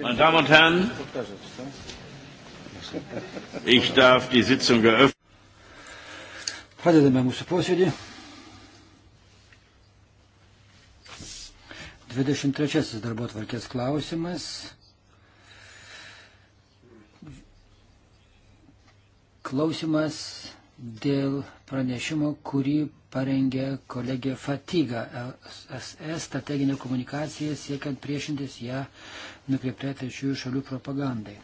Meine Damen und Herren, ich darf die Sitzung eröffnen. Pradedame mūsų posėdį. 23 darbo tvarkės klausimas. Klausimas dėl pranešimo, kurį parengė kolegė Fatiga, SS strateginė komunikacija siekiant priešintis ją nukreiptai trečiųjų šalių propagandai.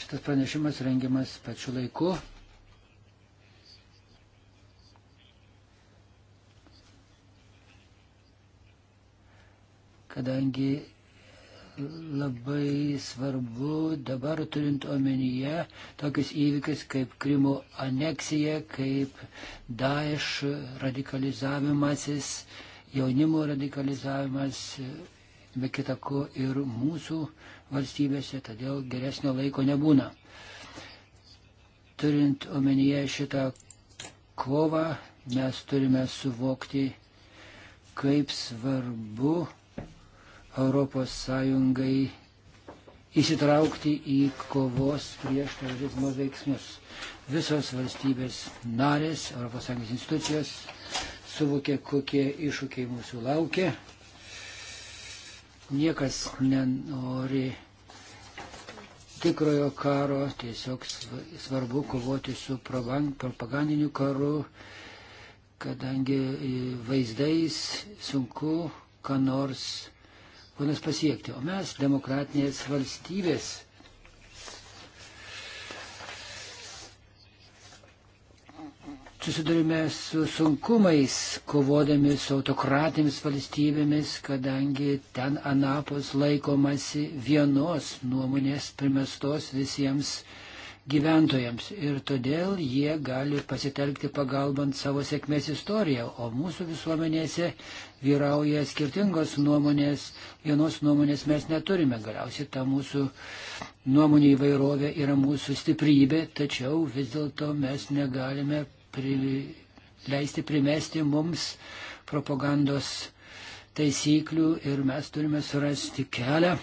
Šitas pranešimas rengiamas pačiu laiku. kadangi labai svarbu dabar turint omenyje tokius įvykius kaip Krimo aneksija, kaip Daesh radikalizavimasis, jaunimo radikalizavimas, be kitako ir mūsų valstybėse, todėl geresnio laiko nebūna. Turint omenyje šitą kovą, mes turime suvokti, kaip svarbu Europos Sąjungai įsitraukti į kovos prieš terorizmo veiksmus. Visos valstybės narės, Europos Sąjungos institucijos suvokė, kokie iššūkiai mūsų laukia. Niekas nenori tikrojo karo, tiesiog svarbu kovoti su propagandiniu karu, kadangi vaizdais sunku, ką nors planus pasiekti. O mes, demokratinės valstybės, susidurime su sunkumais, kovodami su autokratėmis valstybėmis, kadangi ten anapos laikomasi vienos nuomonės primestos visiems gyventojams ir todėl jie gali pasitelkti pagalbant savo sėkmės istoriją, o mūsų visuomenėse vyrauja skirtingos nuomonės, vienos nuomonės mes neturime, galiausiai ta mūsų nuomonė įvairovė yra mūsų stiprybė, tačiau vis dėlto mes negalime pri... leisti primesti mums propagandos taisyklių ir mes turime surasti kelią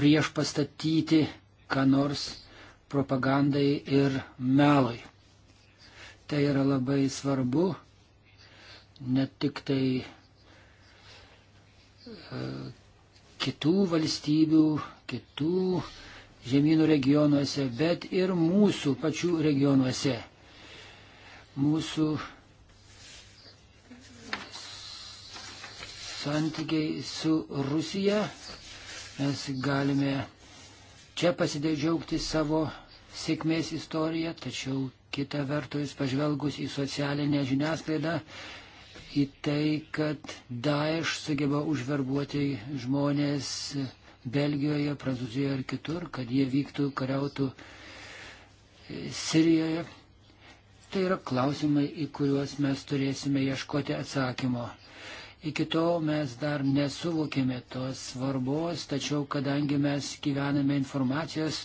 prieš pastatyti ką nors propagandai ir melui. Tai yra labai svarbu, ne tik tai e, kitų valstybių, kitų žemynų regionuose, bet ir mūsų pačių regionuose. Mūsų santykiai su Rusija mes galime čia pasidėdžiaugti savo sėkmės istoriją, tačiau kita vertus pažvelgus į socialinę žiniasklaidą, į tai, kad Daesh sugeba užverbuoti žmonės Belgijoje, Prancūzijoje ar kitur, kad jie vyktų, kariautų e, Sirijoje. Tai yra klausimai, į kuriuos mes turėsime ieškoti atsakymo. Iki tol mes dar nesuvokėme tos svarbos, tačiau kadangi mes gyvename informacijos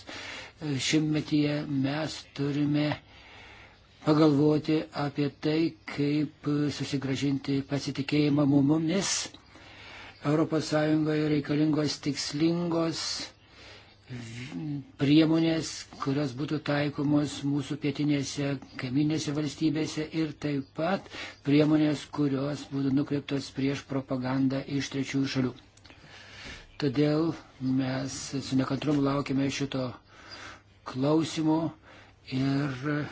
e, šimtmetyje, mes turime pagalvoti apie tai, kaip susigražinti pasitikėjimą mumis. ES reikalingos tikslingos priemonės, kurios būtų taikomos mūsų pietinėse kaiminėse valstybėse ir taip pat priemonės, kurios būtų nukreiptos prieš propagandą iš trečiųjų šalių. Todėl mes su nekantrumu laukime šito klausimo ir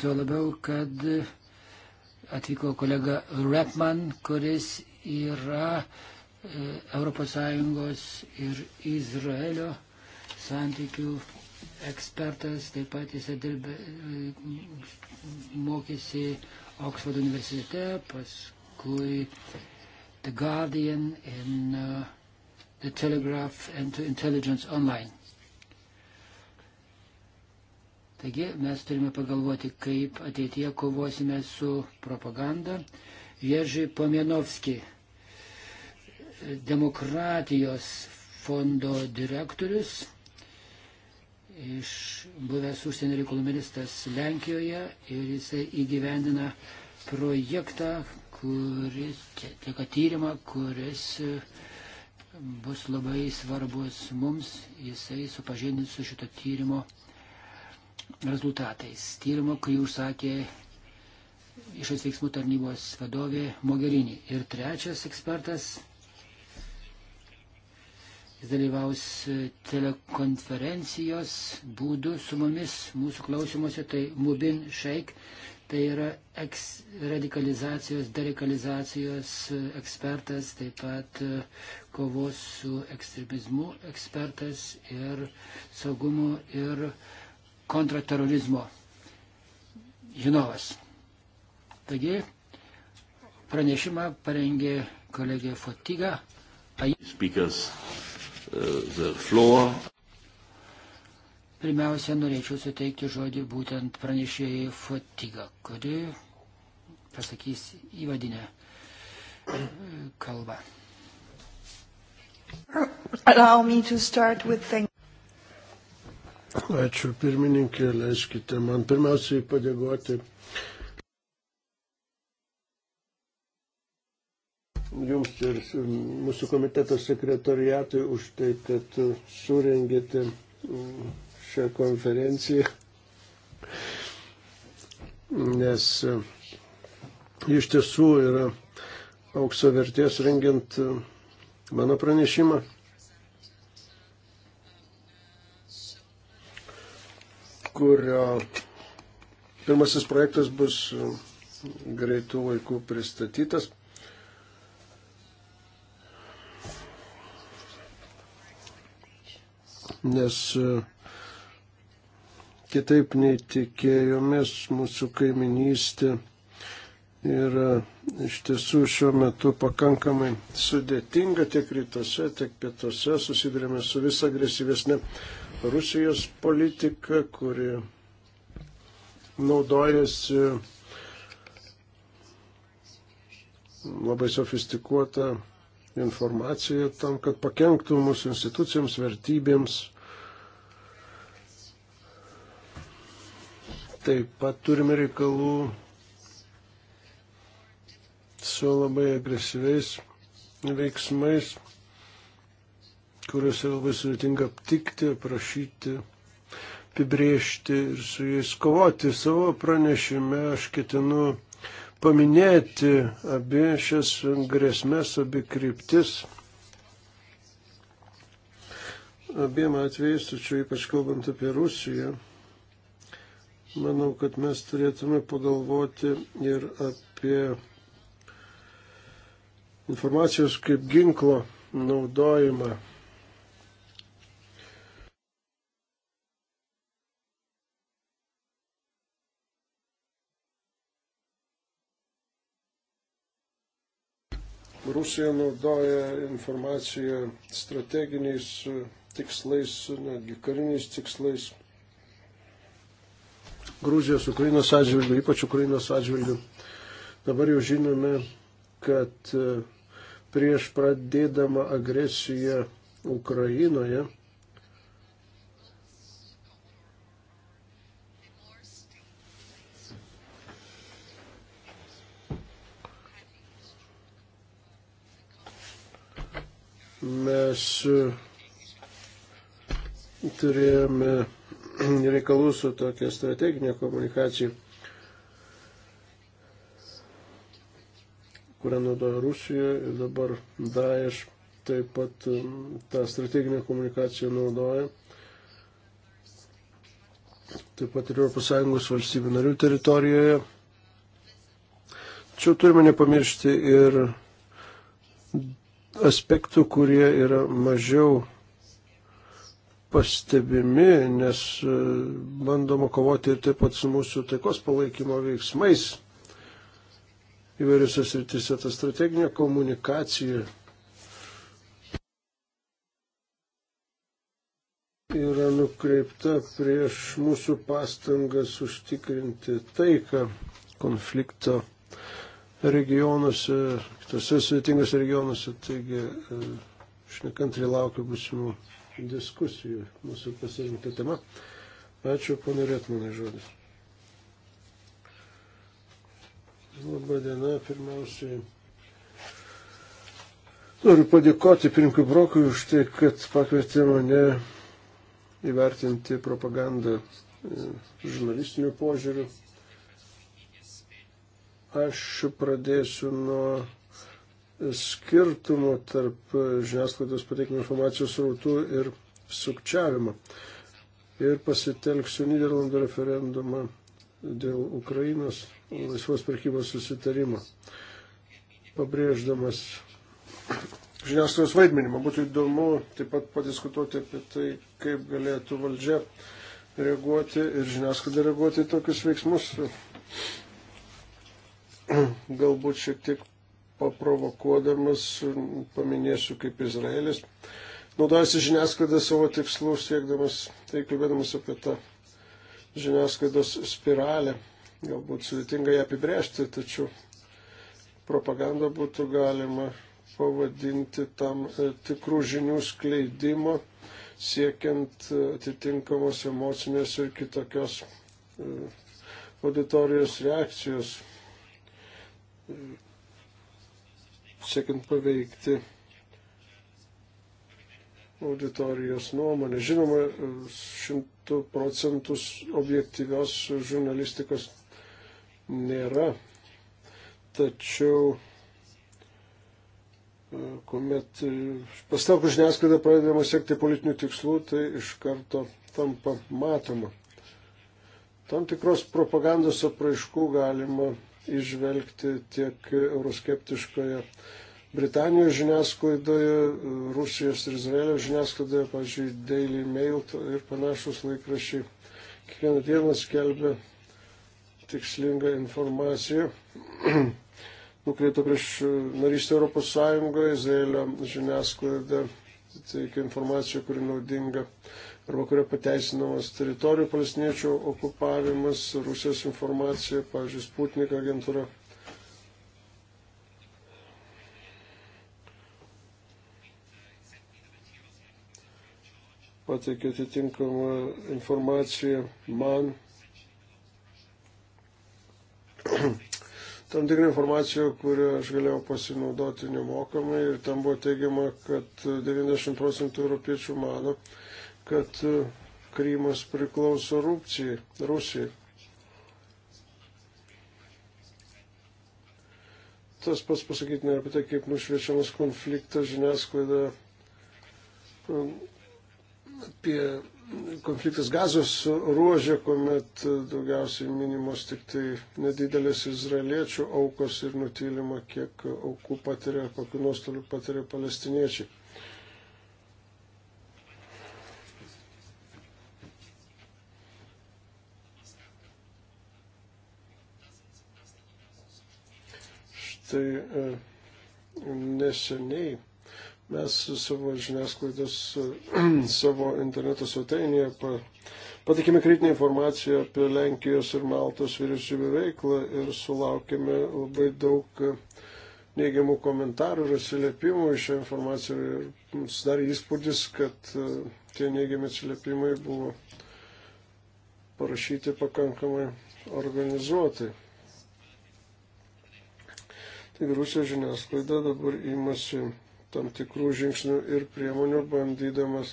tuo labiau, kad atvyko kolega Repman, kuris yra uh, ES ir Izraelio santykių ekspertas, taip pat jis dirbė, mokėsi Oksfordo universitete, paskui The Guardian in uh, The Telegraph and to Intelligence Online. Taigi mes turime pagalvoti, kaip ateityje kovosime su propaganda. Ježi Pomienovski demokratijos fondo direktorius, iš buvęs užsienio reikalų ministras Lenkijoje ir jisai įgyvendina projektą, kuris, tiek tyrimą, kuris bus labai svarbus mums, jisai supažindins su šito tyrimo rezultatais. Tyrimo, kurį užsakė išės veiksmų tarnybos vadovė Mogherini. Ir trečias ekspertas Jis dalyvaus telekonferencijos būdu su mumis mūsų klausimuose, tai Mubin Šeik, tai yra eks radikalizacijos, derekalizacijos ekspertas, taip pat e, kovos su ekstremizmu ekspertas ir saugumo ir kontraterorizmo žinovas. Taigi, pranešimą parengė kolegė Fotiga. Speakers the floor. Pirmiausia, norėčiau suteikti žodį būtent pranešėjai Fotiga, kuri pasakys įvadinę e, kalbą. Allow me to start with thank Ačiū pirmininkė, leiskite man pirmiausiai padėkoti Jums ir mūsų komiteto sekretoriatui už tai, kad surengėte mm, šią konferenciją, nes e, iš tiesų yra aukso vertės rengiant e, mano pranešimą. kurio pirmasis projektas bus e, greitų laikų pristatytas. nes e, kitaip nei tikėjomės mūsų kaiminystė yra iš tiesų šiuo metu pakankamai sudėtinga tiek rytuose, tiek pietuose. Susidurėme su vis agresyvesnė Rusijos politika, kuri naudojasi labai sofistikuotą informaciją tam, kad pakenktų mūsų institucijoms, vertybėms, Taip pat turime reikalų su labai agresyviais veiksmais, kuriuose labai sudėtinga aptikti, prašyti, apibriežti ir su jais kovoti. Savo pranešime aš ketinu paminėti abi šias grėsmės, abi kryptis. Abiem atvejais, tačiau ypač kalbant apie Rusiją. Manau, kad mes turėtume pagalvoti ir apie informacijos kaip ginklo naudojimą. Rusija naudoja informaciją strateginiais tikslais, netgi kariniais tikslais. Gruzijos, Ukrainos atžvilgių, ypač Ukrainos atžvilgių. Dabar jau žinome, kad e, prieš pradėdama agresiją Ukrainoje mes e, turėjome reikalų su tokia strateginė komunikacija, kurią naudoja Rusija ir dabar Daesh taip pat um, tą strateginę komunikaciją naudoja. Taip pat ir ES valstybių narių teritorijoje. Čia turime nepamiršti ir aspektų, kurie yra mažiau pastebimi, nes e, bandoma kovoti ir taip pat su mūsų taikos palaikymo veiksmais. Įvairiuose srityse ta strateginė komunikacija yra nukreipta prieš mūsų pastangas užtikrinti taiką konflikto regionuose, kitose sveitingose regionuose. Taigi, aš e, nekantri laukiu būsimų diskusijų mūsų pasirinkta tema. Ačiū, ponė Rėtmanai, žodis. Labą dieną, pirmiausiai. Noriu padėkoti Prinkui Brokui už tai, kad pakvietė mane įvertinti propagandą e, žurnalistiniu požiūriu. Aš pradėsiu nuo skirtumų tarp žiniasklaidos pateikimo informacijos rautų ir sukčiavimo. Ir pasitelksiu Niderlandų referendumą dėl Ukrainos laisvos prekybos susitarimo, pabrėždamas žiniasklaidos vaidmenį. Man būtų įdomu taip pat padiskutuoti apie tai, kaip galėtų valdžia reaguoti ir žiniasklaida reaguoti į tokius veiksmus. Galbūt šiek tiek paprovokuodamas paminėsiu kaip Izraelis. Naudojasi žiniasklaida savo tikslų, siekdamas, tai kalbėdamas apie tą žiniasklaidos spiralę. Galbūt sudėtinga ją apibrėžti, tačiau propagandą būtų galima pavadinti tam e, tikrų žinių skleidimo, siekiant e, atitinkamos emocinės ir kitokios e, auditorijos reakcijos siekiant paveikti auditorijos nuomonę. Žinoma, šimtų procentus objektyvios žurnalistikos nėra, tačiau e, kuomet e, pastelkų žiniasklaida pradedama siekti politinių tikslų, tai iš karto tampa matoma. Tam tikros propagandos apraiškų galima išvelgti tiek euroskeptiškoje Britanijos žiniasklaidoje, Rusijos ir Izraelio žiniasklaidoje, pavyzdžiui, Daily Mail ir panašus laikrašiai kiekvieną dieną skelbia tikslingą informaciją nukreiptą prieš narystę Europos Sąjungą, Izraelio žiniasklaida teikia informaciją, kuri naudinga arba kuria pateisinamas teritorijų palestiniečių okupavimas, Rusijos informacija, pavyzdžiui, Sputnik agentūra. Pateikė atitinkamą informaciją man tam tikrą informaciją, kurią aš galėjau pasinaudoti nemokamai ir tam buvo teigiama, kad 90 procentų europiečių mano, kad e, Krymas priklauso Rūpcijai, Rusijai. Tas pats pasakyti ne apie tai, kaip nušviečiamas konfliktas žiniasklaidoje apie konfliktas gazos ruožė, kuomet daugiausiai minimos tik tai nedidelės izraeliečių aukos ir nutylima, kiek aukų patiria, kokiu nuostoliu patiria palestiniečiai. Štai e, neseniai Mes savo žiniasklaidos, savo interneto svetainėje patikime kritinę informaciją apie Lenkijos ir Maltos vyriausybių veiklą ir sulaukime labai daug e, neigiamų komentarų ir atsiliepimų iš šią informaciją ir sudarė įspūdis, kad e, tie neigiami atsiliepimai buvo parašyti pakankamai organizuotai. Taigi Rusijos žiniasklaida dabar imasi tam tikrų žingsnių ir priemonių, bandydamas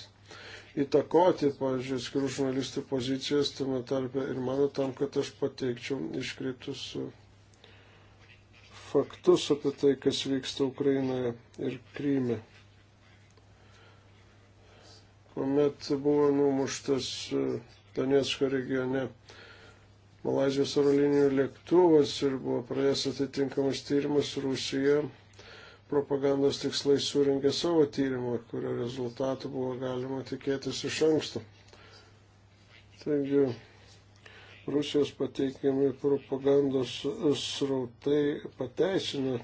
įtakoti, pavyzdžiui, skirų žurnalistų pozicijas, tame tarpe ir mano, tam, kad aš pateikčiau iškreiptus faktus apie tai, kas vyksta Ukrainoje ir Kryme. Kuomet buvo numuštas e, Donetsko regione Malazijos oro linijų lėktuvas ir buvo praėjęs atitinkamas tyrimas Rusija propagandos tikslais suringė savo tyrimą, kurio rezultatų buvo galima tikėtis iš anksto. Taigi, Rusijos pateikiami propagandos srautai pateisina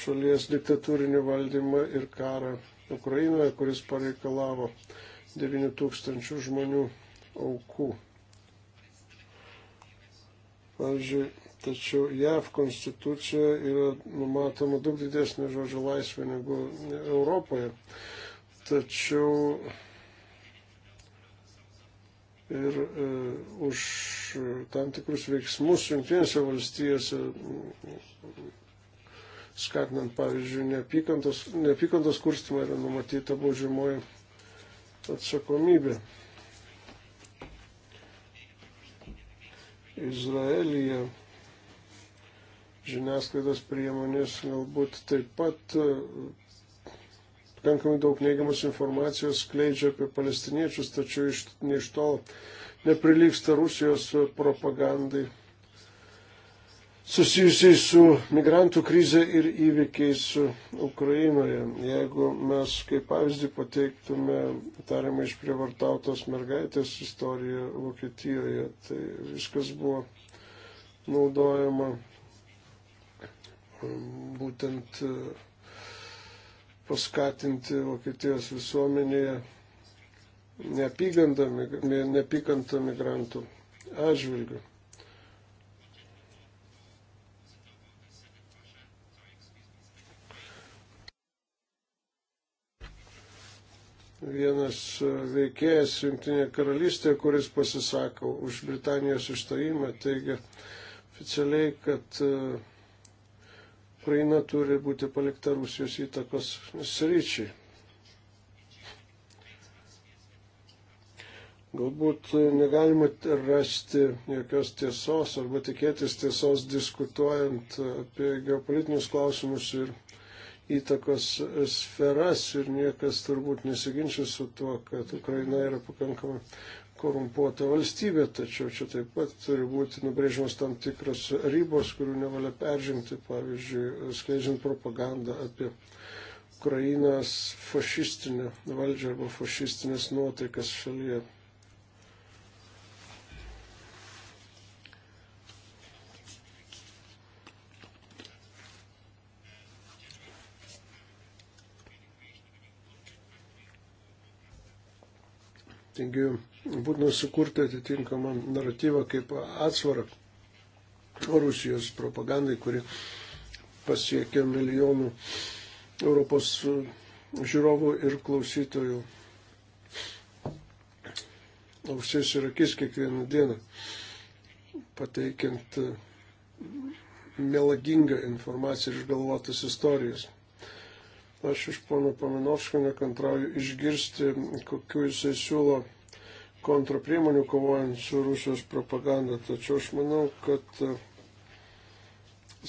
šalies diktatūrinį valdymą ir karą Ukrainoje, kuris pareikalavo 9000 žmonių aukų. Pavyzdžiui, Tačiau JAV konstitucija yra numatoma daug didesnė žodžio laisvė negu Europoje. Tačiau ir e, už tam tikrus veiksmus jungtinėse valstijose, skatinant, pavyzdžiui, neapykantos, neapykantos kurstimą yra numatyta baudžiamoji atsakomybė. Izraelija žiniasklaidos priemonės galbūt taip pat e, pakankamai daug neigiamos informacijos skleidžia apie palestiniečius, tačiau iš, ne iš to neprilyksta Rusijos propagandai susijusiai su migrantų krize ir įvykiais Ukrainoje. Jeigu mes kaip pavyzdį pateiktume tariamai išprievartautos mergaitės istoriją Vokietijoje, tai viskas buvo naudojama būtent e, paskatinti Vokietijos visuomenėje neapykantą migrantų atžvilgių. Vienas e, veikėjas Junktinėje karalystėje, kuris pasisako už Britanijos išstojimą, teigia oficialiai, kad uh, Ukraina turi būti palikta Rusijos įtakos sryčiai. Galbūt negalima rasti jokios tiesos arba tikėtis tiesos diskutuojant apie geopolitinius klausimus ir įtakos sferas ir niekas turbūt nesiginčia su tuo, kad Ukraina yra pakankamai korumpuota valstybė, tačiau čia taip pat turi būti nubrėžimas tam tikras ribos, kurių nevalia peržengti, pavyzdžiui, skleidžiant propagandą apie Ukrainos fašistinę valdžią arba fašistinės nuotaikas šalyje. Taigi būtina sukurti atitinkamą naratyvą kaip atsvarą Rusijos propagandai, kuri pasiekia milijonų Europos žiūrovų ir klausytojų ausis ir akis kiekvieną dieną, pateikiant melagingą informaciją ir išgalvotas istorijas. Aš iš pono Paminovskio nekantrauju išgirsti, kokiu jisai siūlo kontrapriemonių kovojant su Rusijos propaganda. Tačiau aš manau, kad e,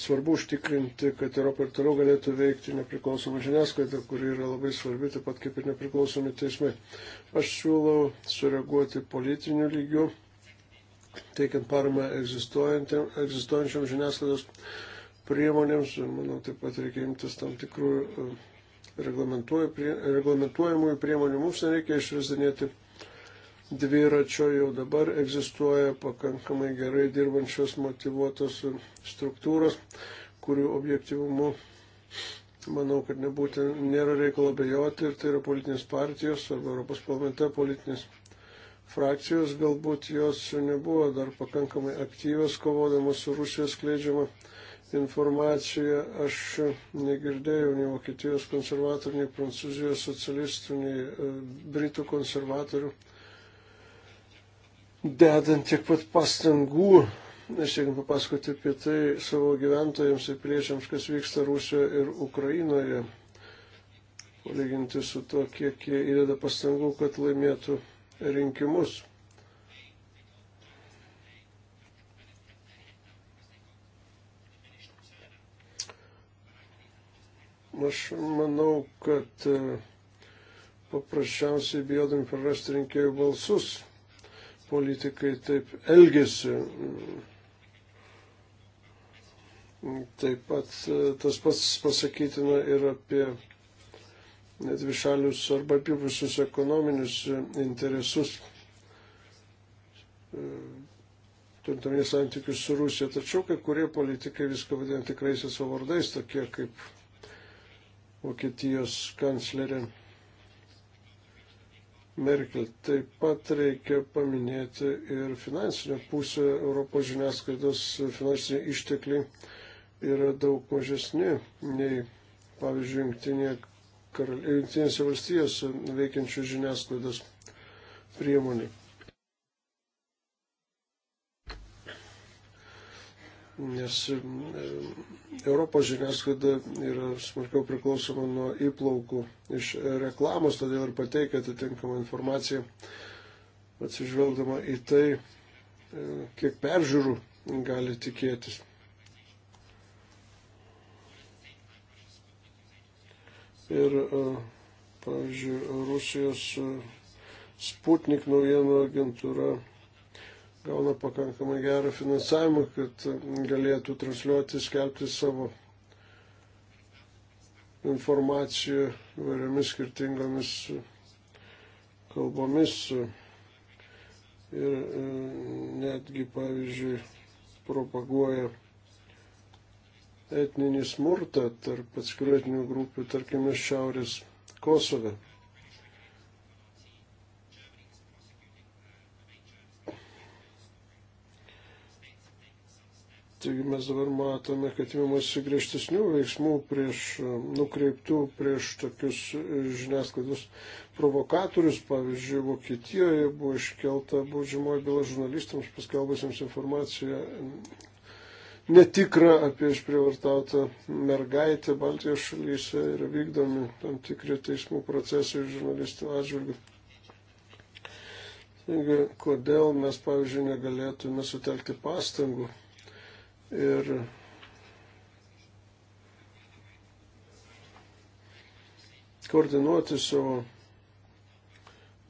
svarbu užtikrinti, kad Europa ir toliau galėtų veikti nepriklausomą žiniasklaidą, kuri yra labai svarbi, taip pat kaip ir nepriklausomi teismai. Aš siūlau sureaguoti politiniu lygiu, teikiant paramą egzistuojančiam žiniasklaidos priemonėms ir manau taip pat reikia imtis tam tikrų e, reglamentuojamųjų priemonių mums nereikia išvisinėti dviračio, jau dabar egzistuoja pakankamai gerai dirbančios motivuotos struktūros, kurių objektivumu manau, kad nebūtų, nėra reikalo bejoti ir tai yra politinės partijos arba Europos parlamente politinės frakcijos, galbūt jos nebuvo dar pakankamai aktyvios kovodamos su Rusijos kleidžiama informaciją aš negirdėjau nei Vokietijos konservatorių, nei Prancūzijos socialistų, nei e, Britų konservatorių dedant tiek pat pastangų, siekiant papasakoti apie tai savo gyventojams ir priešiams, kas vyksta Rusijoje ir Ukrainoje, palyginti su to, kiek jie įdeda pastangų, kad laimėtų rinkimus. Aš manau, kad e, paprasčiausiai bijodami prarasti rinkėjų balsus, politikai taip elgesi. Taip pat e, tas pats pasakytina ir apie dvišalius arba apipusius ekonominius e, interesus, turintamie santykius su Rusija. Tačiau kai kurie politikai viską vadina tikraisiais savo vardais, tokie kaip Vokietijos kanclerė Merkel. Taip pat reikia paminėti ir finansinę pusę Europos žiniasklaidos finansiniai ištekliai yra daug mažesni nei, pavyzdžiui, jungtinė, kar... jungtinėse valstijose veikiančių žiniasklaidos priemonių. nes e, Europos žiniasklaida yra smarkiau priklausoma nuo įplaukų iš reklamos, todėl ir pateikia atitinkamą informaciją, atsižvelgdama į tai, e, kiek peržiūrų gali tikėtis. Ir, e, pavyzdžiui, Rusijos Sputnik naujienų agentūra gauna pakankamai gerą finansavimą, kad galėtų transliuoti, skelbti savo informaciją įvairiomis skirtingomis kalbomis. Ir e, netgi, pavyzdžiui, propaguoja etninį smurtą tarp atskirų etinių grupių, tarkime, Šiaurės Kosove. Taigi mes dabar matome, kad imamasi griežtesnių veiksmų prieš, e, nukreiptų prieš tokius e, žiniasklaidos provokatorius. Pavyzdžiui, Vokietijoje buvo iškelta baudžiamoji byla žurnalistams paskelbusiems informaciją mm, netikrą apie išprievartautą mergaitę Baltijos šalyse ir vykdomi tam tikri teismų procesai žurnalistų atžvilgių. Taigi, kodėl mes, pavyzdžiui, negalėtume sutelkti pastangų Ir koordinuoti savo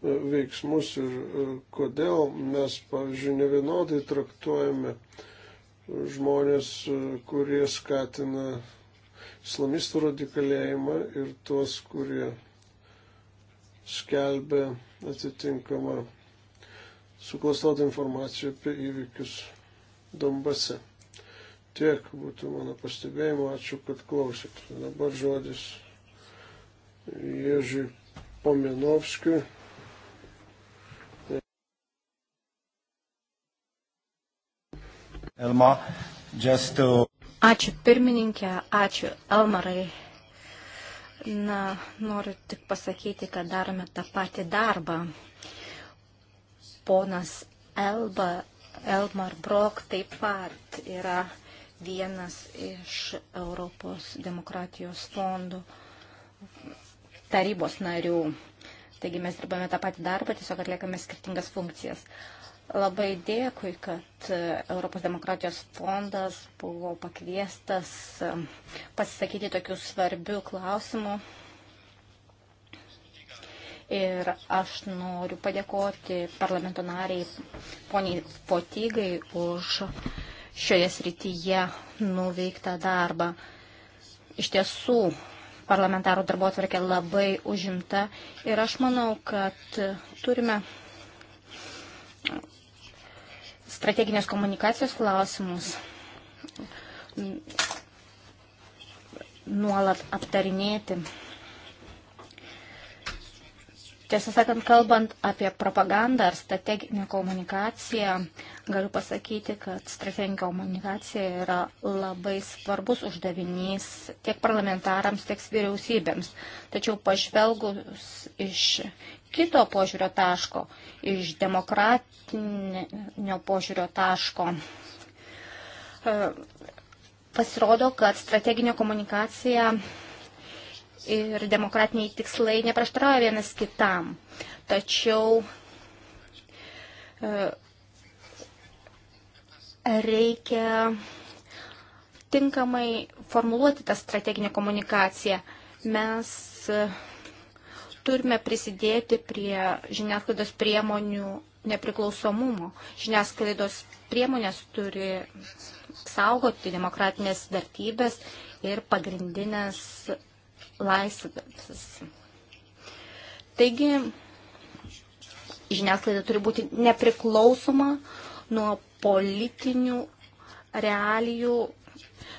e, veiksmus ir e, kodėl mes, pavyzdžiui, nevienodai traktuojame e, žmonės, kurie skatina islamistų radikalėjimą ir tuos, kurie skelbia atitinkamą suklastotą informaciją apie įvykius Dombase. Tiek būtų mano pastebėjimo, ačiū, kad klausėt. Dabar žodis Ježiui Pomenovskiui. Elma, just to... Ačiū pirmininkė, ačiū Elmarai. Na, noriu tik pasakyti, kad darome tą patį darbą. Ponas Elba, Elmar Brok taip pat yra vienas iš Europos demokratijos fondų tarybos narių. Taigi mes dirbame tą patį darbą, tiesiog atliekame skirtingas funkcijas. Labai dėkui, kad e, Europos demokratijos fondas buvo pakviestas e, pasisakyti tokių svarbių klausimų. Ir aš noriu padėkoti parlamento nariai poniai Fotygai už šioje srityje nuveiktą darbą. Iš tiesų, parlamentarų darbo atvarkė labai užimta ir aš manau, kad turime strateginės komunikacijos klausimus nuolat aptarinėti. Tiesą sakant, kalbant apie propagandą ar strateginę komunikaciją, galiu pasakyti, kad strateginė komunikacija yra labai svarbus uždavinys tiek parlamentarams, tiek vyriausybėms. Tačiau pažvelgus iš kito požiūrio taško, iš demokratinio požiūrio taško, e, pasirodo, kad strateginė komunikacija ir demokratiniai tikslai neprieštarauja vienas kitam. Tačiau e, reikia tinkamai formuluoti tą strateginę komunikaciją. Mes e, turime prisidėti prie žiniasklaidos priemonių nepriklausomumo. Žiniasklaidos priemonės turi saugoti demokratinės vertybės ir pagrindinės laisvės. Taigi, žiniasklaida turi būti nepriklausoma nuo politinių realijų.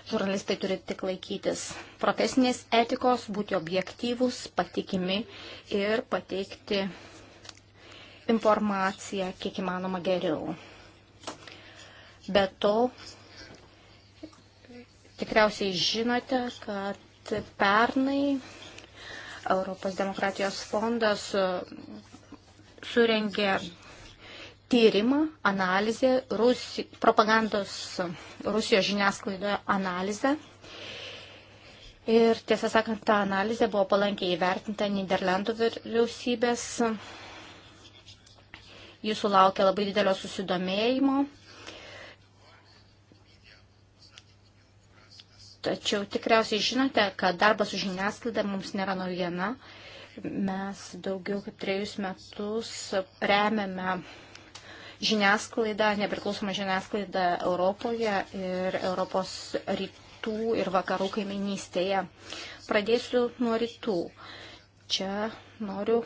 Žurnalistai turi tik laikytis profesinės etikos, būti objektyvus, patikimi ir pateikti informaciją kiek įmanoma geriau. Be to, tikriausiai žinote, kad kad pernai Europos demokratijos fondas e, surengė tyrimą, analizę, Rusi, propagandos Rusijos žiniasklaidoje analizę. Ir tiesą sakant, ta analizė buvo palankiai įvertinta Niderlandų vyriausybės. Jis sulaukė labai didelio susidomėjimo Tačiau tikriausiai žinote, kad darbas su žiniasklaida mums nėra naujiena. Mes daugiau kaip trejus metus remiame žiniasklaidą, nepriklausomą žiniasklaidą Europoje ir Europos rytų ir vakarų kaiminystėje. Pradėsiu nuo rytų. Čia noriu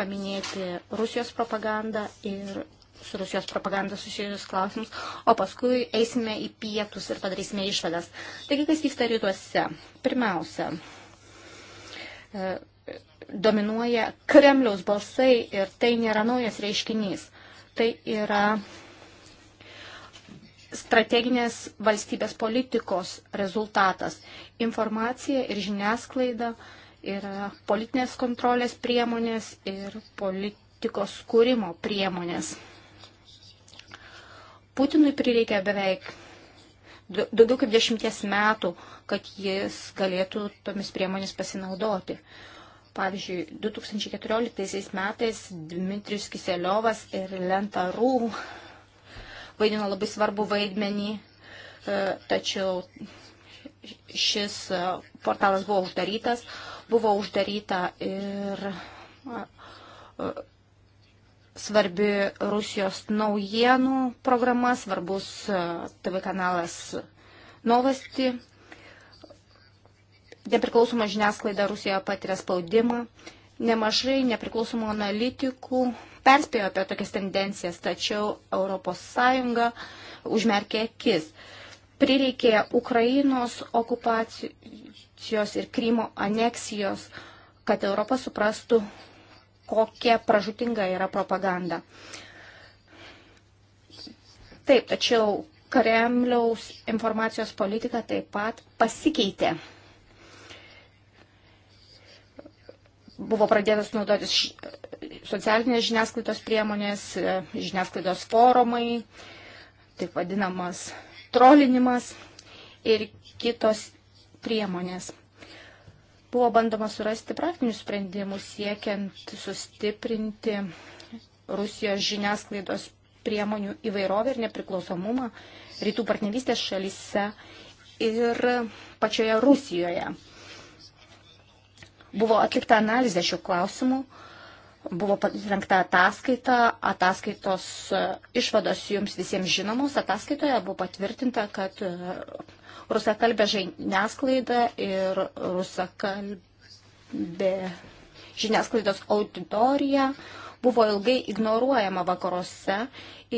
paminėti Rusijos propagandą ir su Rusijos propaganda susijusius klausimus, o paskui eisime į pietus ir padarysime išvadas. Taigi, kas vyksta rytuose? Pirmiausia, e, dominuoja Kremliaus balsai ir tai nėra naujas reiškinys. Tai yra strateginės valstybės politikos rezultatas. Informacija ir žiniasklaida yra politinės kontrolės priemonės ir politikos kūrimo priemonės. Putinui prireikė beveik daugiau kaip dešimties metų, kad jis galėtų tomis priemonės pasinaudoti. Pavyzdžiui, 2014 metais Dmitrijus Kiseliovas ir Lenta Rū vaidino labai svarbu vaidmenį, e, tačiau šis e, portalas buvo uždarytas, buvo uždaryta ir e, svarbi Rusijos naujienų programa, svarbus e, TV kanalas Novosti. Nepriklausoma žiniasklaida Rusijoje patiria spaudimą. Nemažai nepriklausomų analitikų perspėjo apie tokias tendencijas, tačiau ES užmerkė akis. Prireikė Ukrainos okupacijos ir Krymo aneksijos, kad Europa suprastų kokia pražutinga yra propaganda. Taip, tačiau Kremliaus informacijos politika taip pat pasikeitė. Buvo pradėtas naudotis socialinės žiniasklaidos priemonės, žiniasklaidos forumai, taip vadinamas trolinimas ir kitos priemonės. Buvo bandoma surasti praktinių sprendimų siekiant sustiprinti Rusijos žiniasklaidos priemonių įvairovę ir nepriklausomumą rytų partnerystės šalyse ir pačioje Rusijoje. Buvo atlikta analizė šių klausimų, buvo parengta ataskaita, ataskaitos išvados jums visiems žinomos, ataskaitoje buvo patvirtinta, kad rusakalbė žiniasklaida ir rusakalbė žiniasklaidos auditorija buvo ilgai ignoruojama vakaruose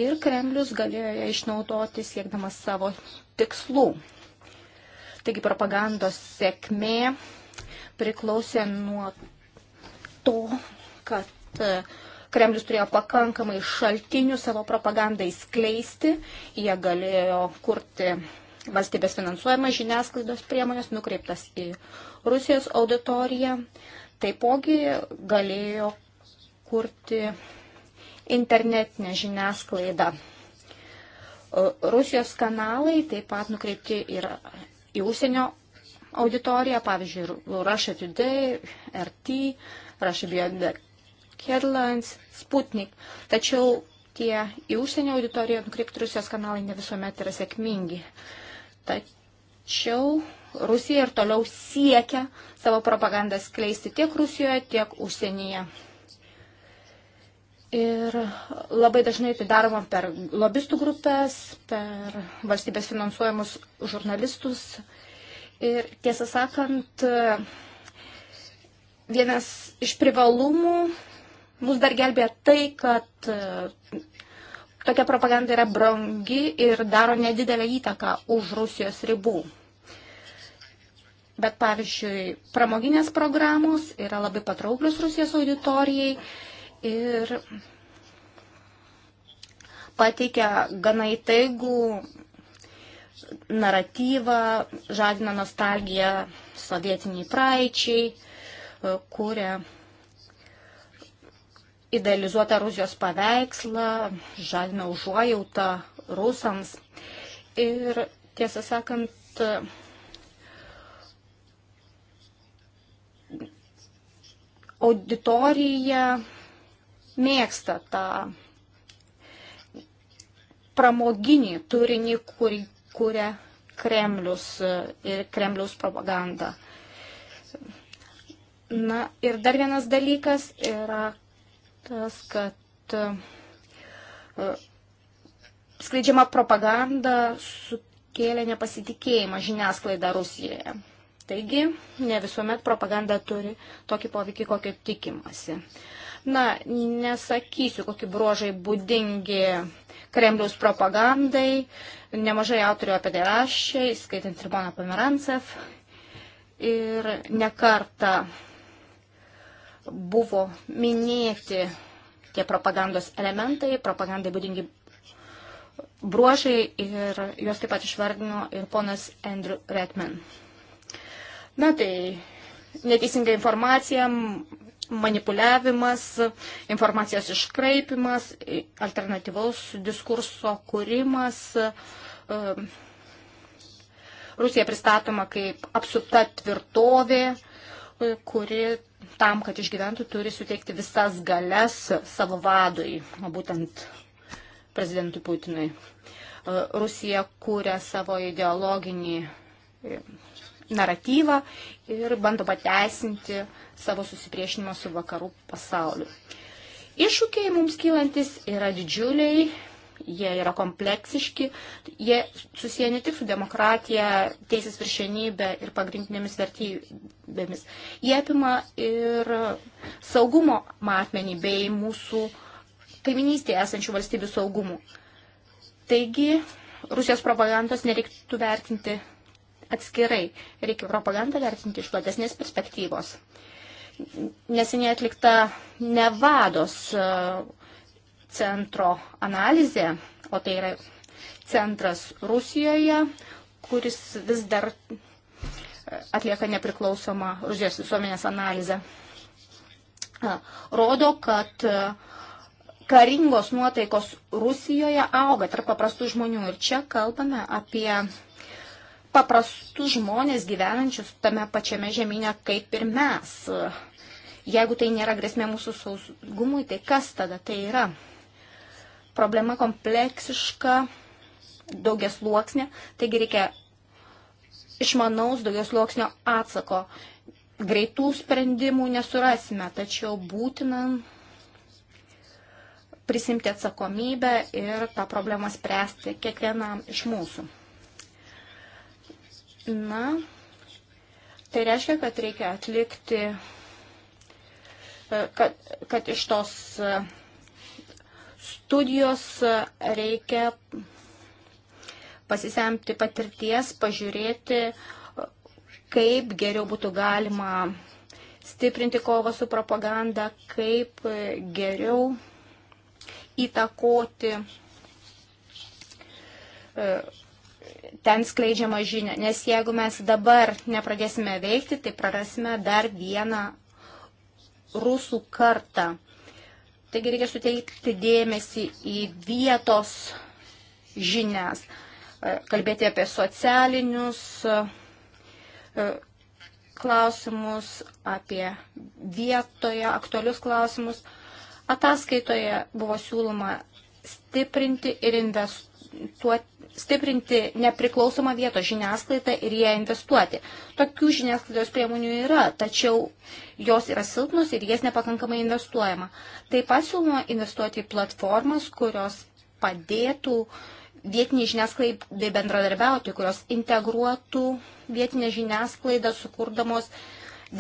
ir Kremlius galėjo ją išnaudoti siekdamas savo tikslų. Taigi propagandos sėkmė priklausė nuo to, kad e, Kremlius turėjo pakankamai šaltinių savo propagandai skleisti, jie galėjo kurti valstybės finansuojamas žiniasklaidos priemonės nukreiptas į Rusijos auditoriją, taipogi galėjo kurti internetinę žiniasklaidą. Rusijos kanalai taip pat nukreipti ir į užsienio auditoriją, pavyzdžiui, Russia Today, RT, Russia Beyond the Headlines, Sputnik. Tačiau tie į užsienio auditoriją nukreipti Rusijos kanalai ne visuomet yra sėkmingi. Uh, Tačiau Rusija ir toliau siekia savo propagandą skleisti tiek Rusijoje, tiek užsienyje. Ir labai dažnai tai daroma per lobistų grupės, per valstybės finansuojamus žurnalistus. Ir tiesą sakant, vienas iš privalumų mus dar gelbė tai, kad tokia propaganda yra brangi ir daro nedidelę įtaką už Rusijos ribų. Bet pavyzdžiui, pramoginės programos yra labai patrauklius Rusijos auditorijai ir pateikia gana įtaigų naratyvą, žadina nostalgiją sovietiniai praeičiai, kuria idealizuotą Rusijos paveikslą, žadina užuojautą rusams. Ir tiesą sakant, auditorija mėgsta tą pramoginį turinį, kurį kuria Kremlius ir Kremliaus propaganda. Na ir dar vienas dalykas yra tas, kad e, skleidžiama propaganda sukėlė nepasitikėjimą žiniasklaidą Rusijoje. Taigi, ne visuomet propaganda turi tokį poveikį, kokio tikimasi. Na, nesakysiu, kokie bruožai būdingi Kremliaus propagandai. Nemažai autorių apie tai rašė, skaitant ir Bona Pomerancev. Ir nekarta buvo minėti tie propagandos elementai, propagandai būdingi bruožai ir juos taip pat išvardino ir ponas Andrew Redman. Na tai neteisinga informacija, manipuliavimas, informacijos iškraipimas, alternatyvaus diskurso kūrimas. Um, Rusija pristatoma kaip apsupta tvirtovė, kuri tam, kad išgyventų, turi suteikti visas galias savo vadui, būtent prezidentui Putinui. E, Rusija kūrė savo ideologinį e, naratyvą ir bando pateisinti savo susipriešinimą su vakarų pasauliu. Iššūkiai mums kylantis yra didžiuliai, jie yra kompleksiški, jie susiję ne tik su demokratija, teisės viršenybė ir pagrindinėmis vertybėmis. Jie apima ir saugumo matmenį bei mūsų kaiminystėje esančių valstybių saugumų. Taigi, Rusijos propagandos nereiktų vertinti atskirai, reikia propagandą vertinti iš platesnės perspektyvos. Neseniai atlikta Nevados centro analizė, o tai yra centras Rusijoje, kuris vis dar e, atlieka nepriklausomą Rusijos visuomenės analizę, e, rodo, kad e, karingos nuotaikos Rusijoje auga tarp paprastų žmonių. Ir čia kalbame apie paprastus žmonės gyvenančius tame pačiame žemynė kaip ir mes. Jeigu tai nėra grėsmė mūsų saugumui, tai kas tada tai yra? problema kompleksiška, daugias luoksnė, taigi reikia išmanaus daugias luoksnio atsako. Greitų sprendimų nesurasime, tačiau būtina prisimti atsakomybę ir tą problemą spręsti kiekvienam iš mūsų. Na, tai reiškia, kad reikia atlikti, kad, kad iš tos studijos e, reikia pasisemti patirties, pažiūrėti, e, kaip geriau būtų galima stiprinti kovą su propaganda, kaip e, geriau įtakoti ten skleidžiamą žinią. Nes jeigu mes dabar nepradėsime veikti, tai prarasime dar vieną rusų kartą. Taigi reikia suteikti dėmesį į vietos žinias, e, kalbėti apie socialinius e, e, klausimus, apie vietoje aktualius klausimus. Ataskaitoje buvo siūloma stiprinti ir investuoti stiprinti nepriklausomą vietos žiniasklaidą ir ją investuoti. Tokių žiniasklaidos priemonių yra, tačiau jos yra silpnos ir jas nepakankamai investuojama. Taip pat siūloma investuoti į platformas, kurios padėtų vietiniai žiniasklaidai bendradarbiauti, kurios integruotų vietinę žiniasklaidą, sukurdamos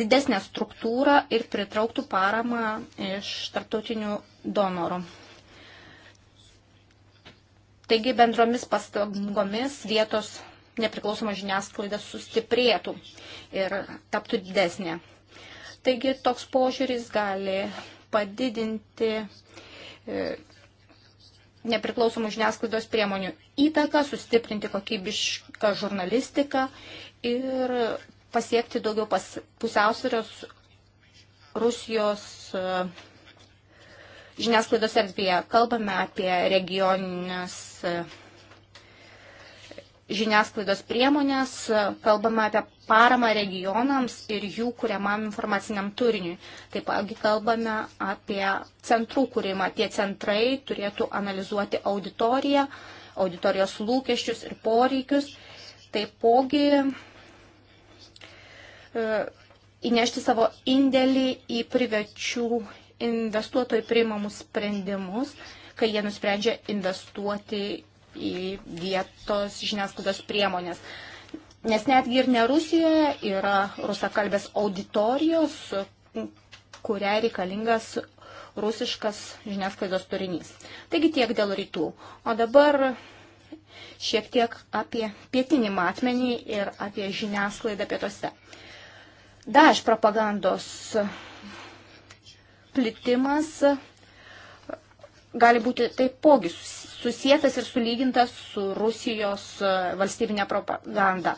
didesnę struktūrą ir pritrauktų paramą iš tarptautinių donorų. Taigi bendromis pastangomis vietos nepriklausoma žiniasklaida sustiprėtų ir taptų didesnė. Taigi toks požiūris gali padidinti e, nepriklausomų žiniasklaidos priemonių įtaką, sustiprinti kokybišką žurnalistiką ir pasiekti daugiau pas, pusiausvėros Rusijos uh, žiniasklaidos erdvėje. Kalbame apie regioninės e, žiniasklaidos priemonės, kalbame apie paramą regionams ir jų kuriamam informaciniam turiniui. Taipogi kalbame apie centrų kūrimą. Tie centrai turėtų analizuoti auditoriją, auditorijos lūkesčius ir poreikius. Taipogi e, įnešti savo indėlį į privačių investuotojai priimamus sprendimus, kai jie nusprendžia investuoti į vietos žiniasklaidos priemonės. Nes netgi ir ne Rusijoje yra rusakalbės auditorijos, kuriai reikalingas rusiškas žiniasklaidos turinys. Taigi tiek dėl rytų. O dabar šiek tiek apie pietinį matmenį ir apie žiniasklaidą pietuose. Daesh propagandos plitimas gali būti taipogi susijęs ir sulygintas su Rusijos e, valstybinė propaganda.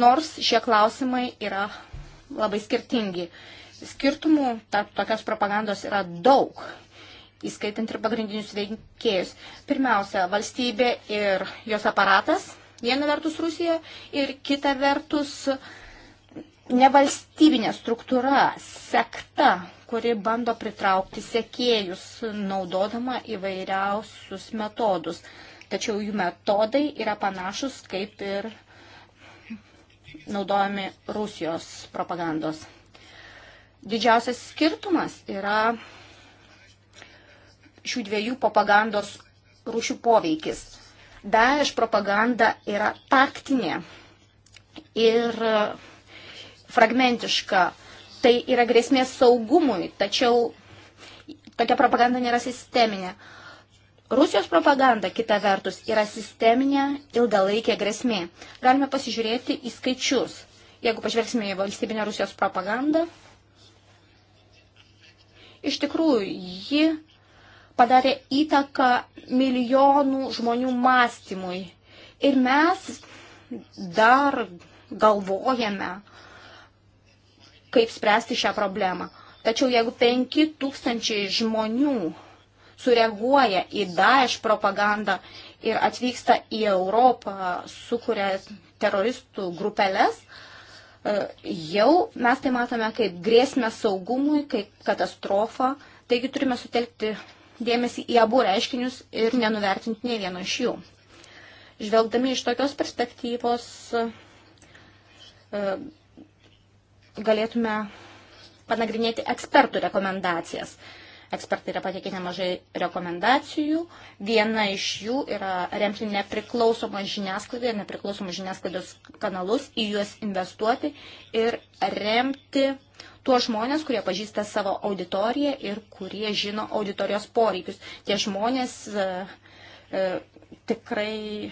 Nors šie klausimai yra labai skirtingi. Skirtumų tarp tokios propagandos yra daug, įskaitant ir pagrindinius veikėjus. Pirmiausia, valstybė ir jos aparatas, viena vertus Rusija, ir kita vertus uh, nevalstybinė struktūra, sekta, kuri bando pritraukti sekėjus, naudodama įvairiausius metodus. Tačiau jų metodai yra panašus kaip ir naudojami Rusijos propagandos. Didžiausias skirtumas yra šių dviejų propagandos rūšių poveikis. Daesh propaganda yra taktinė ir fragmentiška, tai yra grėsmė saugumui, tačiau tokia propaganda nėra sisteminė. Rusijos propaganda, kita vertus, yra sisteminė ilgalaikė grėsmė. Galime pasižiūrėti į skaičius. Jeigu pažvelgsime į valstybinę Rusijos propagandą, iš tikrųjų ji padarė įtaką milijonų žmonių mąstymui. Ir mes dar galvojame, kaip spręsti šią problemą. Tačiau jeigu 5000 žmonių sureaguoja į Daesh propagandą ir atvyksta į Europą, sukuria teroristų grupelės, e, jau mes tai matome kaip grėsmę saugumui, kaip katastrofą. Taigi turime sutelkti dėmesį į abu reiškinius ir nenuvertinti nei vieno iš jų. Žvelgdami iš tokios perspektyvos, e, galėtume panagrinėti ekspertų rekomendacijas. Ekspertai yra pateikę nemažai rekomendacijų. Viena iš jų yra remti nepriklausomą žiniasklaidą ir nepriklausomą žiniasklaidos kanalus, į juos investuoti ir remti tuos žmonės, kurie pažįsta savo auditoriją ir kurie žino auditorijos poreikius. Tie žmonės e, e, tikrai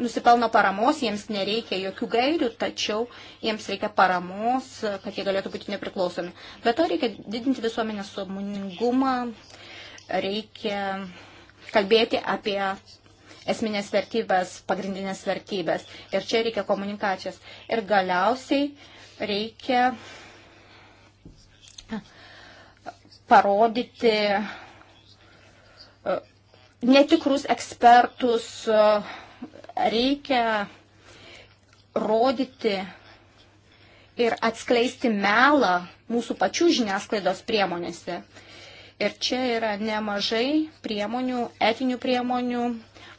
nusipelno paramos, jiems nereikia jokių gairių, tačiau jiems reikia paramos, kad jie galėtų būti nepriklausomi. Be to reikia didinti visuomenės sąmoningumą, reikia kalbėti apie esminės vertybės, pagrindinės vertybės. Ir čia reikia komunikacijos. Ir galiausiai reikia parodyti e, netikrus ekspertus, uh, reikia rodyti ir atskleisti melą mūsų pačių žiniasklaidos priemonėse. Ir čia yra nemažai priemonių, etinių priemonių,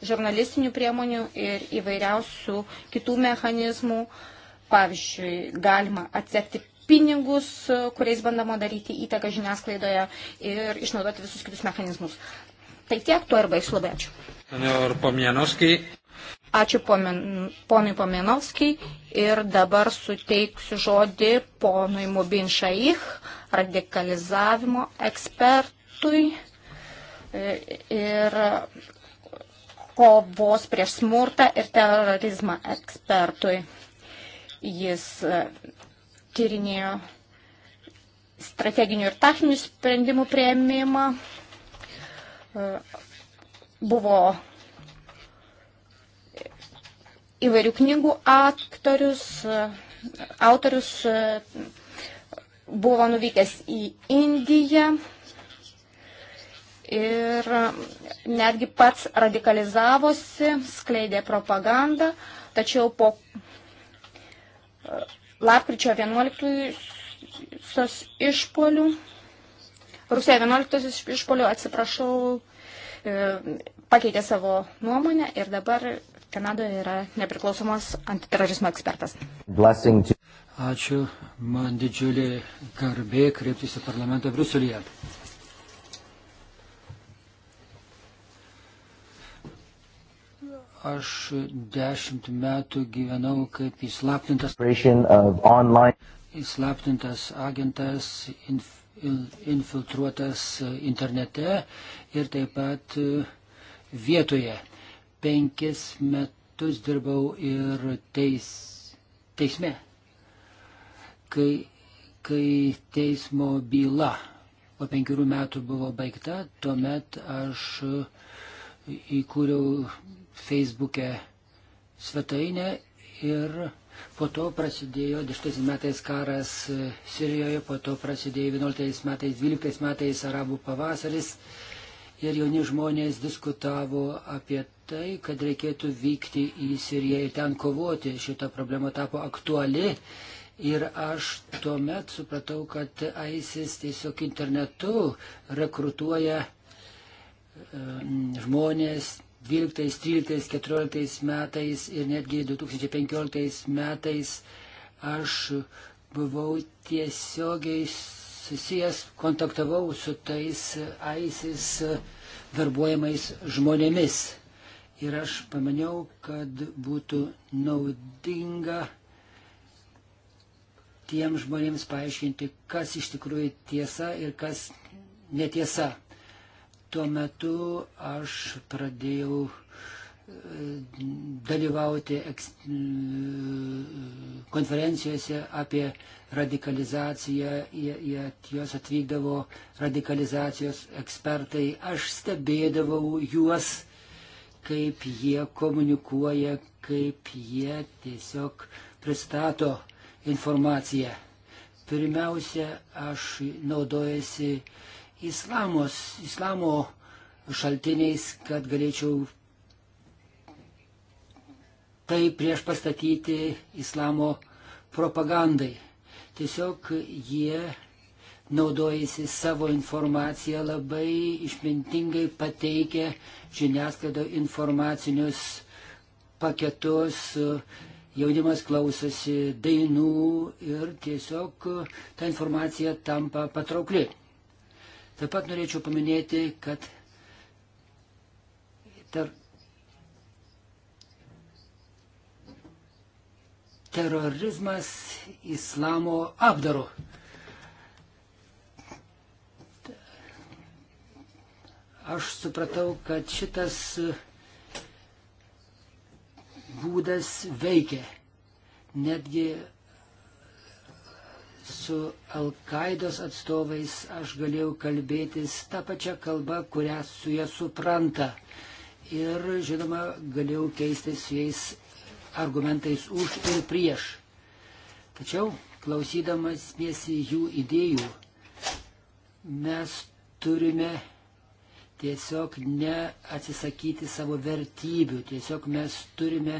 žurnalistinių priemonių ir įvairiausių kitų mechanizmų. Pavyzdžiui, galima atsekti pinigus, kuriais bandama daryti įtaką žiniasklaidoje ir išnaudoti visus kitus mechanizmus. Tai tiek, tuo ir baigsiu labai ačiū. Ačiū ponui Pomenovskijai ir dabar suteiksiu žodį ponui Mubin Šaich, radikalizavimo ekspertui e, ir kovos prieš smurtą ir terorizmą ekspertui. Jis e, tyrinėjo strateginių ir techninių sprendimų prieimimą, e, buvo įvairių knygų aktorius, autorius e, buvo nuvykęs į Indiją ir netgi pats radikalizavosi, skleidė propagandą, tačiau po e, lapkričio 11 išpolių, Rusija 11 išpolių, atsiprašau, e, pakeitė savo nuomonę ir dabar Kanadoje yra nepriklausomas antiterorizmo ekspertas. Ačiū, man didžiulė garbė kreiptis į parlamentą Bruselėje. Aš dešimt metų gyvenau kaip įslaptintas, įslaptintas agentas, inf, infiltruotas internete ir taip pat vietoje penkis metus dirbau ir teis, teisme, kai, kai teismo byla po penkerių metų buvo baigta, tuomet aš įkūriau Facebook'e svetainę ir po to prasidėjo 10 metais karas Sirijoje, po to prasidėjo 11 metais, 12 metais arabų pavasaris ir jauni žmonės diskutavo apie tai, kad reikėtų vykti į Siriją ir ten kovoti. Šita problema tapo aktuali ir aš tuomet supratau, kad ISIS tiesiog internetu rekrutuoja žmonės 12, 13, 14 metais ir netgi 2015 metais aš buvau tiesiogiai susijęs, kontaktavau su tais ISIS darbuojamais žmonėmis. Ir aš pamaniau, kad būtų naudinga tiem žmonėms paaiškinti, kas iš tikrųjų tiesa ir kas netiesa. Tuo metu aš pradėjau e, dalyvauti e, konferencijose apie radikalizaciją, jie jos atvykdavo radikalizacijos ekspertai, aš stebėdavau juos kaip jie komunikuoja, kaip jie tiesiog pristato informaciją. Pirmiausia, aš naudojasi islamos, islamo šaltiniais, kad galėčiau tai prieš pastatyti islamo propagandai. Tiesiog jie naudojasi savo informaciją, labai išmintingai pateikia žiniasklaido informacinius paketus, jaunimas klausosi dainų ir tiesiog ta informacija tampa patraukli. Taip pat norėčiau paminėti, kad ter terorizmas islamo apdaru Aš supratau, kad šitas būdas veikia. Netgi su Alkaidos atstovais aš galėjau kalbėtis tą pačią kalbą, kurią su jie supranta. Ir, žinoma, galėjau keistis su jais argumentais už ir prieš. Tačiau, klausydamas mėsi jų idėjų, mes turime tiesiog neatsisakyti savo vertybių, tiesiog mes turime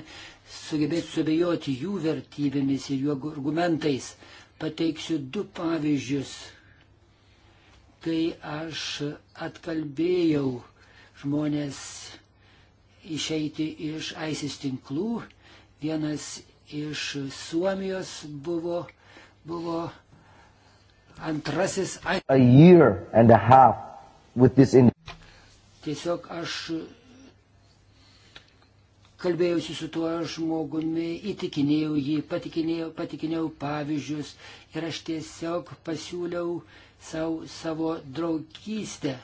sugebėti subejoti jų vertybėmis ir jų argumentais. Pateiksiu du pavyzdžius, kai aš atkalbėjau žmonės išeiti iš ISIS tinklų. Vienas iš Suomijos buvo, buvo antrasis. A year and a half with this in Tiesiog aš kalbėjusi su tuo žmogumi, įtikinėjau jį, patikinėjau, patikinėjau pavyzdžius ir aš tiesiog pasiūliau savo, savo draugystę.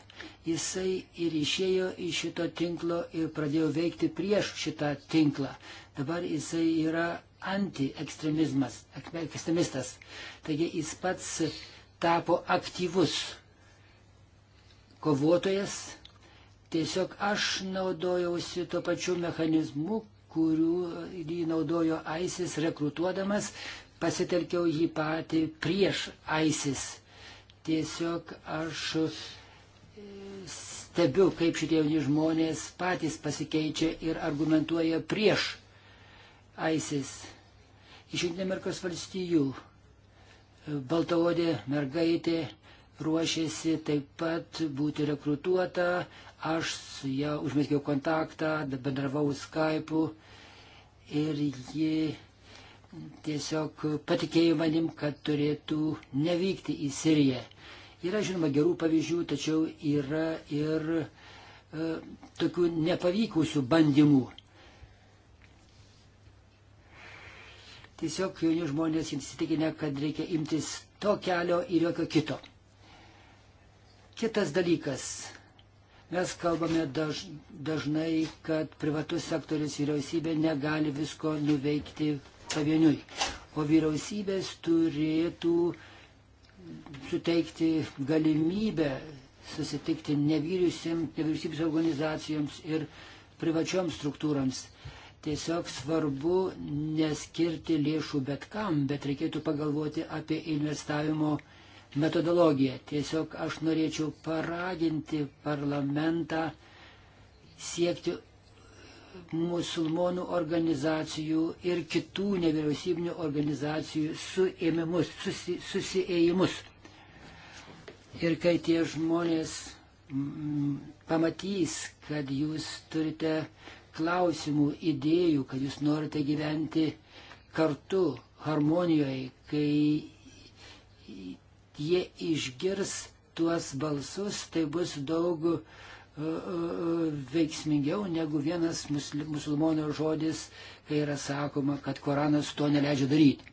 Jisai ir išėjo iš šito tinklo ir pradėjo veikti prieš šitą tinklą. Dabar jisai yra antiekstremizmas, ekstremistas. Taigi jis pats tapo aktyvus kovotojas Tiesiog aš naudojausi tuo pačiu mechanizmu, kurių jį naudojo ISIS rekrutuodamas, pasitelkiau jį patį prieš ISIS. Tiesiog aš e, stebiu, kaip šitie jauni žmonės patys pasikeičia ir argumentuoja prieš ISIS. Iš Junktinė Amerikos valstijų e, baltaodė mergaitė ruošėsi taip pat būti rekrutuota, Aš su ja užmėgiau kontaktą, bendravau Skype'u ir ji tiesiog patikėjo manim, kad turėtų nevykti į Siriją. Yra, žinoma, gerų pavyzdžių, tačiau yra ir e, tokių nepavykusių bandymų. Tiesiog jauni žmonės įsitikinę, kad reikia imtis to kelio ir jokio kito. Kitas dalykas Mes kalbame daž, dažnai, kad privatus sektorius vyriausybė negali visko nuveikti pavieniui, o vyriausybės turėtų suteikti galimybę susitikti nevyriausybės organizacijoms ir privačioms struktūroms. Tiesiog svarbu neskirti lėšų bet kam, bet reikėtų pagalvoti apie investavimo metodologiją. Tiesiog aš norėčiau paraginti parlamentą siekti musulmonų organizacijų ir kitų nevyriausybinių organizacijų suėmimus, susi, susiėjimus. Ir kai tie žmonės mm, pamatys, kad jūs turite klausimų, idėjų, kad jūs norite gyventi kartu, harmonijoje, kai jie išgirs tuos balsus, tai bus daug uh, veiksmingiau negu vienas musulmonų žodis, kai yra sakoma, kad Koranas to neleidžia daryti.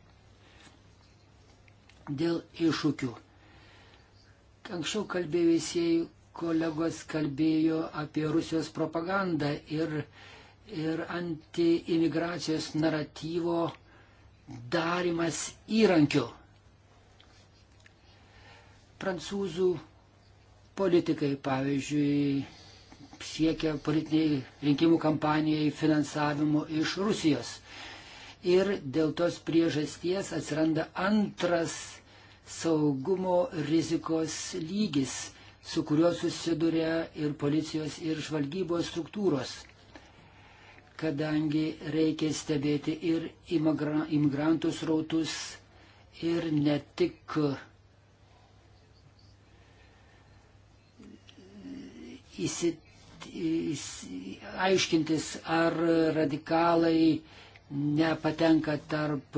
Dėl iššūkių. Anksčiau kalbėjusieji kolegos kalbėjo apie Rusijos propagandą ir, ir antiimigracijos naratyvo darimas įrankiu prancūzų politikai, pavyzdžiui, siekia politiniai rinkimų kampanijai finansavimo iš Rusijos. Ir dėl tos priežasties atsiranda antras saugumo rizikos lygis, su kuriuo susiduria ir policijos, ir žvalgybos struktūros, kadangi reikia stebėti ir imigrantus rautus, ir ne tik įsit, įs, aiškintis, ar radikalai nepatenka tarp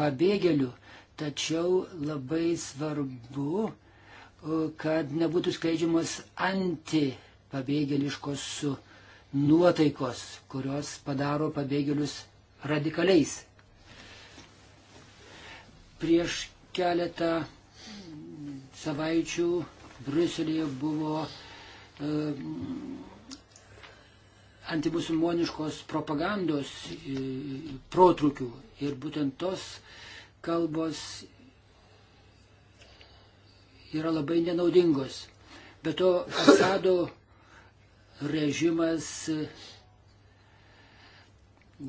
pabėgėlių, tačiau labai svarbu, kad nebūtų skleidžiamos antipabėgėliškos nuotaikos, kurios padaro pabėgėlius radikaliais. Prieš keletą savaičių Bruselėje buvo Ehm, antimusulmoniškos propagandos e, protrukių. Ir būtent tos kalbos yra labai nenaudingos. Be to, Asado režimas e,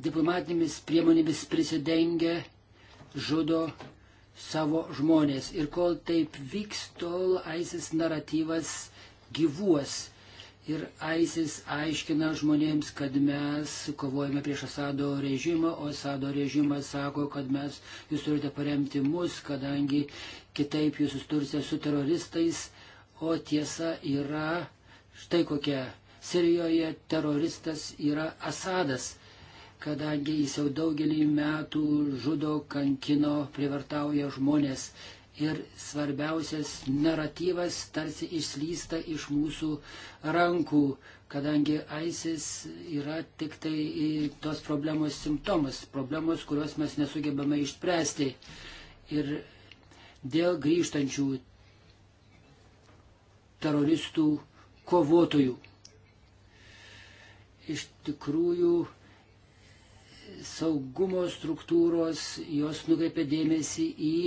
diplomatinėmis priemonėmis prisidengia, žudo savo žmonės. Ir kol taip vyks, tol aisis naratyvas gyvuos. Ir ISIS aiškina žmonėms, kad mes kovojame prieš Asado režimą, o Asado režimas sako, kad mes jūs turite paremti mus, kadangi kitaip jūs susidursite su teroristais. O tiesa yra štai kokia. Sirijoje teroristas yra Asadas, kadangi jis jau daugelį metų žudo, kankino, privartauja žmonės ir svarbiausias naratyvas tarsi išslysta iš mūsų rankų, kadangi ISIS yra tik tai tos problemos simptomas, problemos, kurios mes nesugebame išspręsti. Ir dėl grįžtančių teroristų kovotojų. Iš tikrųjų, saugumo struktūros, jos nukreipia dėmesį į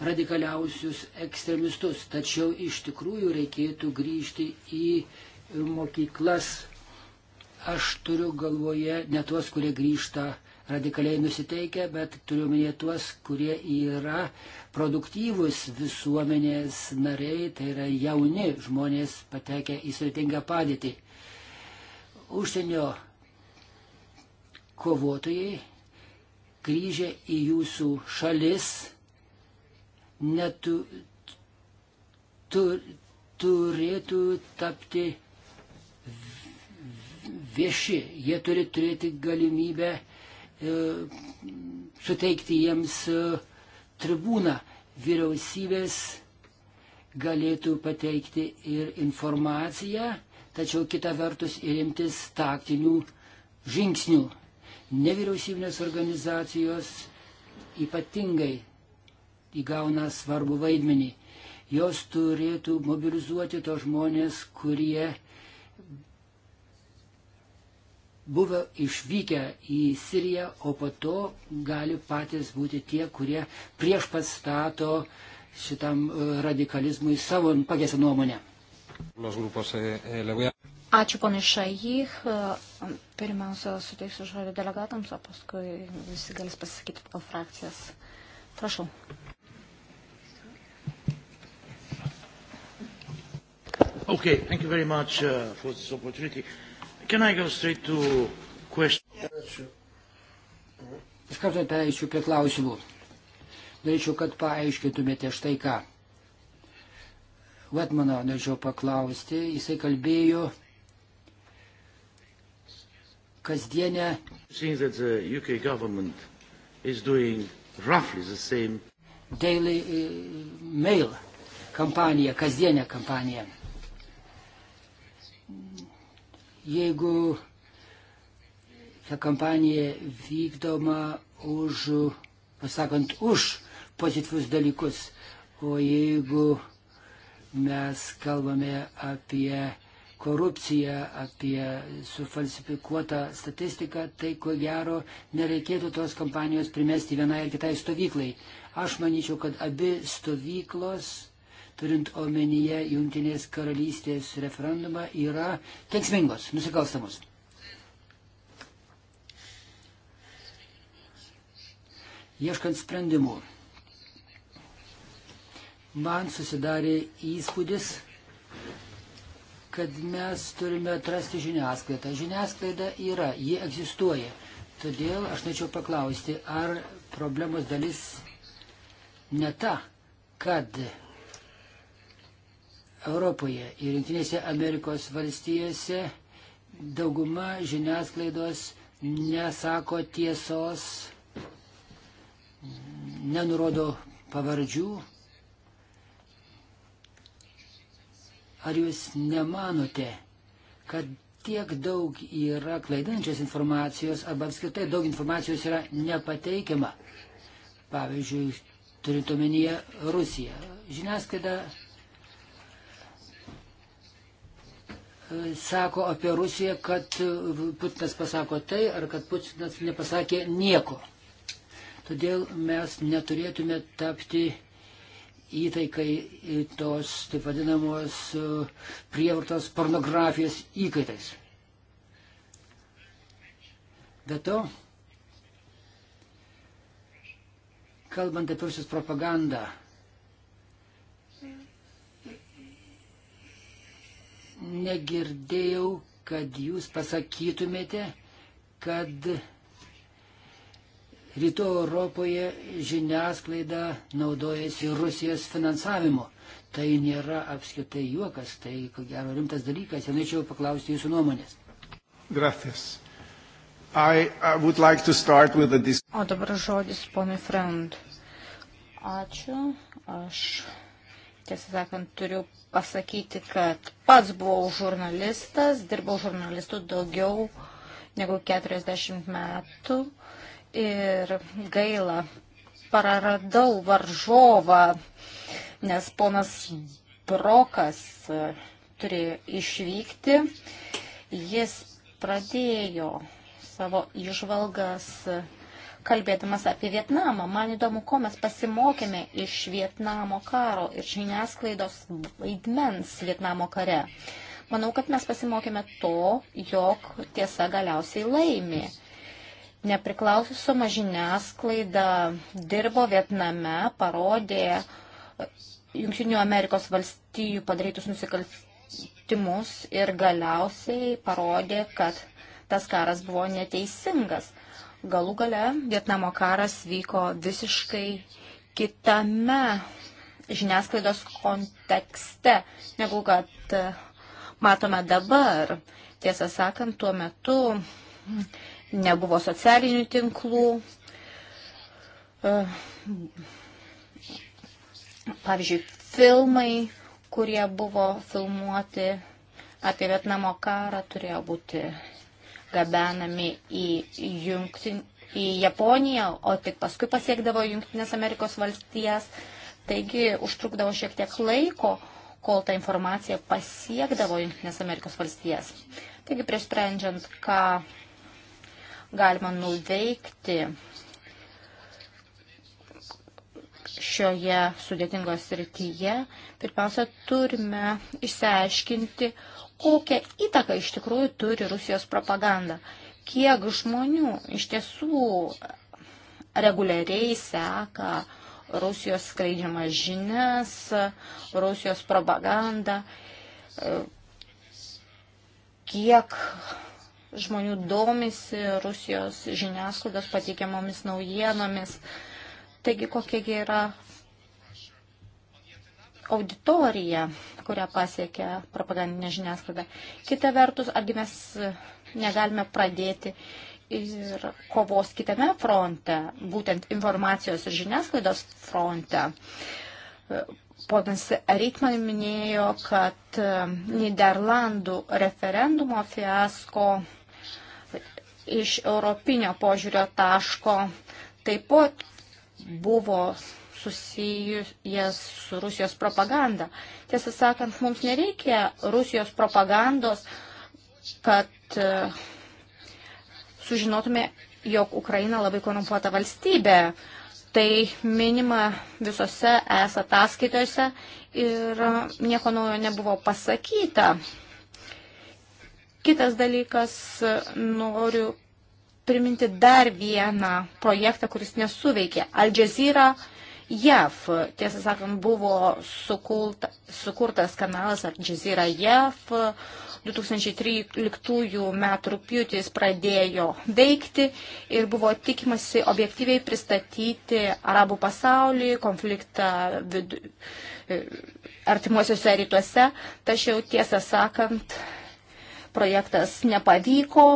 radikaliausius ekstremistus. Tačiau iš tikrųjų reikėtų grįžti į mokyklas. Aš turiu galvoje ne tuos, kurie grįžta radikaliai nusiteikę, bet turiu minėti tuos, kurie yra produktyvus visuomenės nariai, tai yra jauni žmonės patekę į sudėtingą padėtį. Užsienio kovotojai grįžę į jūsų šalis netu, tu, turėtų tapti vieši. Jie turi turėti galimybę e, suteikti jiems e, tribūną. Vyriausybės galėtų pateikti ir informaciją, tačiau kita vertus ir imtis taktinių žingsnių. Nevyriausybinės organizacijos ypatingai įgauna svarbų vaidmenį. Jos turėtų mobilizuoti tos žmonės, kurie buvo išvykę į Siriją, o po to gali patys būti tie, kurie prieš pastato šitam e, radikalizmui savo pagėsę nuomonę. Eh, eh, Ačiū ponai Šajih. E, pirmiausia, suteiksiu žodį delegatams, o paskui visi galės pasakyti pagal frakcijas. Prašau. Okay, thank you very much uh, for this opportunity. Can I go straight to questions? Iš karto pereičiau prie klausimų. Norėčiau, kad paaiškintumėte štai ką. Vatmano norėčiau paklausti, jisai kalbėjo kasdienę. Daily eh, Mail kampaniją, kasdienę kampaniją jeigu ta kampanija vykdoma už, pasakant, už pozityvus dalykus, o jeigu mes kalbame apie korupciją, apie sufalsifikuotą statistiką, tai ko gero nereikėtų tos kampanijos primesti vienai ar kitai stovyklai. Aš manyčiau, kad abi stovyklos turint omenyje Junktinės karalystės referendumą, yra kenksmingos, nusikalstamos. Ieškant sprendimų, man susidarė įspūdis, kad mes turime atrasti žiniasklaidą. Žiniasklaida yra, ji egzistuoja. Todėl aš norėčiau paklausti, ar problemos dalis ne ta, kad Europoje ir Junktinėse Amerikos valstijose dauguma žiniasklaidos nesako tiesos, nenurodo pavardžių. Ar jūs nemanote, kad tiek daug yra klaidančios informacijos arba apskritai daug informacijos yra nepateikiama? Pavyzdžiui, turint omenyje Rusiją. Žiniasklaida sako apie Rusiją, kad Putinas pasako tai, ar kad Putinas nepasakė nieko. Todėl mes neturėtume tapti įtaikai tos, taip vadinamos, e, prievartos pornografijos įkaitais. Be to, kalbant apie Rusijos propagandą, negirdėjau, kad jūs pasakytumėte, kad Rytų Europoje žiniasklaida naudojasi Rusijos finansavimu. Tai nėra apskritai juokas, tai ko gero rimtas dalykas. Ir norėčiau paklausti jūsų nuomonės. Gracias. I, I would like to start with a... O dabar žodis ponui Friend. Ačiū. Aš Tiesą sakant, turiu pasakyti, kad pats buvau žurnalistas, dirbau žurnalistų daugiau negu 40 metų ir gaila, praradau varžovą, nes ponas Brokas e, turėjo išvykti. Jis pradėjo savo išvalgas kalbėdamas apie Vietnamą. Man įdomu, ko mes pasimokėme iš Vietnamo karo ir žiniasklaidos vaidmens Vietnamo kare. Manau, kad mes pasimokėme to, jog tiesa galiausiai laimi. Nepriklausoma žiniasklaida dirbo Vietname, parodė Junktinių Amerikos valstijų padarytus nusikaltimus ir galiausiai parodė, kad tas karas buvo neteisingas. Galų gale Vietnamo karas vyko visiškai kitame žiniasklaidos kontekste, negu kad e, matome dabar. Tiesą sakant, tuo metu nebuvo socialinių tinklų. E, pavyzdžiui, filmai, kurie buvo filmuoti apie Vietnamo karą, turėjo būti gabenami į, jungtin, į Japoniją, o tik paskui pasiekdavo Junktinės Amerikos valstijas. Taigi užtrukdavo šiek tiek laiko, kol ta informacija pasiekdavo Junktinės Amerikos valstijas. Taigi prieš sprendžiant, ką galima nuveikti šioje sudėtingoje srityje, pirmiausia, turime išsiaiškinti, uh, kokią įtaką iš tikrųjų turi Rusijos propaganda, kiek žmonių iš tiesų reguliariai seka Rusijos skleidžiamas žinias, Rusijos propagandą, kiek žmonių domisi Rusijos žiniasklaidos pateikiamomis naujienomis. Taigi kokiegi yra auditoriją, kurią pasiekia propagandinė žiniasklaida. Kita vertus, argi mes negalime pradėti ir kovos kitame fronte, būtent informacijos ir žiniasklaidos fronte. Ponas Reikman minėjo, kad e, Niderlandų referendumo fiasko iš europinio požiūrio taško taip pat buvo susijęs su Rusijos propaganda. Tiesą sakant, mums nereikia Rusijos propagandos, kad e, sužinotume, jog Ukraina labai korumpuota valstybė. Tai minima visose es ataskaitose ir nieko naujo nebuvo pasakyta. Kitas dalykas, noriu priminti dar vieną projektą, kuris nesuveikė. Al Jazeera JAV. Tiesą sakant, buvo sukulta, sukurtas kanalas Al Jazeera JAV. 2013 m. rūpjūtį jis pradėjo veikti ir buvo tikimasi objektyviai pristatyti arabų pasaulį, konfliktą vidu, e, artimuosiuose rytuose. Tačiau tiesą sakant, projektas nepavyko.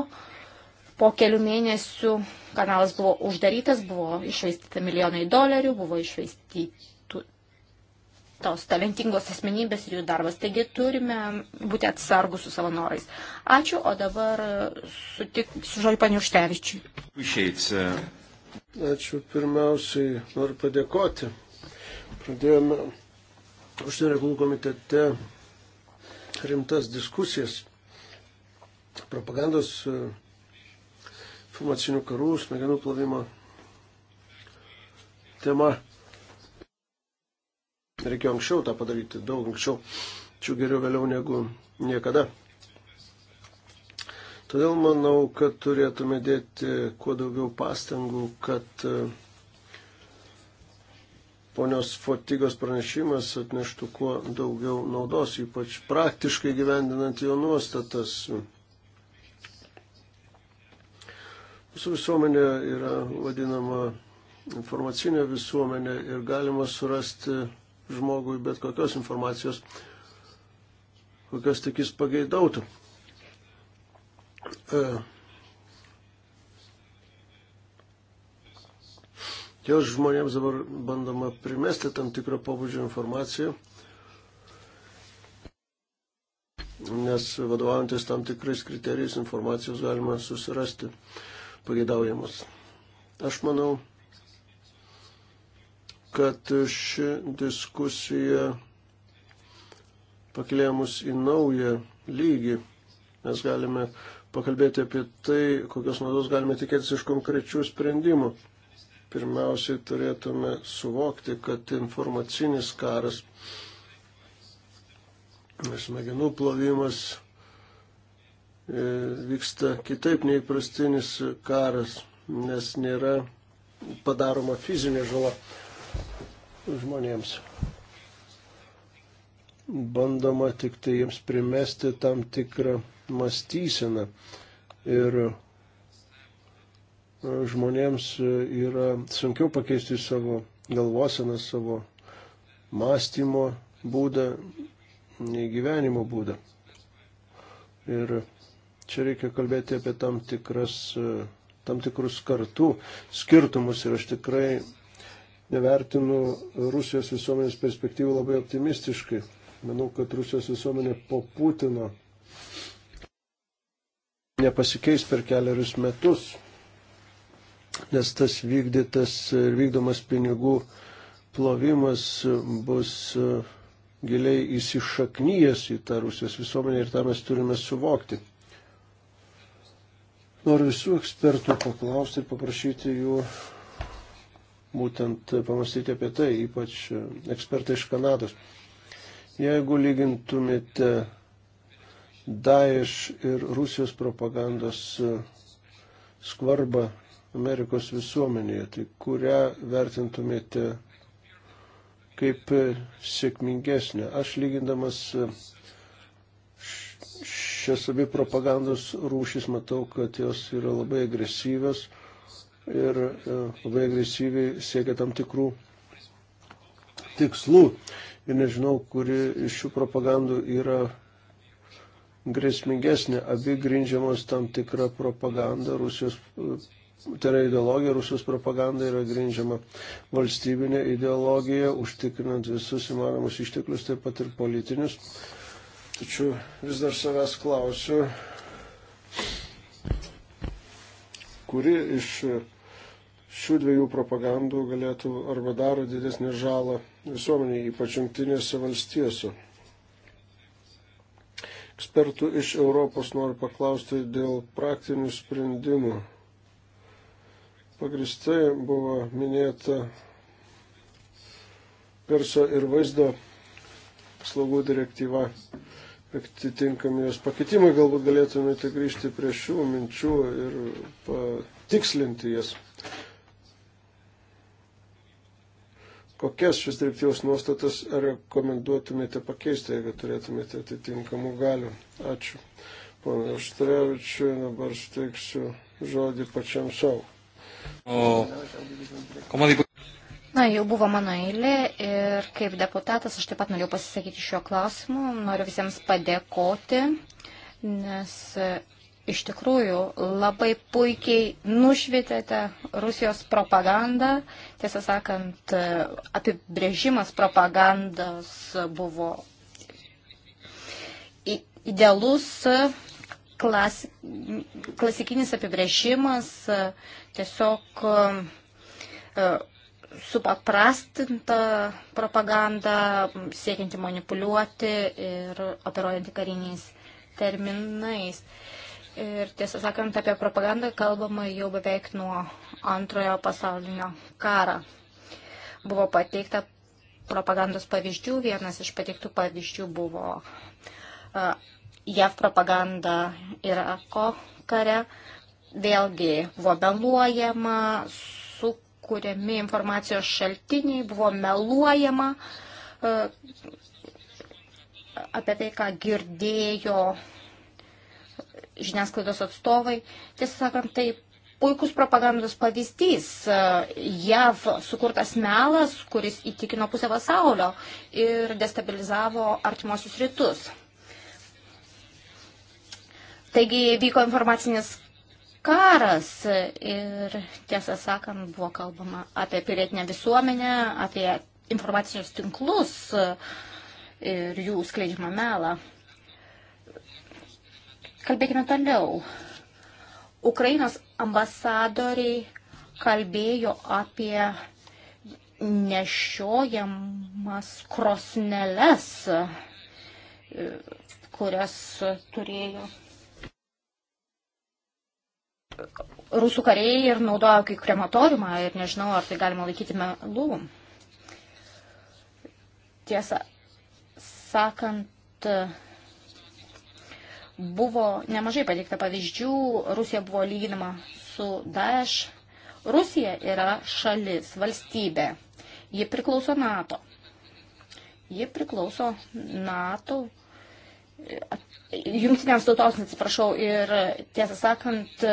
Po kelių mėnesių kanalas buvo uždarytas, buvo išvaistyta milijonai dolerių, buvo išvaistytos talentingos asmenybės ir jų darbas. Taigi turime būti atsargus su savo norais. Ačiū, o dabar sutik, su žodžiu paniuštevičiui. Uh, Ačiū pirmiausiai, noriu padėkoti. Pradėjome užsienio reikalų komitete rimtas diskusijas propagandos uh, informacinių karų, smegenų plovimo tema. Reikėjo anksčiau tą padaryti, daug anksčiau, čia geriau vėliau negu niekada. Todėl manau, kad turėtume dėti kuo daugiau pastangų, kad e, ponios Fotigos pranešimas atneštų kuo daugiau naudos, ypač praktiškai gyvendinant jo nuostatas. Mūsų visuomenė yra vadinama informacinė visuomenė ir galima surasti žmogui bet kokios informacijos, kokios tik jis pageidautų. Jos e, žmonėms dabar bandoma primesti tam tikrą pobūdžio informaciją, nes vadovaujantis tam tikrais kriterijais informacijos galima susirasti pagėdaujamos. Aš manau, kad ši diskusija pakėlė mus į naują lygį. Mes galime pakalbėti apie tai, kokios naudos galime tikėtis iš konkrečių sprendimų. Pirmiausiai turėtume suvokti, kad informacinis karas, smegenų plovimas, E, vyksta kitaip nei prastinis karas, nes nėra padaroma fizinė žala žmonėms. Bandoma tik tai jiems primesti tam tikrą mąstyseną. Ir e, žmonėms e, yra sunkiau pakeisti savo galvoseną, savo mąstymo būdą, gyvenimo būdą. Ir Čia reikia kalbėti apie tam, tikras, e, tam tikrus kartų skirtumus ir aš tikrai nevertinu Rusijos visuomenės perspektyvų labai optimistiškai. Manau, kad Rusijos visuomenė po Putino nepasikeis per keliarius metus, nes tas vykdytas ir vykdomas pinigų plovimas bus e, giliai įsišaknyjęs į tą Rusijos visuomenę ir tą mes turime suvokti. Noriu visų ekspertų paklausti ir paprašyti jų būtent pamastyti apie tai, ypač ekspertai iš Kanados. Jeigu lygintumėte Daesh ir Rusijos propagandos skvarbą Amerikos visuomenėje, tai kurią vertintumėte kaip sėkmingesnė? Aš lygindamas šias abi propagandos rūšis, matau, kad jos yra labai agresyvios ir e, labai agresyviai siekia tam tikrų tikslų. Ir nežinau, kuri iš šių propagandų yra grėsmingesnė. Abi grindžiamos tam tikra propaganda Rusijos. Tai yra ideologija, Rusijos propaganda yra grindžiama valstybinė ideologija, užtikrinant visus įmanomus išteklius, taip pat ir politinius. Uh, Tačiau vis dar savęs klausiu, kuri iš šių dviejų propagandų galėtų arba daro didesnį žalą visuomeniai, ypač jungtinėse valstijose. Ekspertų iš Europos noriu paklausti dėl praktinių sprendimų. Pagristai buvo minėta garso ir vaizdo paslaugų direktyva atitinkami jos pakitimai, galbūt galėtumėte grįžti prie šių minčių ir patikslinti jas. Kokias šis direktyvos nuostatas rekomenduotumėte pakeisti, jeigu turėtumėte atitinkamų galių? Ačiū. Pana Aštrevičiui, dabar steiksiu žodį pačiam savo. O, komandai... Na, jau buvo mano eilė ir kaip deputatas aš taip pat norėjau pasisakyti šiuo klausimu. Noriu visiems padėkoti, nes e, iš tikrųjų labai puikiai nušvietėte Rusijos propagandą. Tiesą sakant, e, apibrėžimas propagandos buvo idealus klas, klasikinis apibrėžimas, e, tiesiog supaprastinta propaganda, siekianti manipuliuoti ir operuojanti kariniais terminais. Ir tiesą sakant, apie propagandą kalbama jau beveik nuo antrojo pasaulinio karą. Buvo pateikta propagandos pavyzdžių, vienas iš pateiktų pavyzdžių buvo uh, JAV propaganda Irako kare, vėlgi buvo meluojama, kuriami informacijos šaltiniai, buvo meluojama e, apie tai, ką girdėjo žiniasklaidos atstovai. Tiesą sakant, tai puikus propagandos pavyzdys. E, JAV sukurtas melas, kuris įtikino pusę pasaulio ir destabilizavo artimuosius rytus. Taigi vyko informacinis karas ir tiesą sakant buvo kalbama apie pilietinę visuomenę, apie informacinius tinklus ir jų skleidžiamą melą. Kalbėkime toliau. Ukrainos ambasadoriai kalbėjo apie nešiojamas krosneles, kurias turėjo rusų kariai ir naudojo kaip krematoriumą ir nežinau, ar tai galima laikyti melų. Tiesą sakant, buvo nemažai pateikta pavyzdžių, Rusija buvo lyginama su Daesh. Rusija yra šalis, valstybė. Ji priklauso NATO. Ji priklauso NATO jungtinėms tautoms, atsiprašau, ir tiesą sakant,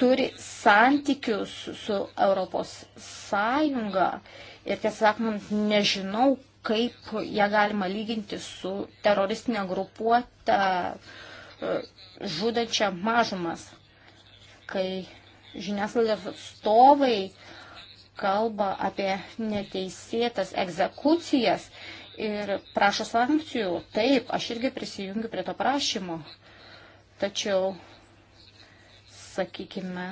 turi santykius su Europos Sąjunga ir tiesą sakant, nežinau, kaip ją galima lyginti su teroristinė grupuotė e, žudančia mažumas, kai žiniasklaidos atstovai kalba apie neteisėtas egzekucijas ir prašo sankcijų. Taip, aš irgi prisijungiu prie to prašymo. Tačiau, sakykime,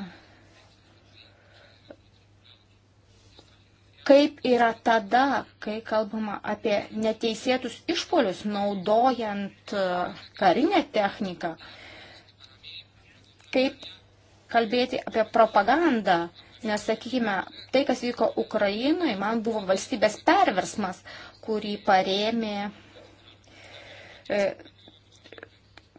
kaip yra tada, kai kalbama apie neteisėtus išpolius, naudojant e, karinę techniką, kaip kalbėti apie propagandą, nes, sakykime, tai, kas vyko Ukrainoje, man buvo valstybės perversmas, kurį parėmė e,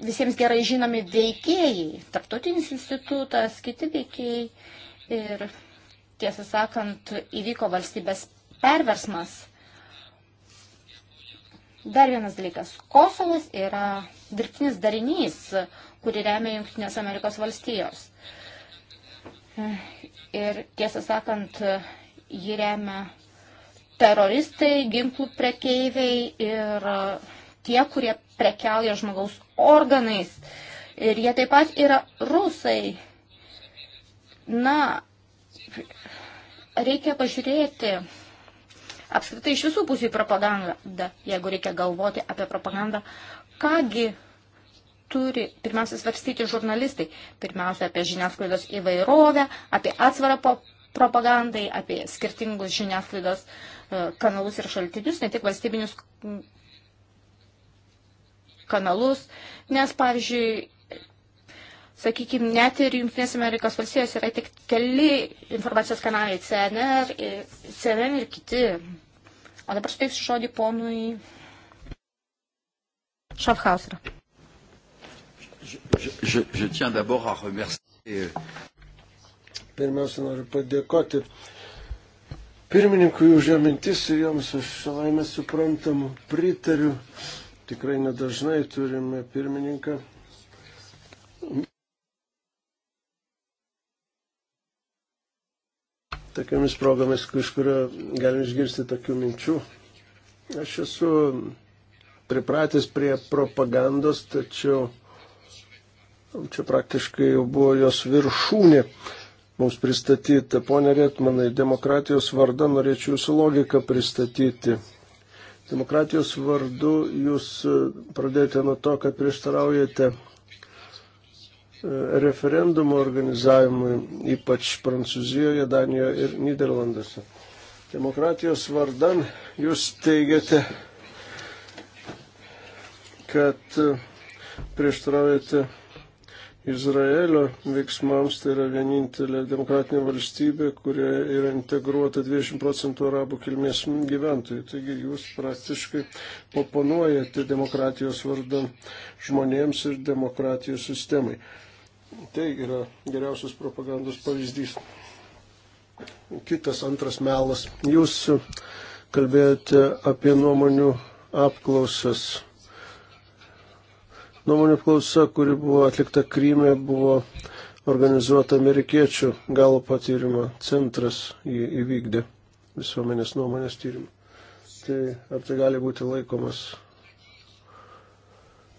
visiems gerai žinomi veikėjai, tarptautinis institutas, kiti veikėjai. Ir tiesą sakant, įvyko valstybės perversmas. Dar vienas dalykas. Kosovas yra dirbtinis darinys, kurį remia Junktinės Amerikos valstijos. E, ir tiesą sakant, jį remia teroristai, ginklų prekeiviai ir e, tie, kurie prekiauja žmogaus organais. Ir jie taip pat yra rusai. Na, reikia pažiūrėti apskritai iš visų pusių į propagandą, jeigu reikia galvoti apie propagandą, kągi turi pirmiausia svarstyti žurnalistai. Pirmiausia apie žiniasklaidos įvairovę, apie atsvarą po propagandai, apie skirtingus žiniasklaidos e, kanalus ir šaltinius, ne tik valstybinius kanalus, nes, pavyzdžiui, sakykime, net ir Junktinės Amerikos valstijos yra tik keli informacijos kanalai - CNR, CNN ir kiti. O dabar suteiksiu žodį ponui Schaffhauser. Je, je, je tiens d'abord à remercier euh, Pirmiausia, noriu padėkoti pirmininkui už jo mintis ir joms aš savaime suprantamu pritariu. Tikrai nedažnai turime pirmininką tokiamis progomis, iš kurio galim išgirsti tokių minčių. Aš esu pripratęs prie propagandos, tačiau čia praktiškai jau buvo jos viršūnė mums pristatyti. Pone Rėtmanai, demokratijos vardą norėčiau jūsų logiką pristatyti. Demokratijos vardu jūs e, pradėjote nuo to, kad prieštaraujate e, referendumo organizavimui, ypač Prancūzijoje, Danijoje ir Niderlanduose. Demokratijos vardan jūs teigiate, kad e, prieštaraujate Izraelio veiksmams tai yra vienintelė demokratinė valstybė, kurioje yra integruota 20 procentų arabų kilmės gyventojų. Taigi jūs praktiškai oponuojate demokratijos vardan žmonėms ir demokratijos sistemai. Tai yra geriausias propagandos pavyzdys. Kitas antras melas. Jūs kalbėjote apie nuomonių apklausas Nuomonių klausa, kuri buvo atlikta Kryme, buvo organizuota amerikiečių galo patyrimo centras jį įvykdė visuomenės nuomonės tyrimą. Tai ar tai gali būti laikomas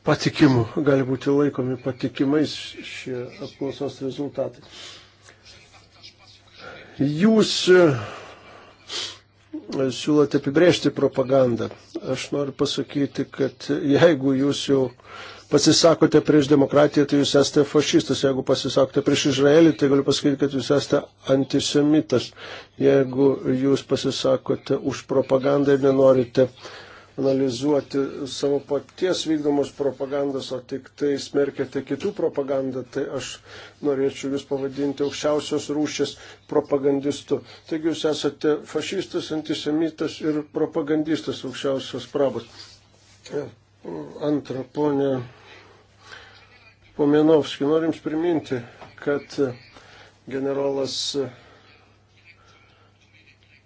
patikimu, gali būti laikomi patikimais šie apklausos rezultatai. Jūs e, siūlote apibrėžti propagandą. Aš noriu pasakyti, kad jeigu jūs jau pasisakote prieš demokratiją, tai jūs esate fašistas. Jeigu pasisakote prieš Izraelį, tai galiu pasakyti, kad jūs esate antisemitas. Jeigu jūs pasisakote už propagandą ir nenorite analizuoti savo paties vykdomos propagandos, o tik tai smerkiate kitų propagandą, tai aš norėčiau jūs pavadinti aukščiausios rūšės propagandistu. Taigi jūs esate fašistas, antisemitas ir propagandistas aukščiausios prabos. Antra, ponė Pomenovskį. Noriu Jums priminti, kad generolas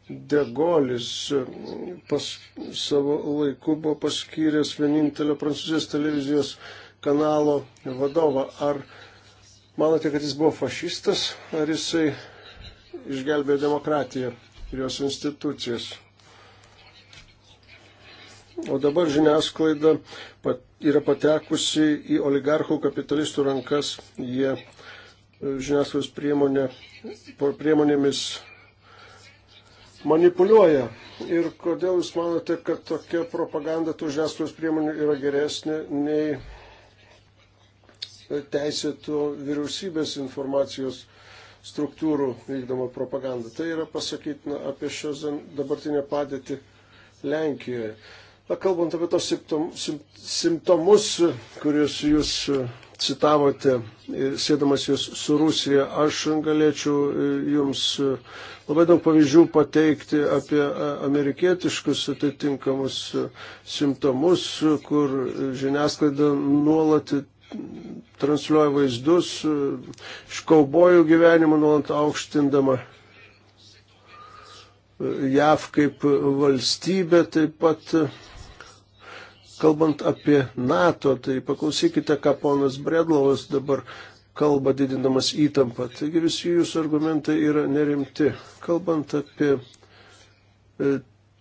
Degolis pas, savo laiku buvo paskyręs vienintelio prancūzijos televizijos kanalo vadovą. Ar manote, kad jis buvo fašistas, ar jisai išgelbėjo demokratiją ir jos institucijas? O dabar žiniasklaida yra patekusi į oligarchų kapitalistų rankas. Jie e, žiniasklaidos priemonė, priemonėmis manipuliuoja. Ir kodėl Jūs manote, kad tokia propaganda tų žiniasklaidos priemonių yra geresnė nei e, teisėtų vyriausybės informacijos struktūrų vykdoma propaganda? Tai yra pasakytina apie šios dabartinę padėtį Lenkijoje. Na, kalbant apie tos simptomus, kuriuos jūs e, citavote, e, sėdamas jūs su Rusija, aš galėčiau e, jums labai daug pavyzdžių pateikti apie amerikietiškus atitinkamus simptomus, kur žiniasklaida nuolat transliuoja vaizdus iš kaubojų gyvenimo, nuolat aukštindama JAV kaip valstybė taip pat Kalbant apie NATO, tai paklausykite, ką ponas Bredlovas dabar kalba didindamas įtampą. Taigi visi jūsų argumentai yra nerimti. Kalbant apie e,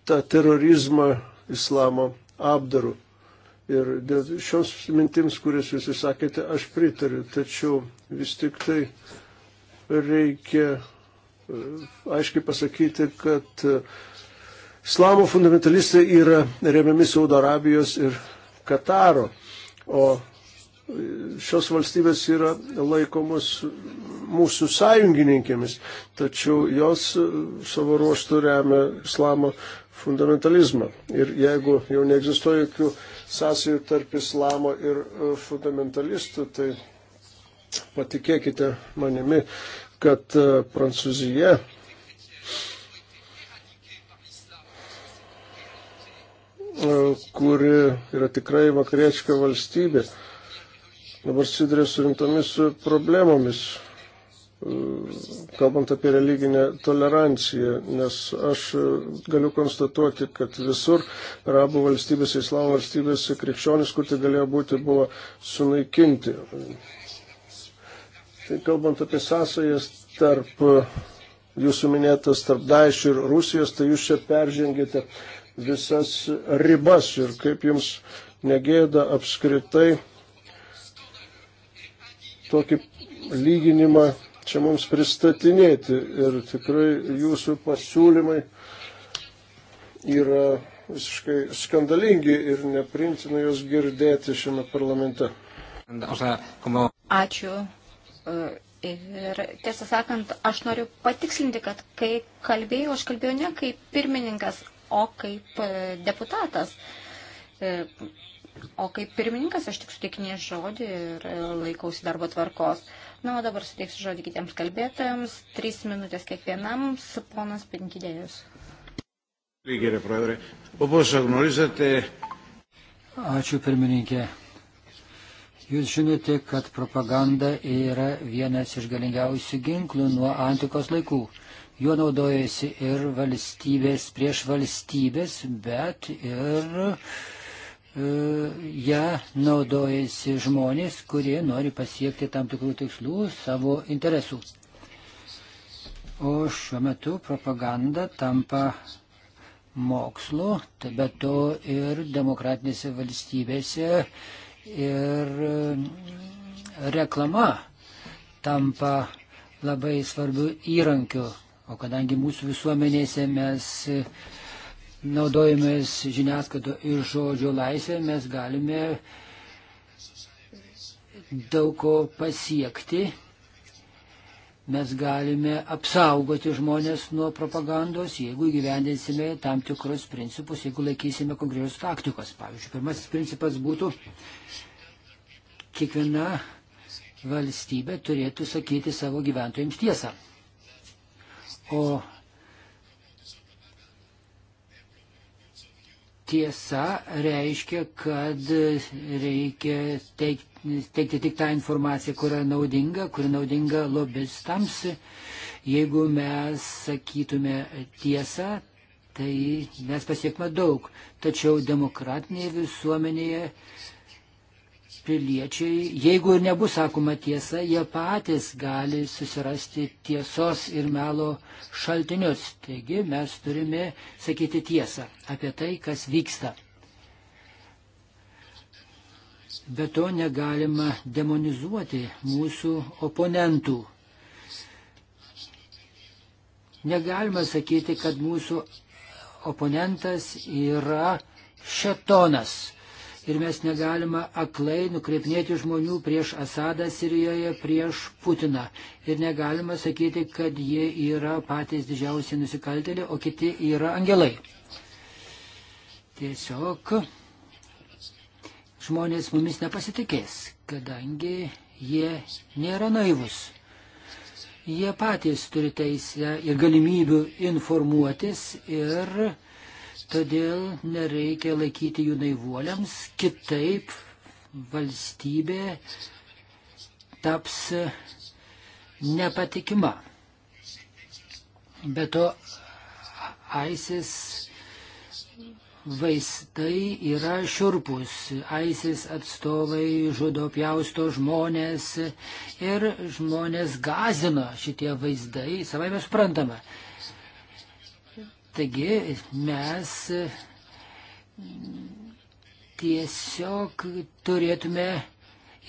tą terorizmą islamo apdarų. Ir dėl šios mintims, kurias jūs išsakėte, aš pritariu. Tačiau vis tik tai reikia e, aiškiai pasakyti, kad uh, Islamo fundamentalistai yra remiami Saudo Arabijos ir Kataro, o šios valstybės yra laikomos mūsų sąjungininkėmis, tačiau jos savo ruoštų remia islamo fundamentalizmą. Ir jeigu jau neegzistuoja jokių sąsajų tarp islamo ir e, fundamentalistų, tai patikėkite manimi, kad e, Prancūzija E, kuri yra tikrai vakariečka valstybė, dabar susiduria su rimtomis problemomis, e, kalbant apie religinę toleranciją, nes aš e, galiu konstatuoti, kad visur arabų valstybėse, islamo valstybėse krikščionis, kur tai galėjo būti, buvo sunaikinti. Tai kalbant apie sąsajas tarp jūsų minėtas tarp Daesh ir Rusijos, tai jūs čia peržengėte visas ribas ir kaip jums negėda apskritai tokį lyginimą čia mums pristatinėti. Ir tikrai jūsų pasiūlymai yra visiškai skandalingi ir neprintina juos girdėti šiame parlamente. Ačiū. Ir tiesą sakant, aš noriu patikslinti, kad kai kalbėjau, aš kalbėjau ne kaip pirmininkas o kaip e, deputatas. E, o kaip pirmininkas aš tik sutikinė žodį ir e, laikausi darbo tvarkos. Na, o dabar suteiksiu žodį kitiems kalbėtojams. Trys minutės kiekvienam, ponas Pinkidėjus. Ačiū pirmininkė. Jūs žinote, kad propaganda yra vienas iš galingiausių ginklų nuo antikos laikų. Juo naudojasi ir valstybės prieš valstybės, bet ir uh, e, ją ja, naudojasi žmonės, kurie nori pasiekti tam tikrų tikslų savo interesų. O šiuo metu propaganda tampa mokslu, bet to ir demokratinėse valstybėse ir reklama tampa labai svarbiu įrankiu O kadangi mūsų visuomenėse mes naudojamės žiniasklaido ir žodžio laisvę, mes galime daug ko pasiekti. Mes galime apsaugoti žmonės nuo propagandos, jeigu gyvendinsime tam tikrus principus, jeigu laikysime konkrečios taktikos. Pavyzdžiui, pirmasis principas būtų, kiekviena valstybė turėtų sakyti savo gyventojams tiesą. O tiesa reiškia, kad reikia teikti, teikti tik tą informaciją, kuri naudinga, kuri naudinga lobistams. Jeigu mes sakytume tiesą, tai mes pasiekme daug. Tačiau demokratinėje visuomenėje piliečiai, jeigu ir nebus sakoma tiesa, jie patys gali susirasti tiesos ir melo šaltinius. Taigi mes turime sakyti tiesą apie tai, kas vyksta. Be to negalima demonizuoti mūsų oponentų. Negalima sakyti, kad mūsų oponentas yra šetonas ir mes negalime aklai nukreipinėti žmonių prieš Asadą Sirijoje, prieš Putiną. Ir negalime sakyti, kad jie yra patys didžiausi nusikaltėliai, o kiti yra angelai. Tiesiog žmonės mumis nepasitikės, kadangi jie nėra naivus. Jie patys turi teisę ir galimybių informuotis ir Todėl nereikia laikyti jų naivuoliams, kitaip valstybė taps nepatikima. Be to, aisis vaistai yra širpus. Aisis atstovai žudo pjausto žmonės ir žmonės gazina šitie vaizdai, savai mes suprantama. Taigi mes tiesiog turėtume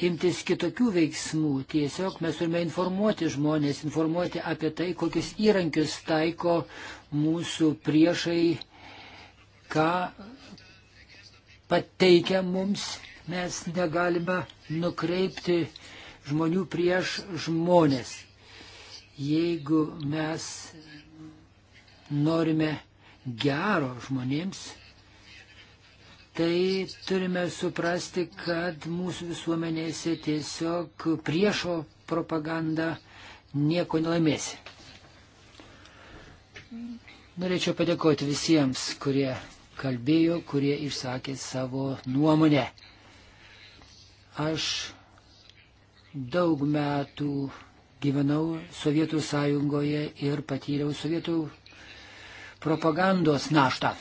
imtis kitokių veiksmų. Tiesiog mes turime informuoti žmonės, informuoti apie tai, kokius įrankius taiko mūsų priešai, ką pateikia mums. Mes negalime nukreipti žmonių prieš žmonės. Jeigu mes norime gero žmonėms, tai turime suprasti, kad mūsų visuomenėse tiesiog priešo propaganda nieko nelaimėsi. Norėčiau padėkoti visiems, kurie kalbėjo, kurie išsakė savo nuomonę. Aš daug metų gyvenau Sovietų sąjungoje ir patyriau Sovietų propagandos naštą.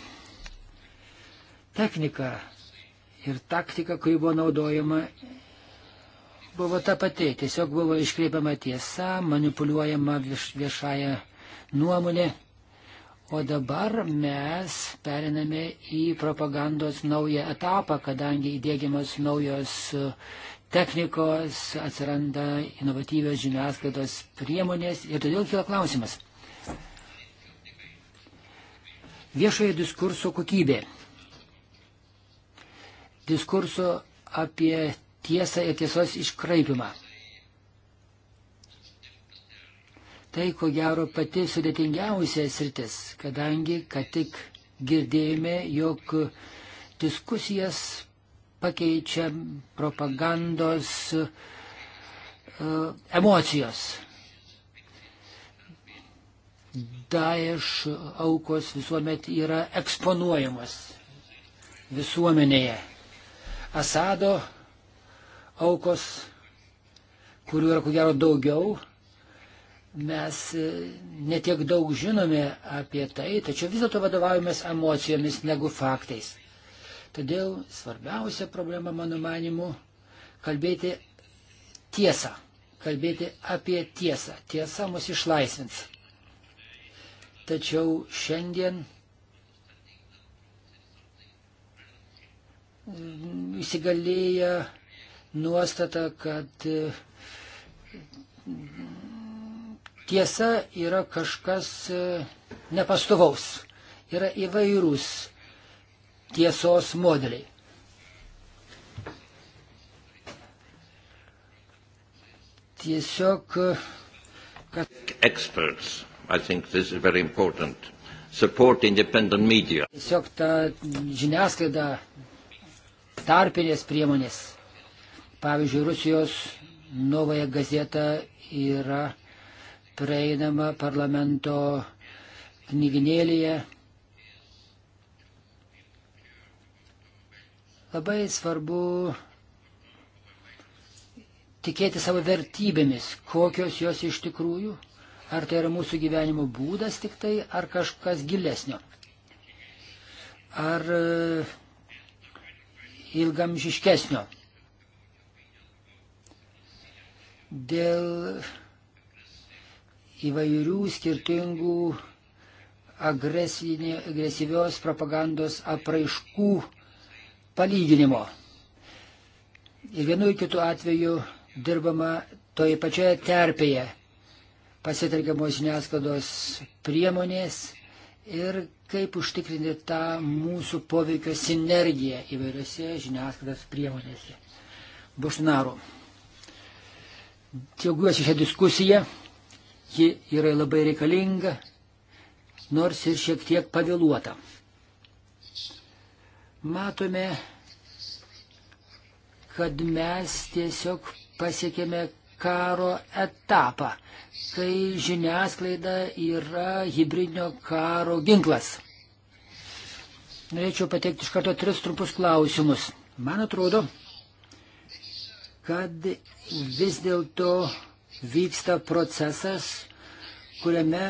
Technika ir taktika, kuri buvo naudojama, buvo ta pati. Tiesiog buvo iškreipiama tiesa, manipuliuojama vieš, viešąją nuomonę. O dabar mes periname į propagandos naują etapą, kadangi įdėgiamas naujos technikos, atsiranda inovatyvios žiniasklaidos priemonės ir todėl kyla klausimas. Viešojo diskurso kokybė. Diskurso apie tiesą ir tiesos iškraipimą. Tai ko gero pati sudėtingiausia sritis, kadangi, kad tik girdėjome, jog diskusijas pakeičia propagandos uh, emocijos. Daesh aukos visuomet yra eksponuojamas visuomenėje. Asado aukos, kurių yra ko gero daugiau, mes e, netiek daug žinome apie tai, tačiau vis dėlto vadovaujamės emocijomis negu faktais. Todėl svarbiausia problema, mano manimu, kalbėti tiesą, kalbėti apie tiesą. Tiesa mus išlaisvins. Tačiau šiandien įsigalėja nuostata, kad mm, tiesa yra kažkas mm, nepastovaus. Yra įvairūs tiesos modeliai. Tiesiog, mm, kad. Experts I think this is very important. Support independent media. Tiesiog ta žiniasklaida tarpinės priemonės. Pavyzdžiui, Rusijos Novaja gazeta yra prieinama parlamento knyginėlėje. Labai svarbu tikėti savo vertybėmis, kokios jos iš tikrųjų Ar tai yra mūsų gyvenimo būdas tik tai, ar kažkas gilesnio? Ar e, ilgamžiškesnio? Dėl įvairių skirtingų agresyvios propagandos apraiškų palyginimo. Ir vienu ir kitu atveju dirbama toje pačioje terpėje pasitelkiamos žiniasklaidos priemonės ir kaip užtikrinti tą mūsų poveikio sinergiją įvairiose žiniasklaidos priemonėse. Bušnaru. Džiaugiuosi šią diskusiją, ji yra labai reikalinga, nors ir šiek tiek pavėluota. Matome, kad mes tiesiog pasiekėme karo etapą, kai žiniasklaida yra hybridinio karo ginklas. Norėčiau pateikti iš karto tris trumpus klausimus. Man atrodo, kad vis dėlto vyksta procesas, kuriame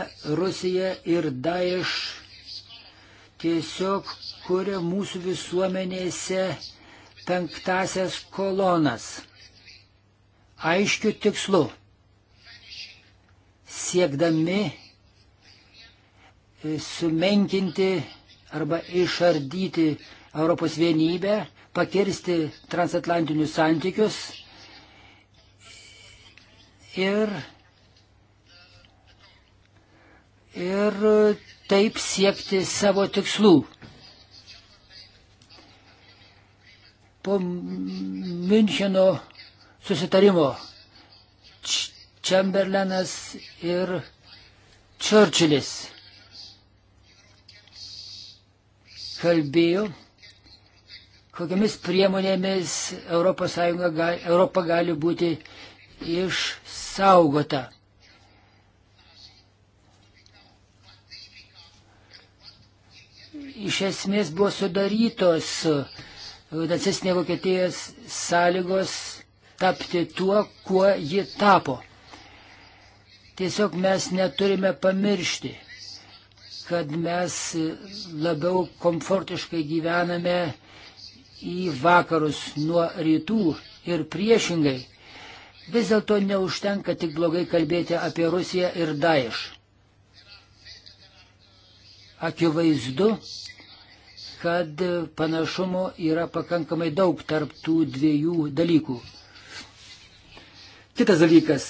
Rusija ir Daesh tiesiog kuria mūsų visuomenėse penktasias kolonas aiškiu tikslu, siekdami e, sumenkinti arba išardyti Europos vienybę, pakirsti transatlantinius santykius ir, ir taip siekti savo tikslų. Po Müncheno susitarimo Čemberlenas ir Čerčilis kalbėjo, kokiamis priemonėmis ES, Europa gali būti išsaugota. Iš esmės buvo sudarytos nacistinė Vokietijos sąlygos tapti tuo, kuo ji tapo. Tiesiog mes neturime pamiršti, kad mes labiau komfortiškai gyvename į vakarus nuo rytų ir priešingai. Vis dėlto neužtenka tik blogai kalbėti apie Rusiją ir Daesh. Akivaizdu, kad panašumo yra pakankamai daug tarp tų dviejų dalykų. Kitas dalykas.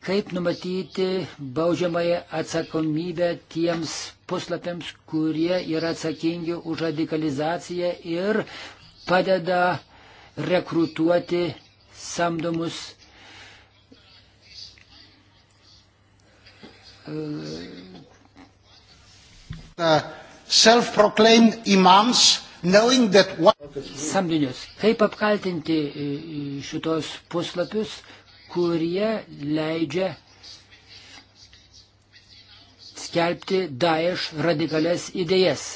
Kaip numatyti baudžiamąją atsakomybę tiems puslapiams, kurie yra atsakingi už radikalizaciją ir padeda rekrutuoti samdomus uh, self-proclaimed imams samdinius. Kaip apkaltinti e, e, šitos puslapius, kurie leidžia skelbti Daesh radikales idėjas.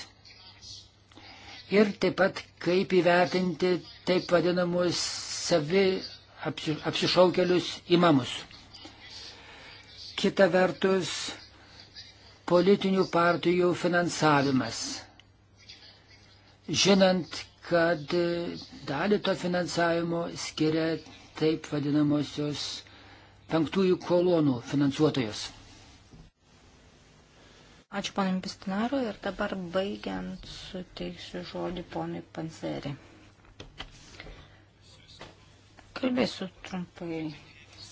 Ir taip pat kaip įvertinti taip vadinamus savi apsi, apsišaukelius imamus. Kita vertus, politinių partijų finansavimas žinant, kad dalį to finansavimo skiria taip vadinamosios penktųjų kolonų finansuotojos. Ačiū panam Pistinaru ir dabar baigiant suteiksiu žodį ponui Panzerį. Kalbėsiu trumpai.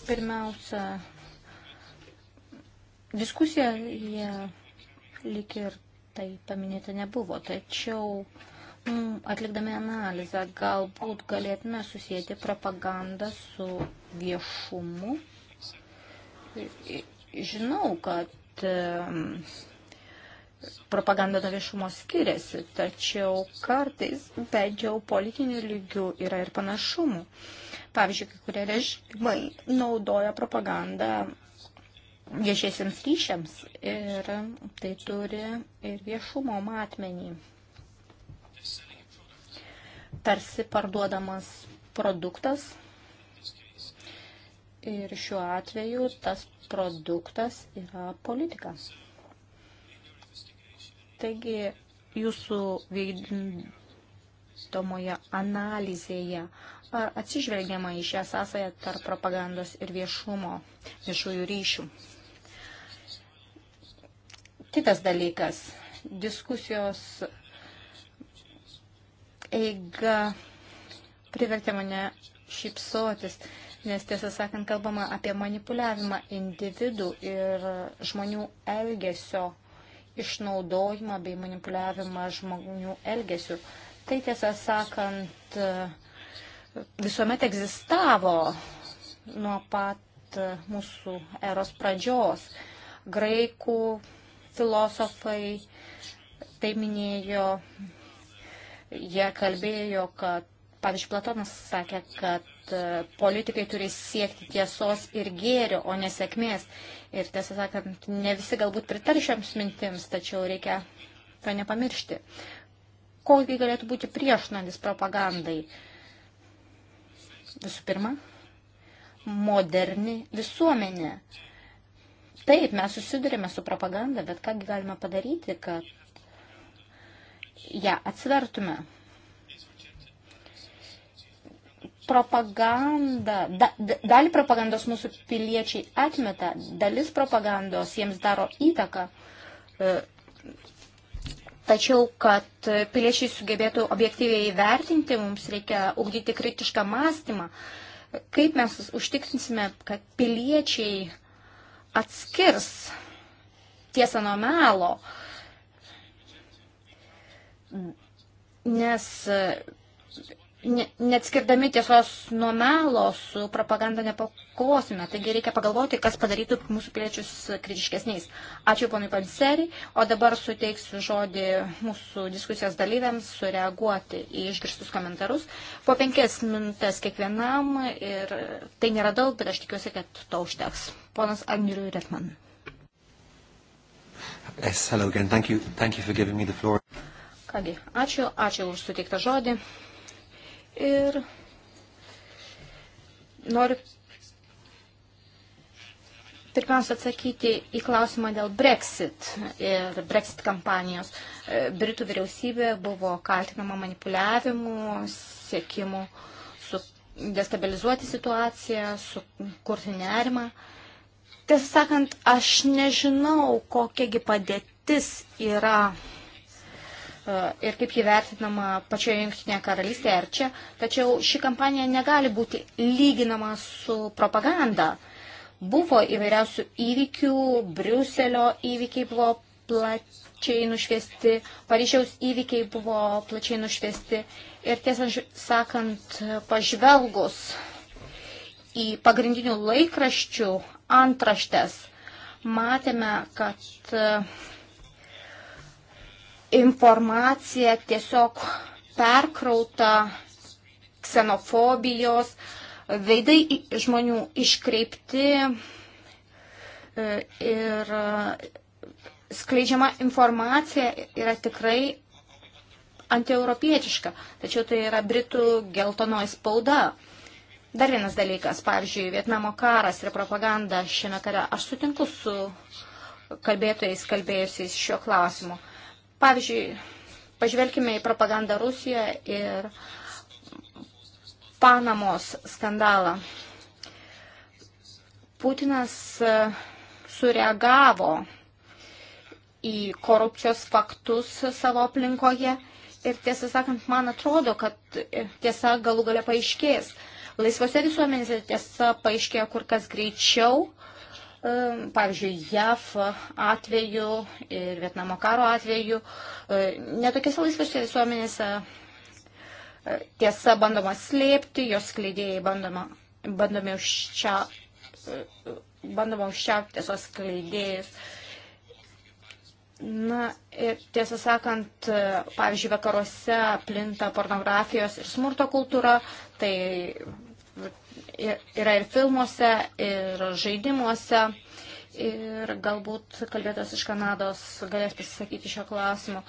Pirmiausia, diskusija jie lik ir tai paminėta nebuvo, tačiau uh, Mm, atlikdami analizę, galbūt galėtume susijęti propagandą su viešumu. Žinau, kad propaganda nuo viešumo skiriasi, tačiau kartais bent jau politinių lygių yra ir panašumų. Pavyzdžiui, kai kurie režimai naudoja propagandą viešiesiems ryšiams ir tai turi ir viešumo matmenį tarsi parduodamas produktas. Ir šiuo atveju tas produktas yra politika. Taigi jūsų vykdomoje analizėje ar atsižvelgiama į šią sąsąją tarp propagandos ir viešumo, viešųjų ryšių. Kitas dalykas - diskusijos eiga privertė mane šypsotis, nes tiesą sakant, kalbama apie manipuliavimą individų ir žmonių elgesio išnaudojimą bei manipuliavimą žmonių elgesiu. Tai tiesą sakant, visuomet egzistavo nuo pat mūsų eros pradžios. Graikų filosofai tai minėjo Jie kalbėjo, kad, pavyzdžiui, Platonas sakė, kad e, politikai turi siekti tiesos ir gėrio, o nesėkmės. Ir tiesą sakant, ne visi galbūt pritar šioms mintims, tačiau reikia to nepamiršti. Kogi galėtų būti priešnuodis propagandai? Visų pirma, moderni visuomenė. Taip, mes susidurime su propaganda, bet ką galime padaryti, kad ją atsvertume. Propaganda, da, dalį propagandos mūsų piliečiai atmeta, dalis propagandos jiems daro įtaką. E, tačiau, kad piliečiai sugebėtų objektyviai įvertinti, mums reikia ugdyti kritišką mąstymą. Kaip mes užtikrinsime, kad piliečiai atskirs tiesą nuo melo, uh, nes e, ne, neatskirdami tiesos nuo melo su propaganda nepakosime. Taigi reikia pagalvoti, kas padarytų mūsų piliečius kritiškesniais. Ačiū ponui Panseri, o dabar suteiksiu žodį mūsų diskusijos dalyviams sureaguoti į išgirstus komentarus. Po penkias minutės kiekvienam ir tai nėra daug, bet aš tikiuosi, kad to užteks. Ponas Andriu Retman. Yes, hello again. Thank you, thank you for giving me the floor. Kągi, ačiū, ačiū už suteiktą žodį. Ir noriu pirmiausia atsakyti į klausimą dėl Brexit ir Brexit kampanijos. Britų vyriausybė buvo kaltinama manipuliavimu, siekimu su destabilizuoti situaciją, sukurti nerimą. Tiesą sakant, aš nežinau, kokiagi padėtis yra E, ir kaip ji vertinama pačioje Junktinėje karalystėje ar čia. Tačiau ši kampanija negali būti lyginama su propaganda. Buvo įvairiausių įvykių, Briuselio įvykiai buvo plačiai nušviesti, Paryžiaus įvykiai buvo plačiai nušviesti. Ir tiesą sakant, pažvelgus į pagrindinių laikraščių antraštės, matėme, kad informacija tiesiog perkrauta ksenofobijos, veidai žmonių iškreipti e, ir e, skleidžiama informacija yra tikrai antieuropietiška, tačiau tai yra Britų geltonoji spauda. Dar vienas dalykas, pavyzdžiui, Vietnamo karas ir propaganda šiame kare. Aš sutinku su kalbėtojais kalbėjusiais šiuo klausimu. Pavyzdžiui, pažvelkime į propagandą Rusijoje ir Panamos skandalą. Putinas e, sureagavo į korupcijos faktus savo aplinkoje ir tiesą sakant, man atrodo, kad e, tiesa galų gale paaiškės. Laisvose visuomenėse tiesa paaiškėjo kur kas greičiau Pavyzdžiui, JAV atveju ir Vietnamo karo atveju e, netokiose laisvose visuomenėse e, tiesa bandoma slėpti, jos skleidėjai bandoma, bandomi užčia, e, bandoma užčiaupti tiesos skleidėjus. Na ir tiesą sakant, pavyzdžiui, vakaruose plinta pornografijos ir smurto kultūra, tai yra ir filmuose, ir žaidimuose. Ir galbūt kalbėtos iš Kanados galės pasisakyti šio klausimo.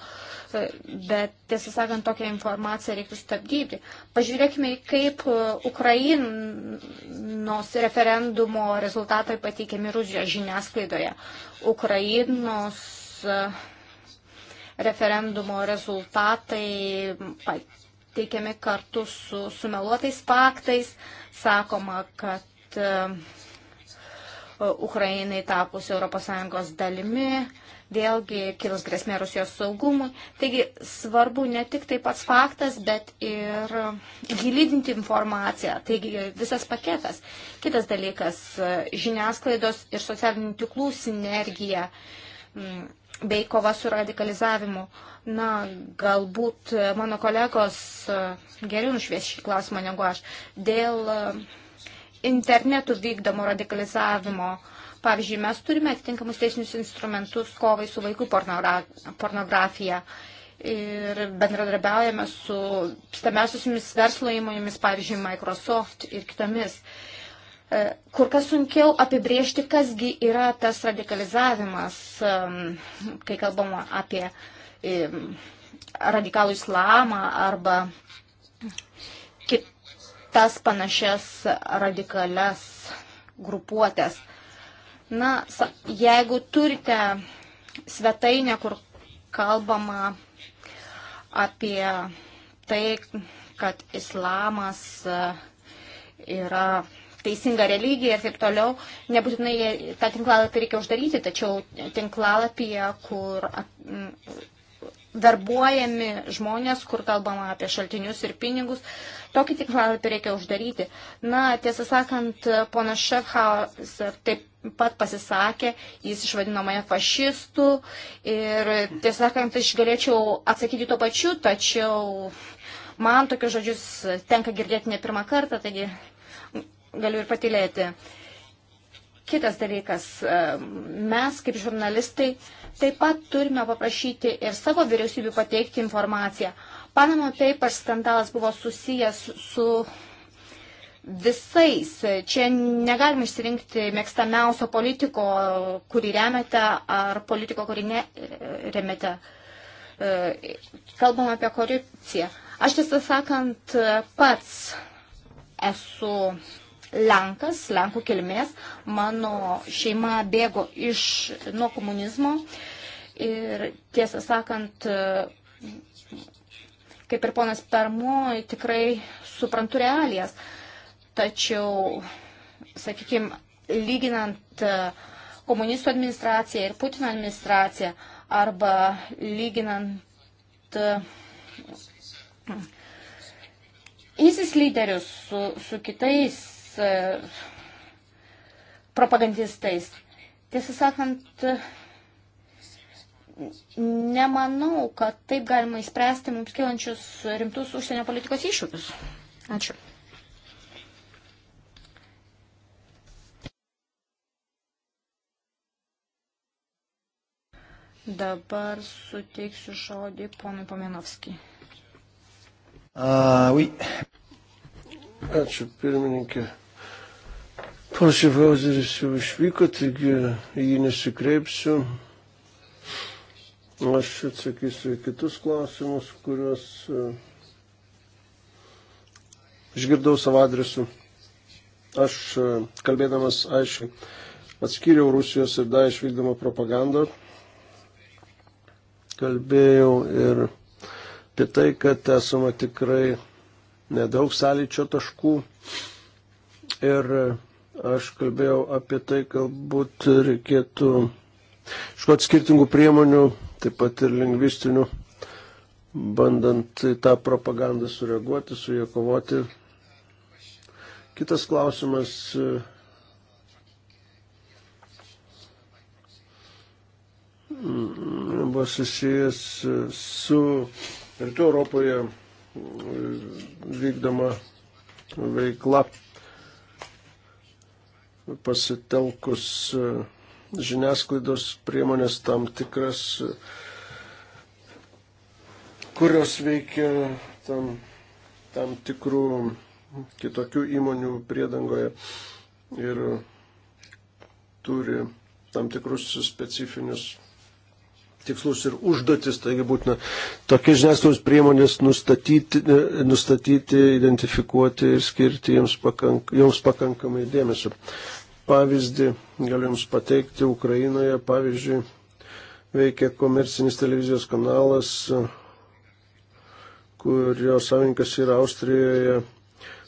Bet tiesą sakant, tokią informaciją reiktų stabdyti. Pažiūrėkime, kaip Ukrainos referendumo rezultatai pateikiami Rusijos žiniasklaidoje. Ukrainos referendumo rezultatai teikiami kartu su sumeluotais faktais. Sakoma, kad e, Ukrainai tapus ES dalimi, vėlgi kils grėsmė Rusijos saugumui. Taigi svarbu ne tik tai pats faktas, bet ir gilydinti informaciją, taigi visas paketas. Kitas dalykas e, - žiniasklaidos ir socialinių tiklų sinergija. Mm, bei kova su radikalizavimu. Na, galbūt e, mano kolegos e, geriau nušvies šį klausimą negu aš. Dėl e, internetų vykdomo radikalizavimo. Pavyzdžiui, mes turime atitinkamus teisinius instrumentus kovai su vaikų pornografija ir bendradarbiaujame su stamiausiamis verslo įmonėmis, pavyzdžiui, Microsoft ir kitomis. Uh, E, kur kas sunkiau apibriežti, kasgi yra tas radikalizavimas, kai kalbama apie radikalų islamą arba kitas panašias radikales grupuotės. Na, jeigu turite svetainę, kur kalbama apie tai, kad islamas e, yra teisingą religiją ir taip toliau. Nebūtinai tą tinklalapį reikia uždaryti, tačiau tinklalapyje, kur darbuojami žmonės, kur kalbama apie šaltinius ir pinigus, tokį tinklalapį reikia uždaryti. Na, tiesą sakant, ponas Šefhaus taip pat pasisakė, jis išvadino mane fašistų ir tiesą sakant, aš galėčiau atsakyti tuo pačiu, tačiau man tokius žodžius tenka girdėti ne pirmą kartą, taigi galiu ir patilėti. Kitas dalykas, e, mes kaip žurnalistai taip pat turime paprašyti ir savo vyriausybių pateikti informaciją. Panamo Papers skandalas buvo susijęs su visais. Čia negalime išsirinkti mėgstamiausio politiko, kurį remiate, ar politiko, kurį neremiate. E, e, kalbam apie korupciją. Aš tiesą sakant, pats esu Lenkas, Lenkų kilmės. Mano šeima bėgo iš, nuo komunizmo ir tiesą sakant, kaip ir ponas Permu, tikrai suprantu realijas. Tačiau, sakykime, lyginant e, komunistų administraciją ir Putino administraciją arba lyginant e, ISIS lyderius su, su kitais E, propagandistais. Tiesą sakant, nemanau, kad taip galima įspręsti mums kilančius rimtus užsienio politikos iššūkius. Ačiū. Dabar suteiksiu žodį ponui Pamenovskijai. Uh, oui. Ačiū, pirmininkė. Panašiai Vauzeris jau išvyko, taigi jį nesikreipsiu. Aš atsakysiu į kitus klausimus, kuriuos e, išgirdau savo adresu. Aš e, kalbėdamas aiškiai atskyriau Rusijos ir Daesh vykdomą propagandą. Kalbėjau ir apie tai, kad esama tikrai nedaug sąlyčio taškų. Ir e, Aš kalbėjau apie tai, galbūt reikėtų iškoti skirtingų priemonių, taip pat ir lingvistinių, bandant į tą propagandą sureaguoti, su ją kovoti. Kitas klausimas. Mm, buvo susijęs su Rytų Europoje vykdoma veikla pasitelkus e, žiniasklaidos priemonės tam tikras, e, kurios veikia tam, tam tikrų kitokių įmonių priedangoje ir turi tam tikrus specifinius tikslus ir užduotis, taigi būtina tokias žiniasklaidos priemonės nustatyti, e, nustatyti, identifikuoti ir skirti jiems, pakank, jiems pakankamai dėmesio pavyzdį galiu Jums pateikti. Ukrainoje, pavyzdžiui, veikia komercinis televizijos kanalas, kurio savininkas yra Austrijoje,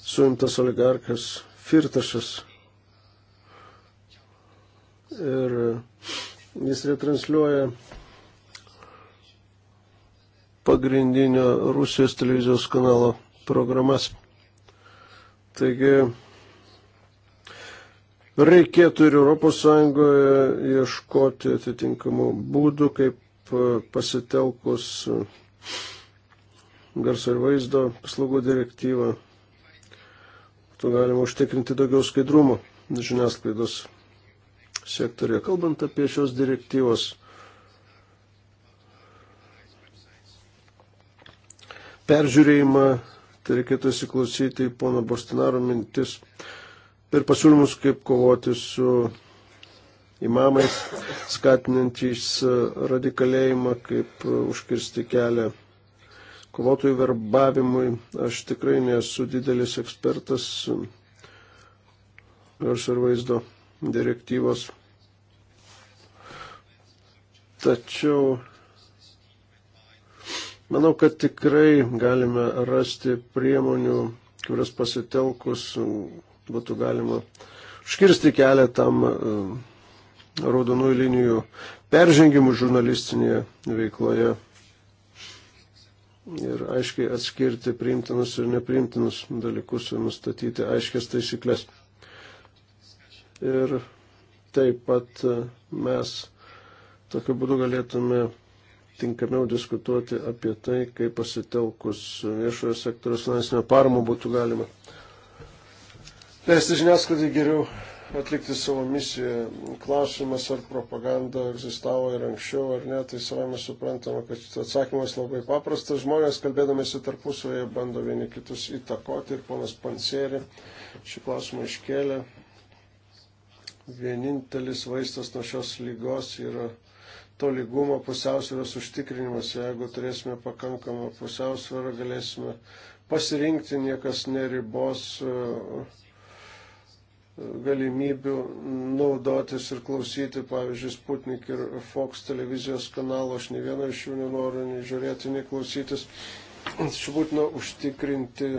suimtas oligarkas Firtašas. Ir jis retransliuoja pagrindinio Rusijos televizijos kanalo programas. Taigi reikėtų ir ES ieškoti atitinkamų būdų, kaip e, pasitelkus e, garso ir vaizdo paslaugų direktyvą, būtų galima užtikrinti daugiau skaidrumo žiniasklaidos sektorė. Kalbant apie šios direktyvos peržiūrėjimą, tai reikėtų įsiklausyti į pono Bostinaro mintis ir pasiūlymus, kaip kovoti su imamais, skatinantys radikalėjimą, kaip užkirsti kelią kovotojų verbavimui. Aš tikrai nesu didelis ekspertas garso ir vaizdo direktyvos. Tačiau manau, kad tikrai galime rasti priemonių, kurias pasitelkus būtų galima škirsti kelią tam e, raudonųjų linijų peržengimų žurnalistinėje veikloje ir aiškiai atskirti priimtinus ir nepriimtinus dalykus ir nustatyti aiškias taisyklės. Ir taip pat e, mes tokiu būdu galėtume tinkamiau diskutuoti apie tai, kaip pasitelkus viešojo sektoriaus finansinio paramo būtų galima leisti žiniasklaidai geriau atlikti savo misiją. Klausimas, ar propaganda egzistavo ir anksčiau, ar ne, tai savame suprantama, kad atsakymas labai paprastas. Žmonės, kalbėdamėsi tarpusavėje, bando vieni kitus įtakoti ir ponas Pansėri šį klausimą iškėlė. Vienintelis vaistas nuo šios lygos yra to lygumo pusiausvėros užtikrinimas. Jeigu turėsime pakankamą pusiausvėrą, galėsime pasirinkti, niekas neribos. Uh, galimybių naudotis ir klausyti, pavyzdžiui, Sputnik ir Fox televizijos kanalo, aš ne vieno iš jų nenoriu nei žiūrėti, nei klausytis. Čia būtina užtikrinti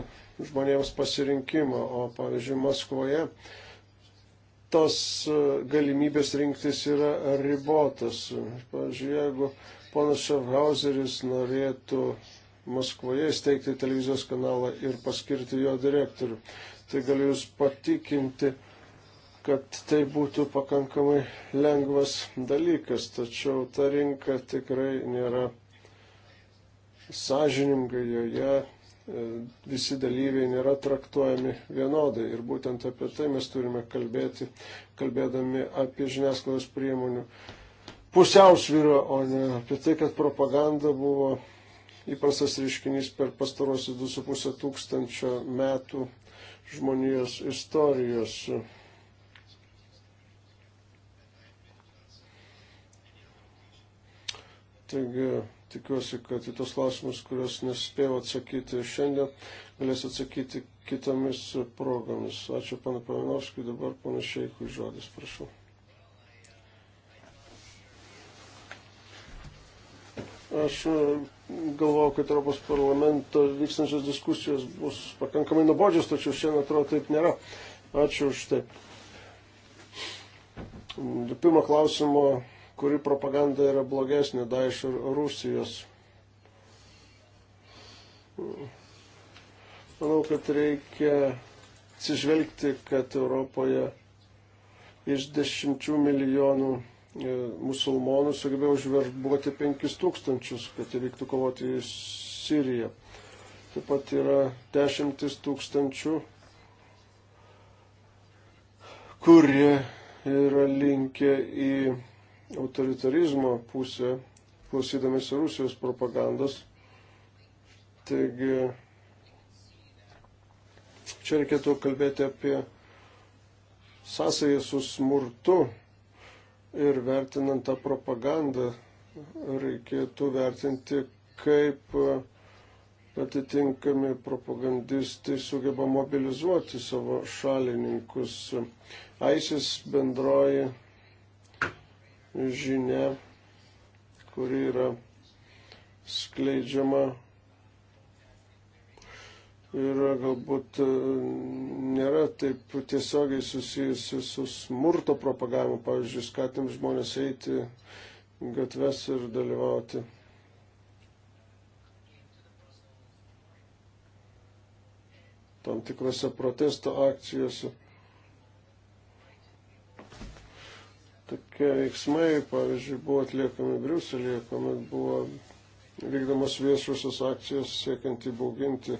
žmonėms pasirinkimą, o pavyzdžiui, Maskvoje tos e, galimybės rinktis yra ribotas. Pavyzdžiui, jeigu ponas Šafhauseris norėtų Maskvoje įsteigti televizijos kanalą ir paskirti jo direktorių, tai galiu Jūs patikinti, kad tai būtų pakankamai lengvas dalykas, tačiau ta rinka tikrai nėra sąžininga, joje e, visi dalyviai nėra traktuojami vienodai. Ir būtent apie tai mes turime kalbėti, kalbėdami apie žiniasklaidos priemonių pusiausvyrą, o ne apie tai, kad propaganda buvo įprastas reiškinys per pastarosius 2,5 tūkstančio metų žmonijos istorijos. Taigi tikiuosi, kad į tos klausimus, kuriuos nespėjau atsakyti šiandien, galės atsakyti kitomis progomis. Ačiū pana Paminovskui, dabar pana Šeikui žodis, prašau. Aš e, galvojau, kad Europos parlamento vykstančios diskusijos bus pakankamai nubodžios, tačiau šiandien atrodo taip nėra. Ačiū už tai. Pirmą klausimą kuri propaganda yra blogesnė Daesh ir Rusijos. Manau, kad reikia atsižvelgti, kad Europoje iš dešimčių milijonų e, musulmonų sugebėjo užverbuoti penkis tūkstančius, kad įvyktų kovoti į Siriją. Taip pat yra dešimtis tūkstančių, kurie yra linkę į autoritarizmo pusę, klausydamėsi Rusijos propagandos. Taigi, čia reikėtų kalbėti apie sąsąją su smurtu ir vertinant tą propagandą reikėtų vertinti, kaip atitinkami propagandistai sugeba mobilizuoti savo šalininkus. ISIS bendroji žinia, kuri yra skleidžiama ir galbūt e, nėra taip tiesiogiai susijusi su smurto propagavimu, pavyzdžiui, skatim žmonės eiti gatves ir dalyvauti. tam tikrose protesto akcijose. tokie veiksmai, pavyzdžiui, buvo atliekami Briuselėje, kuomet buvo vykdomas viešusios akcijos siekiant įbauginti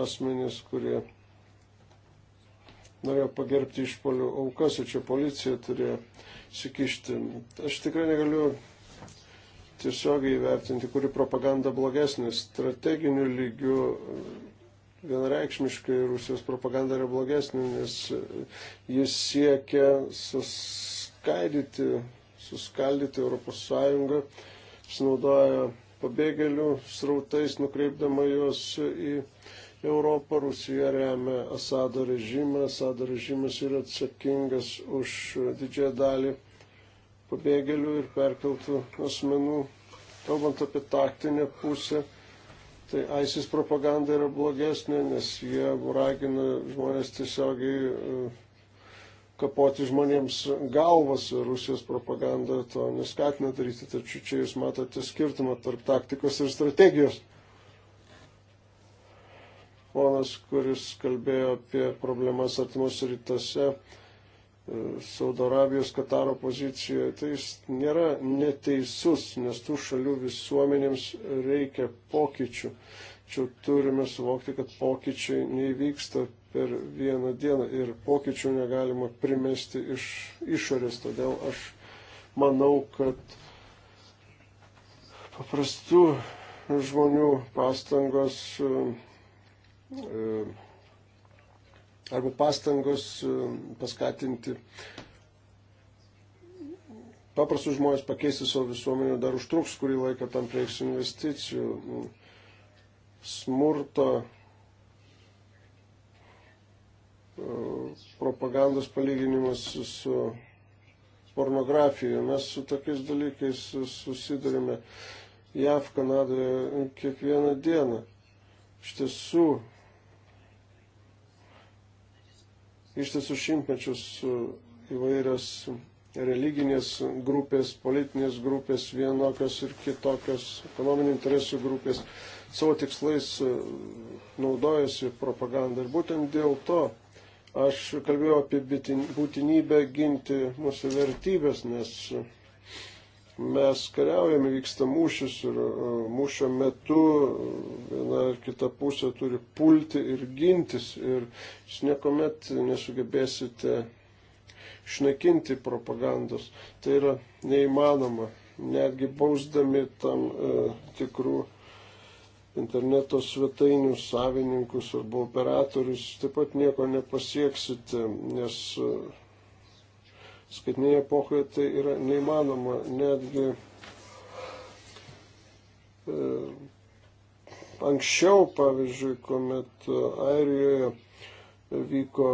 asmenys, kurie norėjo pagerbti išpolių aukas, o čia policija turėjo sikišti. Aš tikrai negaliu tiesiogiai įvertinti, kuri propaganda blogesnė strateginių lygių vienareikšmiškai Rusijos propaganda yra blogesnė, nes jis siekia suskaidyti, suskaldyti Europos Sąjungą, sinaudoja pabėgėlių srautais, nukreipdama juos į Europą. Rusija remia Asado režimą, Asado režimas yra atsakingas už didžiąją dalį pabėgėlių ir perkeltų asmenų. Kalbant apie taktinę pusę, tai ISIS propaganda yra blogesnė, nes jie ragina žmonės tiesiogiai e, kapoti žmonėms galvas, Rusijos propaganda to neskatina daryti, tačiau čia jūs matote skirtumą tarp taktikos ir strategijos ponas, kuris kalbėjo apie problemas artimuose rytuose, Saudo Arabijos, Kataro pozicijoje, tai jis nėra neteisus, nes tų šalių visuomenėms reikia pokyčių. Čia turime suvokti, kad pokyčiai neįvyksta per vieną dieną ir pokyčių negalima primesti iš išorės. Todėl aš manau, kad paprastų žmonių pastangos. E, e, arba pastangos e, paskatinti paprastus žmonės pakeisti savo visuomenę dar užtruks kurį laiką, tam prieks investicijų, smurto, e, propagandos palyginimas su pornografija. Mes su tokiais dalykais susidurime JAV, Kanadoje kiekvieną dieną. Iš tiesų, ištisus šimtmečius e, įvairios religinės grupės, politinės grupės, vienokios ir kitokios ekonominių interesų grupės savo tikslais e, naudojasi propagandą. Ir būtent dėl to aš kalbėjau apie būtinybę ginti mūsų vertybės, nes mes kariaujame, vyksta mūšis ir e, mūšio metu e, viena ar kita pusė turi pulti ir gintis ir jūs niekuomet nesugebėsite išnaikinti propagandos. Tai yra neįmanoma, netgi bausdami tam e, tikrų interneto svetainių savininkus arba operatorius, taip pat nieko nepasieksite, nes e, skaitinėje epochoje tai yra neįmanoma, netgi e, anksčiau, pavyzdžiui, kuomet Airijoje vyko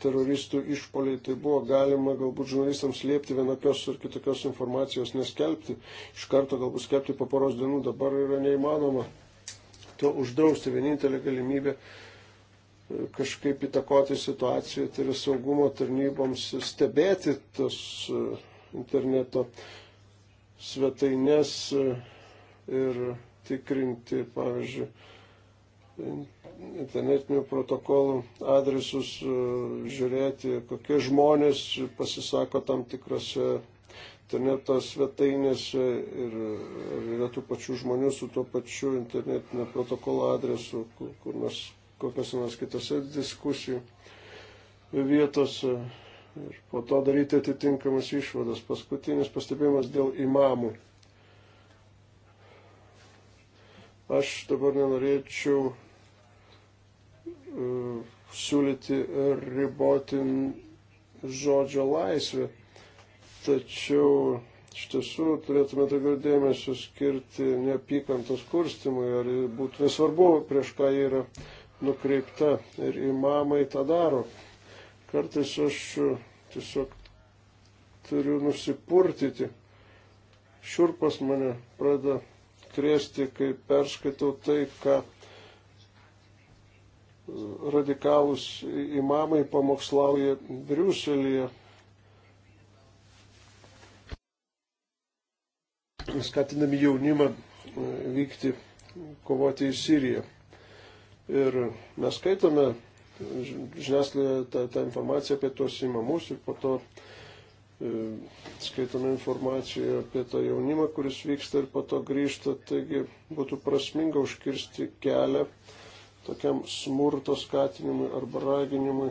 teroristų išpoliai, tai buvo galima galbūt žurnalistams liepti vienokios ir kitokios informacijos neskelbti, iš karto galbūt skelbti po poros dienų, dabar yra neįmanoma to uždrausti. Vienintelė galimybė kažkaip įtakoti situaciją, tai yra saugumo tarnyboms stebėti tas e, interneto svetainės e, ir tikrinti, pavyzdžiui, internetinių protokolų adresus, e, žiūrėti, kokie žmonės pasisako tam tikrose interneto svetainėse ir yra tų pačių žmonių su tuo pačiu internetinio protokolo adresu, kur, kur mes kokios nors kitose diskusijų vietose ir po to daryti atitinkamas išvadas. Paskutinis pastebėjimas dėl imamų. Aš dabar nenorėčiau uh, siūlyti riboti žodžio laisvę, tačiau iš tiesų turėtume daugiau dėmesio skirti neapykantos kurstimui, ar būtų nesvarbu, prieš ką yra uh, nukreipta ir imamai tą daro. Kartais aš e, tiesiog turiu nusipurtyti. Šiurpas mane pradeda krėsti, kai perskaitau tai, ką e, radikalus imamai pamokslauja Briuselėje. Skatinami jaunimą e, vykti kovoti į Siriją. Ir mes skaitome žiniasklaidoje tą, tą informaciją apie tuos įmamus ir po to e, skaitome informaciją apie tą jaunimą, kuris vyksta ir po to grįžta. Taigi būtų prasminga užkirsti kelią tokiam smurto skatinimui arba raginimui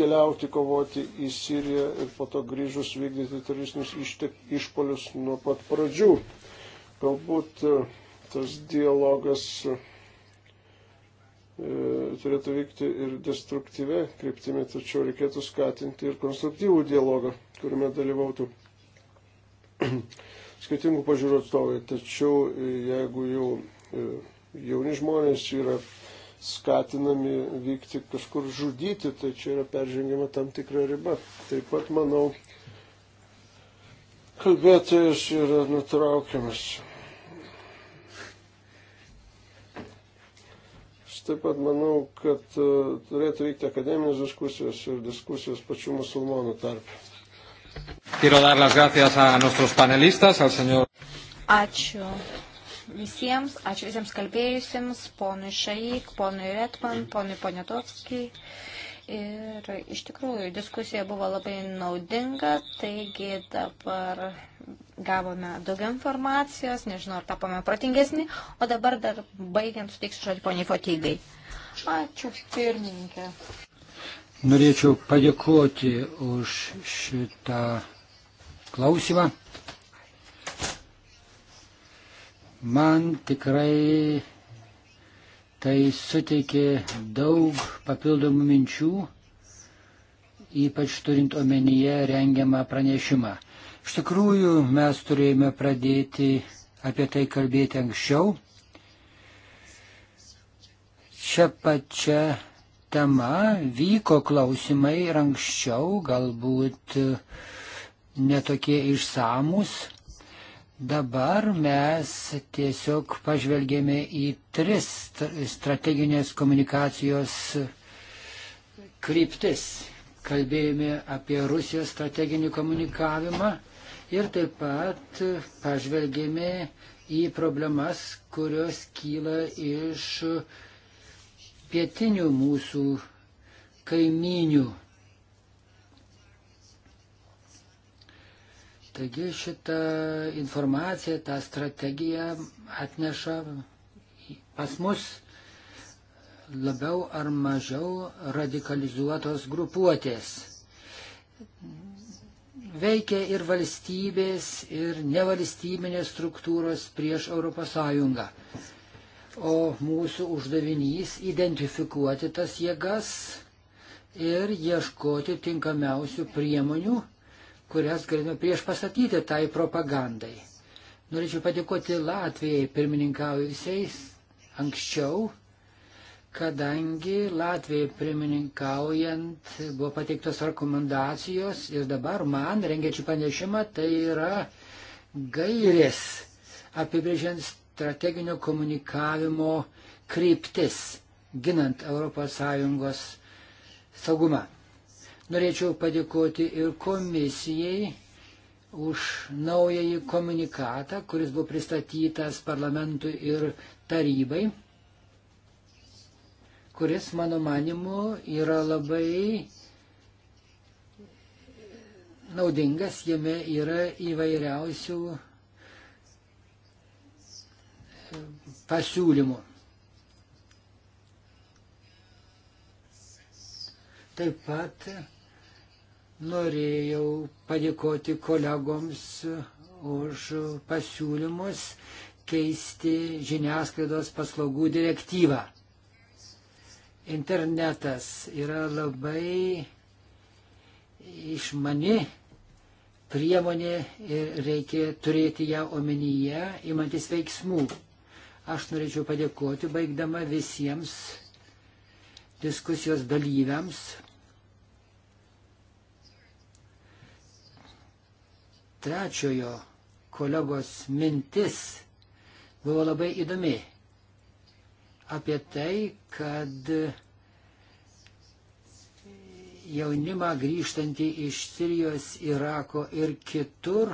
keliauti, kovoti į Siriją ir po to grįžus vykdyti teroristinius išpolius nuo pat pradžių. Galbūt e, tas dialogas e, turėtų vykti ir destruktyvę kryptimį, tačiau reikėtų skatinti ir konstruktyvų dialogą, kuriame dalyvautų skirtingų pažiūrų atstovai. Tačiau e, jeigu jau e, jauni žmonės yra skatinami vykti kažkur žudyti, tai čia yra peržengiama tam tikra riba. Taip pat, manau, kalbėtojas yra nutraukiamas. taip pat manau, kad e, turėtų vykti akademinės diskusijos ir diskusijos pačių musulmonų tarp. Quiero dar las gracias a nuestros panelistas, al señor. Ačiū visiems, ačiū visiems kalbėjusiems, ponui Šaik, ponui Retman, ponui Poniatovskijai. Ir iš tikrųjų diskusija buvo labai naudinga, taigi dabar gavome daugiau informacijos, nežinau, ar tapome protingesni, o dabar dar baigiant suteiksiu žodį poniai Fotygai. Ačiū, pirmininkė. Norėčiau padėkoti už šitą klausimą. Man tikrai Tai suteikė daug papildomų minčių, ypač turint omenyje rengiamą pranešimą. Iš tikrųjų, mes turėjome pradėti apie tai kalbėti anksčiau. Čia pačia tema vyko klausimai ir anksčiau, galbūt netokie išsamus, Dabar mes tiesiog pažvelgėme į tris strateginės komunikacijos kryptis. Kalbėjome apie Rusijos strateginį komunikavimą ir taip pat pažvelgėme į problemas, kurios kyla iš pietinių mūsų kaiminių Taigi šitą informaciją, tą strategiją atneša pas mus labiau ar mažiau radikalizuotos grupuotės. Veikia ir valstybės, ir nevalstybinės struktūros prieš ES. O mūsų uždavinys identifikuoti tas jėgas ir ieškoti tinkamiausių priemonių kurias galime prieš pastatyti tai propagandai. Norėčiau padėkoti Latvijai pirmininkaujusiais anksčiau, kadangi Latvijai pirmininkaujant buvo pateiktos rekomendacijos ir dabar man, rengiačių panešimą, tai yra gairės apibrėžiant strateginio komunikavimo kryptis, ginant ES saugumą. Norėčiau padėkoti ir komisijai už naująjį komunikatą, kuris buvo pristatytas parlamentui ir tarybai, kuris, mano manimu, yra labai naudingas, jame yra įvairiausių e, pasiūlymų. Taip pat norėjau padėkoti kolegoms už pasiūlymus keisti žiniasklaidos paslaugų direktyvą. Internetas yra labai išmani priemonė ir reikia turėti ją omenyje, imantis veiksmų. Aš norėčiau padėkoti, baigdama visiems diskusijos dalyviams, trečiojo kolegos mintis buvo labai įdomi apie tai, kad jaunimą grįžtantį iš Sirijos, Irako ir kitur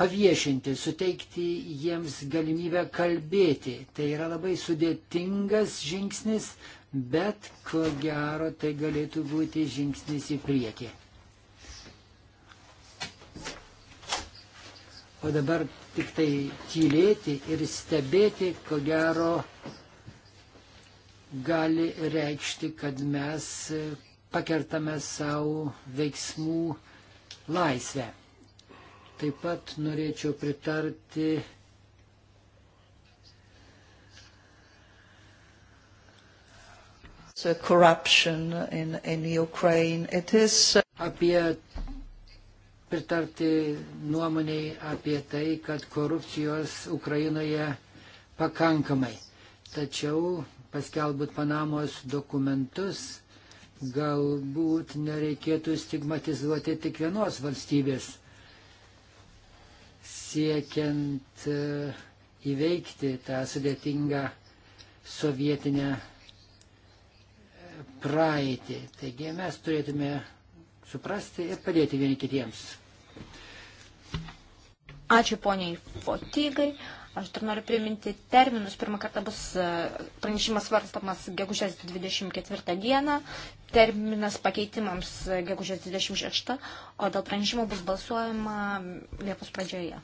paviešinti, suteikti jiems galimybę kalbėti. Tai yra labai sudėtingas žingsnis, bet ko gero tai galėtų būti žingsnis į priekį. O dabar tik tai tylėti ir stebėti, ko gero, gali reikšti, kad mes pakertame savo veiksmų laisvę. Taip pat norėčiau pritarti uh, Apie pritarti nuomoniai apie tai, kad korupcijos Ukrainoje pakankamai. Tačiau paskelbut Panamos dokumentus, galbūt nereikėtų stigmatizuoti tik vienos valstybės, siekiant e, įveikti tą sudėtingą sovietinę e, praeitį. Taigi mes turėtume suprasti ir padėti vieni kitiems. Ačiū poniai Fotygai. Aš dar noriu priminti terminus. Pirmą kartą bus e, pranešimas svarstamas gegužės 24 dieną, terminas pakeitimams e, gegužės 26, o dėl pranešimo bus balsuojama Liepos pradžioje.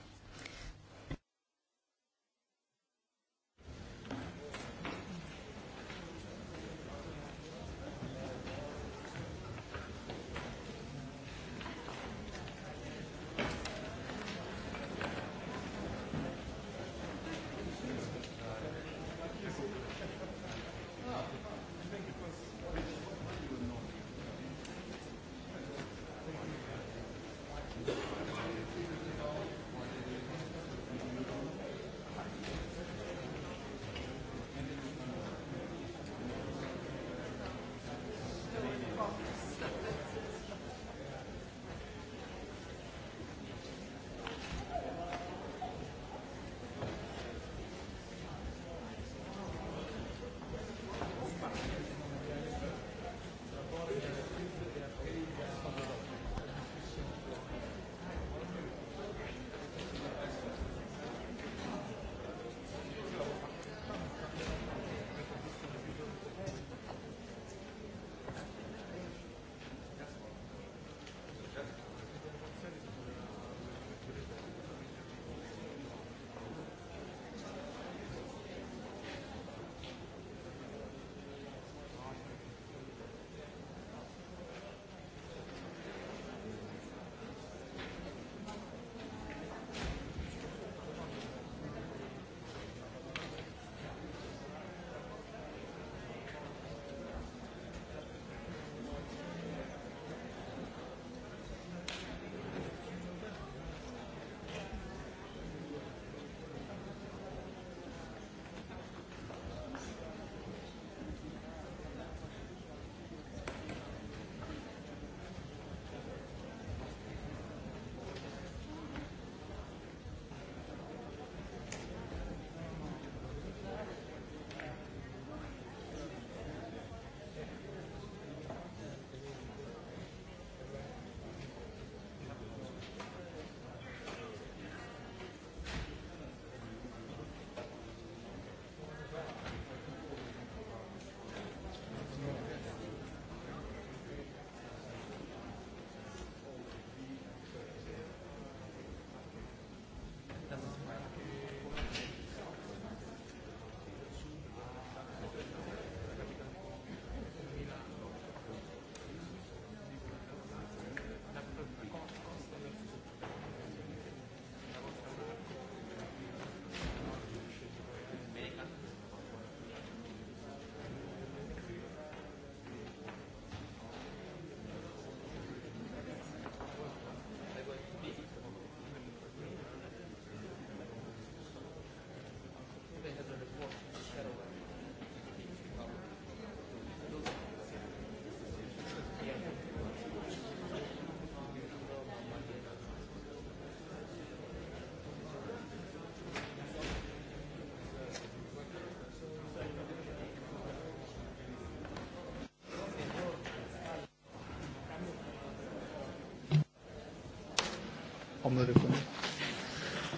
on me reconnaît.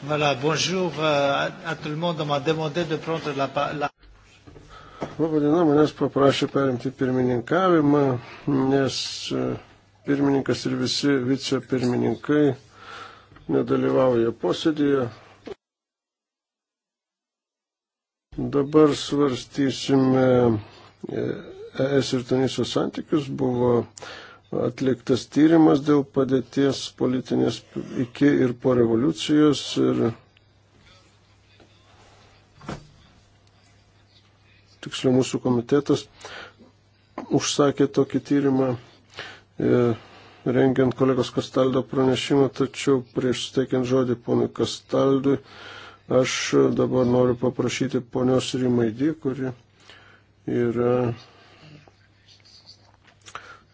Voilà, bonjour euh, à, à tout le monde. On m'a demandé de prendre la parole. Labą dieną, manęs paprašė perimti pirmininkavimą, nes e, pirmininkas ir visi vicepirmininkai nedalyvauja posėdėje. Dabar svarstysime ES e ir Tuniso santykius. Buvo uh, atliktas tyrimas dėl padėties politinės iki ir po revoliucijos. Ir tiksliau mūsų komitetas užsakė tokį tyrimą e, rengiant kolegos Kastaldo pranešimą, tačiau prieš steikiant žodį ponui Kastaldui, aš dabar noriu paprašyti ponios Rimaidį, kuri yra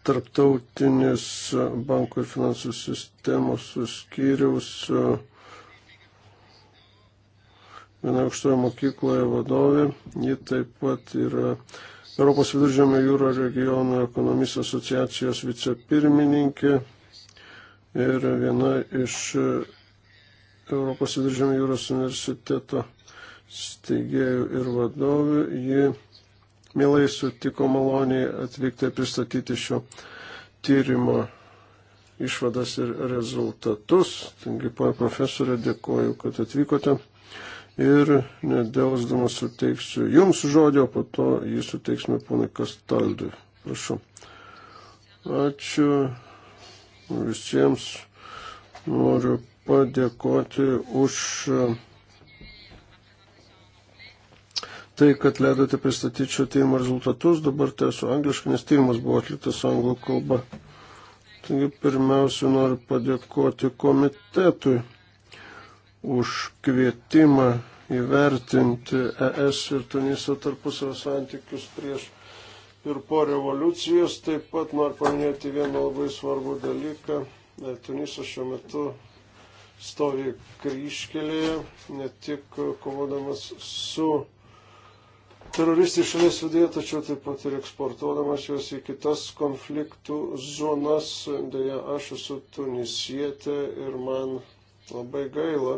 tarptautinis bankų ir finansų sistemos skyriaus uh, viena aukštoje mokykloje vadovė. Ji taip pat yra Europos viduržėmio jūro regiono ekonomistų asociacijos vicepirmininkė ir viena iš Europos viduržėmio jūros universiteto steigėjų ir vadovių. Ji mielai sutiko maloniai atvykti ir pristatyti šio tyrimo išvadas ir rezultatus. Taigi, poje profesorė, dėkoju, kad atvykote. Ir nedelsdamas suteiksiu jums žodį, o po to jį suteiksime ponai Kastaldui. Prašau. Ačiū visiems. Noriu padėkoti už tai, kad leidote pristatyčiau tyrimo rezultatus, dabar tai esu angliškai, nes tyrimas buvo atliktas anglų kalba. Taigi pirmiausia, noriu padėkoti komitetui už kvietimą įvertinti ES ir Tuniso tarpusavio santykius prieš ir po revoliucijos. Taip pat noriu paminėti vieną labai svarbų dalyką. E, Tunisas šiuo metu stovi kryškelėje, ne tik kovodamas su teroristai šalies viduje, tačiau taip pat ir eksportuodamas juos į kitas konfliktų zonas. Deja, aš esu tunisietė ir man labai gaila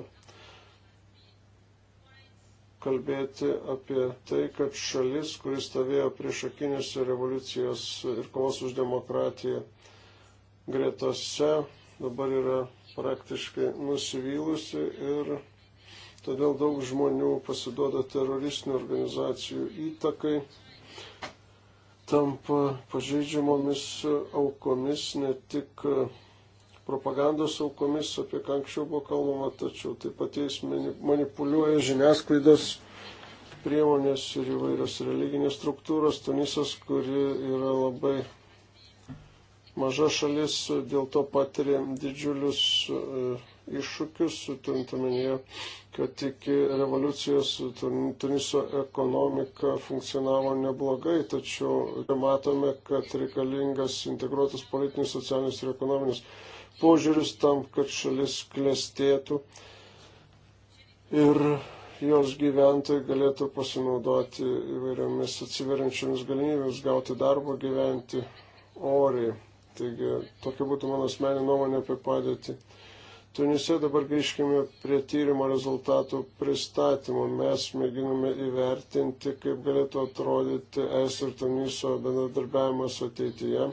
kalbėti apie tai, kad šalis, kuris stovėjo prieš akinėse revoliucijos ir kovos už demokratiją gretose, dabar yra praktiškai nusivylusi ir Todėl daug žmonių pasiduoda teroristinių organizacijų įtakai, tampa pažeidžiamomis aukomis, ne tik propagandos aukomis, apie ką anksčiau buvo kalbama, tačiau taip pat jais manipuliuoja žiniasklaidos priemonės ir įvairios religinės struktūros. Tunisas, kuri yra labai maža šalis, dėl to patiria didžiulius e, iššūkius, turint omenyje kad iki revoliucijos Tuniso ekonomika funkcionavo neblogai, tačiau matome, kad reikalingas integruotas politinis, socialinis ir ekonominis požiūris tam, kad šalis klestėtų ir jos gyventojai galėtų pasinaudoti įvairiomis atsiveriančiomis galimybėmis gauti darbą, gyventi oriai. Taigi tokia būtų mano asmeninė nuomonė apie padėtį Tunise dabar grįžkime prie tyrimo rezultatų pristatymo. Mes mėginame įvertinti, kaip galėtų atrodyti es ir Tuniso bendradarbiavimas ateityje.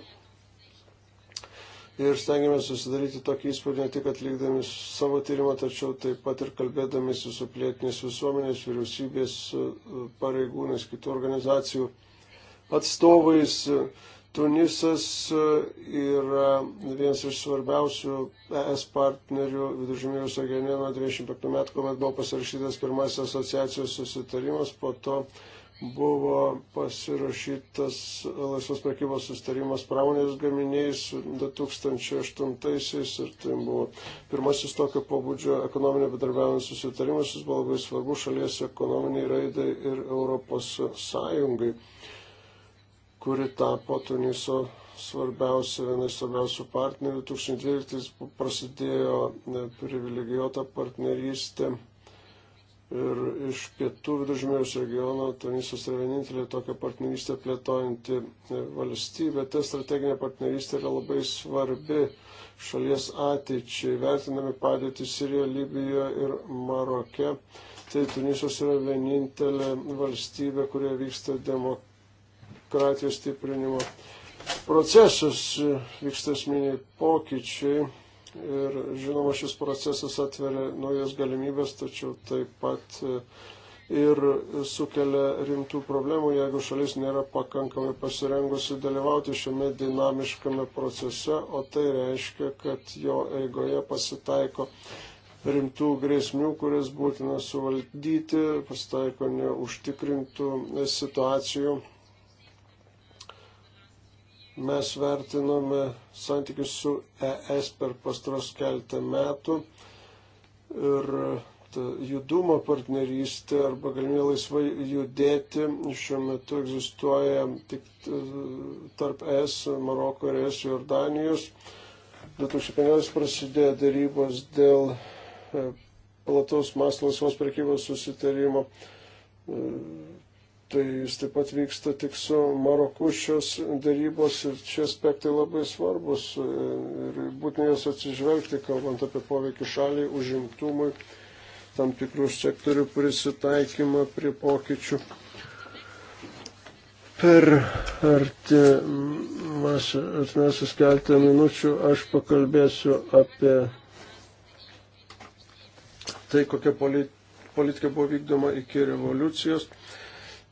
Ir stengiamės susidaryti tokį įspūdį, ne tik atlikdami savo tyrimą, tačiau taip pat ir kalbėdami su plėtinės visuomenės, vyriausybės pareigūnais, kitų organizacijų atstovais Tunisas e, yra vienas iš svarbiausių ES partnerių viduržymėjus regione nuo 25 metų, kuomet buvo pasirašytas pirmasis asociacijos susitarimas, po to buvo pasirašytas laisvos prekybos susitarimas pramonės gaminiais 2008-aisiais ir tai buvo pirmasis tokio pobūdžio ekonominio bedarbiavimo susitarimas, jis buvo labai svarbus šalies ekonominiai raidai ir Europos Sąjungai kuri tapo Tuniso svarbiausia, viena iš svarbiausių partnerių. 2012 prasidėjo e, privilegijuota partnerystė ir iš pietų viduržmėjus regiono Tunisas yra vienintelė tokia partnerystė plėtojanti e, valstybė. Ta strateginė partnerystė yra labai svarbi šalies ateičiai, vertinami padėtį Sirijoje, Libijoje ir Maroke. Tai Tunisas yra vienintelė valstybė, kurioje vyksta demokratija demokratijos stiprinimo procesas, e, vyksta esminiai pokyčiai ir žinoma šis procesas atveria naujas galimybės, tačiau taip pat e, ir sukelia rimtų problemų, jeigu šalis nėra pakankamai pasirengusi dalyvauti šiame dinamiškame procese, o tai reiškia, kad jo eigoje pasitaiko rimtų grėsmių, kurias būtina suvaldyti, pasitaiko neužtikrintų situacijų, mes vertinome santykius su ES per pastros keltą metų ir judumo partnerystė arba galimybė laisvai judėti šiuo metu egzistuoja tik tarp ES, Maroko ir ES Jordanijos. 2015 prasidėjo darybos dėl e, plataus masto laisvos prekybos susitarimo e, tai jis taip pat vyksta tik su Maroku šios darybos ir šie aspektai labai svarbus e, ir būtina jas atsižvelgti, kalbant apie poveikį šaliai, užimtumui, tam tikrų sektorių prisitaikymą prie pokyčių per artimiausias keletą minučių aš pakalbėsiu apie tai, kokia politika buvo vykdoma iki revoliucijos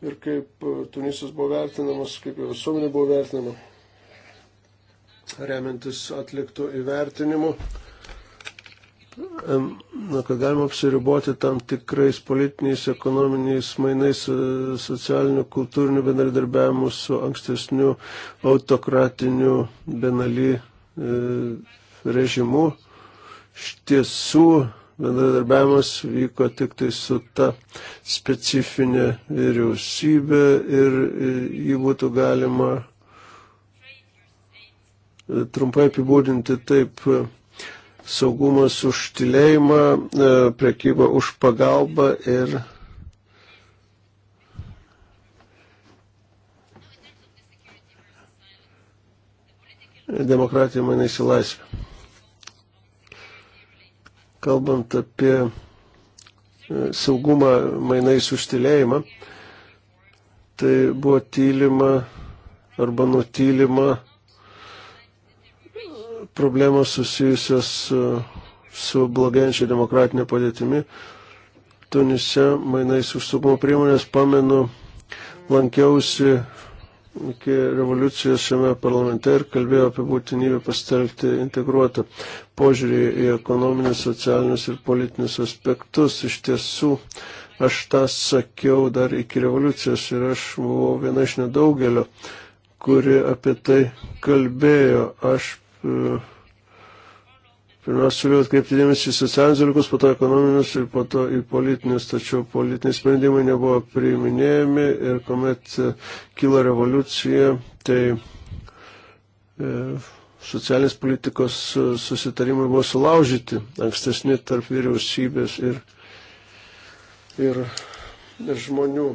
ir kaip e, Tunisas buvo vertinamas, kaip jo visuomenė buvo vertinama, remiantis atliktų įvertinimų, na, kad galima apsiriboti tam tikrais politiniais, ekonominiais mainais, e, socialiniu, kultūriniu bendradarbiavimu su ankstesniu autokratiniu benali e, režimu. Iš tiesų, bendradarbiavimas vyko tik tai su ta specifinė vyriausybė ir e, jį būtų galima e, trumpai apibūdinti taip e, saugumas už tylėjimą, prekyba už pagalbą ir demokratija mane įsilaisvė kalbant apie e, saugumą mainais užtilėjimą, tai buvo tylima arba nutylima problemos susijusios su, e, su blogėjančia demokratinė padėtimi. Tunise mainais už saugumo priemonės, pamenu, lankiausi iki revoliucijos šiame parlamente ir kalbėjo apie būtinybę pastelgti integruotą požiūrį į ekonominius, socialinius ir politinius aspektus. Iš tiesų, aš tą sakiau dar iki revoliucijos ir aš buvau viena iš nedaugelio, kuri apie tai kalbėjo. Aš e, Pirmiausia, siūliau atkreipti dėmesį į socialinius dalykus, po to ekonominius ir po to į politinius, tačiau politiniai sprendimai nebuvo priiminėjami ir kuomet e, kilo revoliucija, tai e, socialinės politikos e, susitarimai buvo sulaužyti, ankstesni tarp vyriausybės ir, ir, ir žmonių.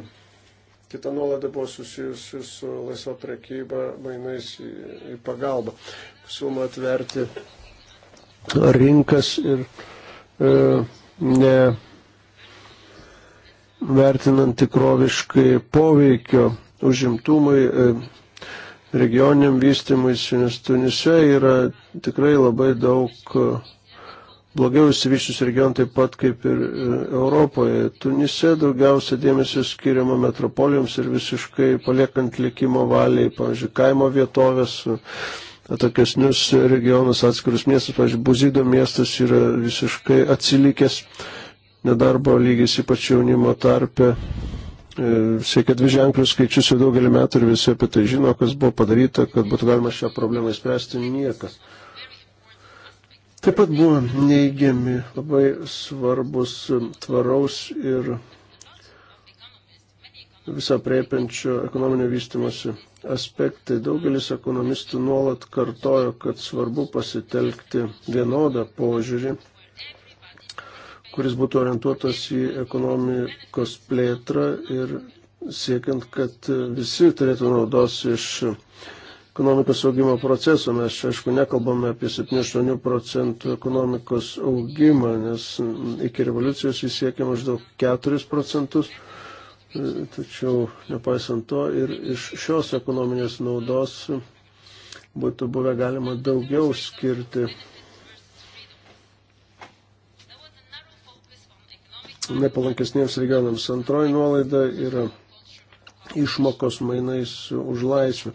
Kita nuolaida buvo susijusi su laisva prekyba mainais į, į pagalbą. Siūloma atverti rinkas ir e, ne vertinant tikroviškai poveikio užimtumui, e, regioniniam vystimui, nes Tunise yra tikrai labai daug e, blogiau įsivyščius regionų taip pat kaip ir e, Europoje. Tunise daugiausia dėmesio skiriama metropolijoms ir visiškai paliekant likimo valiai, pavyzdžiui, kaimo vietovės atokesnius regionus, atskirus miestus. Pavyzdžiui, Buzido miestas yra visiškai atsilikęs, nedarbo lygis ypač jaunimo tarpe e, siekia dvi ženklius skaičius jau daugelį metų ir visi apie tai žino, kas buvo padaryta, kad būtų galima šią problemą įspręsti niekas. Taip pat buvo neigiami labai svarbus tvaraus ir visą priepiančio ekonominio vystimosi aspektai. Daugelis ekonomistų nuolat kartojo, kad svarbu pasitelkti vienodą požiūrį, kuris būtų orientuotas į ekonomikos plėtrą ir siekiant, kad visi turėtų naudos iš ekonomikos augimo proceso. Mes čia, aišku, nekalbame apie 7-8 procentų ekonomikos augimą, nes iki revoliucijos jis siekia maždaug 4 procentus. Tačiau, nepaisant to, ir iš šios ekonominės naudos būtų buvę galima daugiau skirti. Nepalankesniems regionams antroji nuolaida yra išmokos mainais už laisvę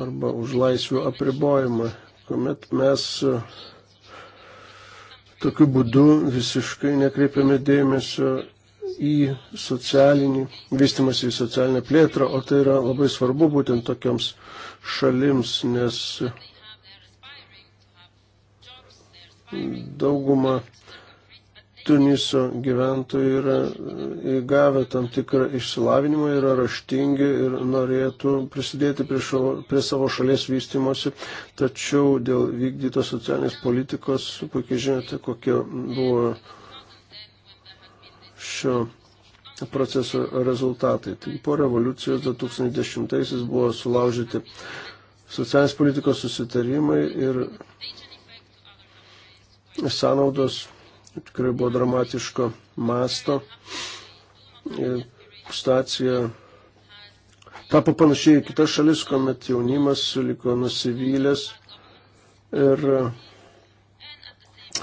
arba už laisvių apribojimą, kuomet mes e, tokiu būdu visiškai nekreipiame dėmesio į socialinį, vystimas į socialinę plėtrą, o tai yra labai svarbu būtent tokiams šalims, nes dauguma Tuniso gyventojų yra įgavę tam tikrą išsilavinimą, yra raštingi ir norėtų prisidėti prie, šo, prie savo šalies vystimosi, tačiau dėl vykdytos socialinės politikos, puikiai žinote, kokie buvo šio proceso rezultatai. Tai po revoliucijos 2010-aisiais buvo sulaužyti socialinės politikos susitarimai ir sąnaudos tikrai buvo dramatiško masto. Ir situacija tapo panašiai į kitas šalis, kuomet jaunimas liko nusivylęs ir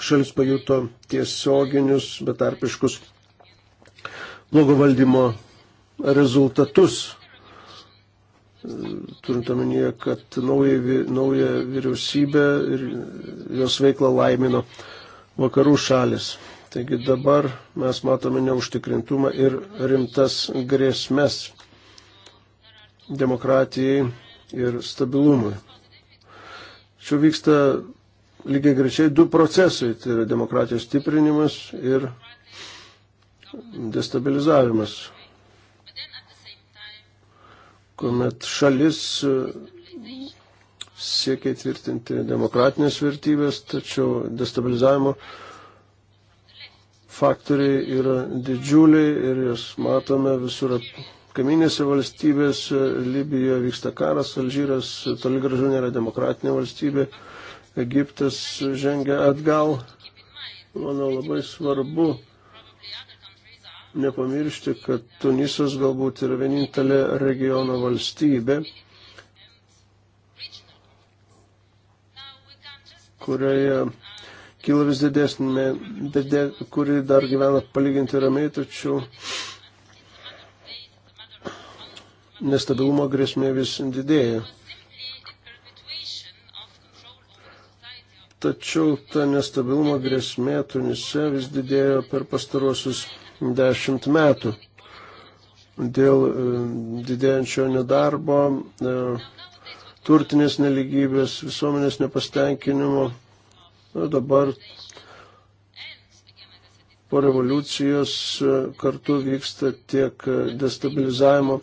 šalis pajuto tiesioginius betarpiškus blogo valdymo rezultatus. Turint omenyje, kad nauja, nauja vyriausybė ir jos veiklą laimino vakarų šalis. Taigi dabar mes matome neužtikrintumą ir rimtas grėsmės demokratijai ir stabilumui. Čia vyksta lygiai grečiai du procesai - tai yra demokratijos stiprinimas ir destabilizavimas, kuomet šalis e, siekia tvirtinti demokratinės vertybės, tačiau destabilizavimo faktoriai yra didžiuliai ir jas matome visur kaiminėse valstybėse. Libijoje vyksta karas, Alžyras toli gražu nėra demokratinė valstybė, Egiptas žengia atgal. Manau, labai svarbu nepamiršti, kad Tunisas galbūt yra vienintelė regiono valstybė, kurioje kyla vis didesnė, didė, kuri dar gyvena palyginti ramiai, tačiau nestabilumo grėsmė vis didėja. Tačiau ta nestabilumo grėsmė Tunise vis didėjo per pastaruosius dešimt metų. Dėl e, didėjančio nedarbo, e, turtinės neligybės, visuomenės nepastenkinimo. Na, dabar po revoliucijos e, kartu vyksta tiek destabilizavimo,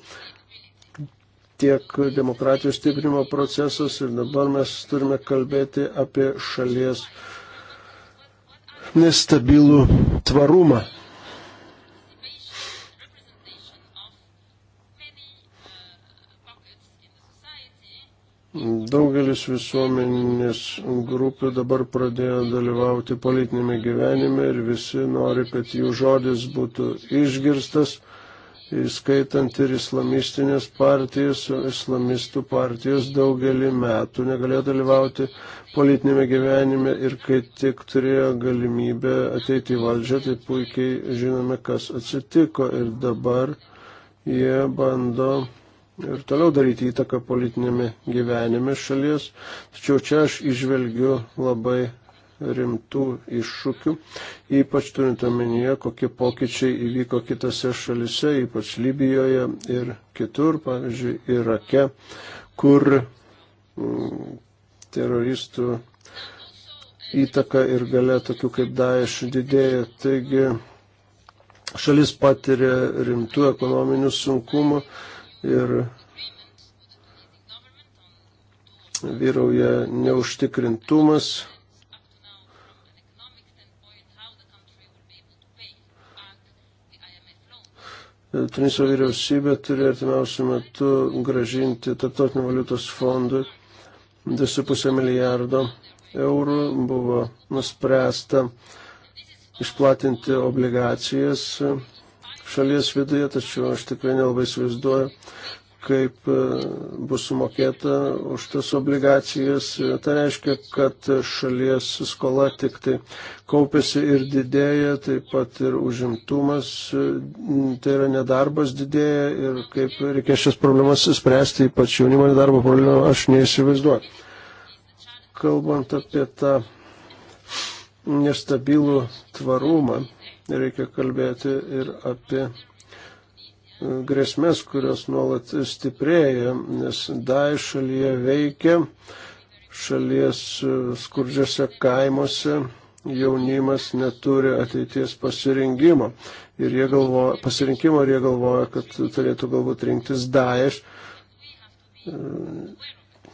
tiek demokratijos stiprinimo procesas ir dabar mes turime kalbėti apie šalies nestabilų tvarumą. Daugelis visuomenės grupių dabar pradėjo dalyvauti politinėme gyvenime ir visi nori, kad jų žodis būtų išgirstas, įskaitant ir islamistinės partijas, islamistų partijos daugelį metų negalėjo dalyvauti politinėme gyvenime ir kai tik turėjo galimybę ateiti į valdžią, tai puikiai žinome, kas atsitiko ir dabar jie bando ir toliau daryti įtaką politinėme gyvenime šalies. Tačiau čia aš išvelgiu labai rimtų iššūkių, ypač turint omenyje, kokie pokyčiai įvyko kitose šalise, ypač Libijoje ir kitur, pavyzdžiui, Irake, kur mm, teroristų įtaka ir gale tokių kaip Daesh didėja. Taigi šalis patiria rimtų ekonominių sunkumų ir vyrauja neužtikrintumas. Tuniso vyriausybė turi artimiausių metų gražinti Tarptautinio valiutos fondui 2,5 milijardo eurų. Buvo nuspręsta išplatinti obligacijas šalies viduje, tačiau aš tikrai nelabai įsivaizduoju, kaip e, bus sumokėta už tas obligacijas. Tai reiškia, kad šalies skola tik tai kaupėsi ir didėja, taip pat ir užimtumas, e, tai yra nedarbas didėja ir kaip reikės šias problemas spręsti, ypač jaunimo nedarbo problemą, aš neįsivaizduoju. Kalbant apie tą nestabilų tvarumą, reikia kalbėti ir apie e, grėsmės, kurios nuolat stiprėja, nes Daesh šalyje veikia, šalies e, skurdžiose kaimuose jaunimas neturi ateities pasirinkimo. Ir jie galvoja, pasirinkimo ir jie galvoja, kad turėtų galbūt rinktis Daesh.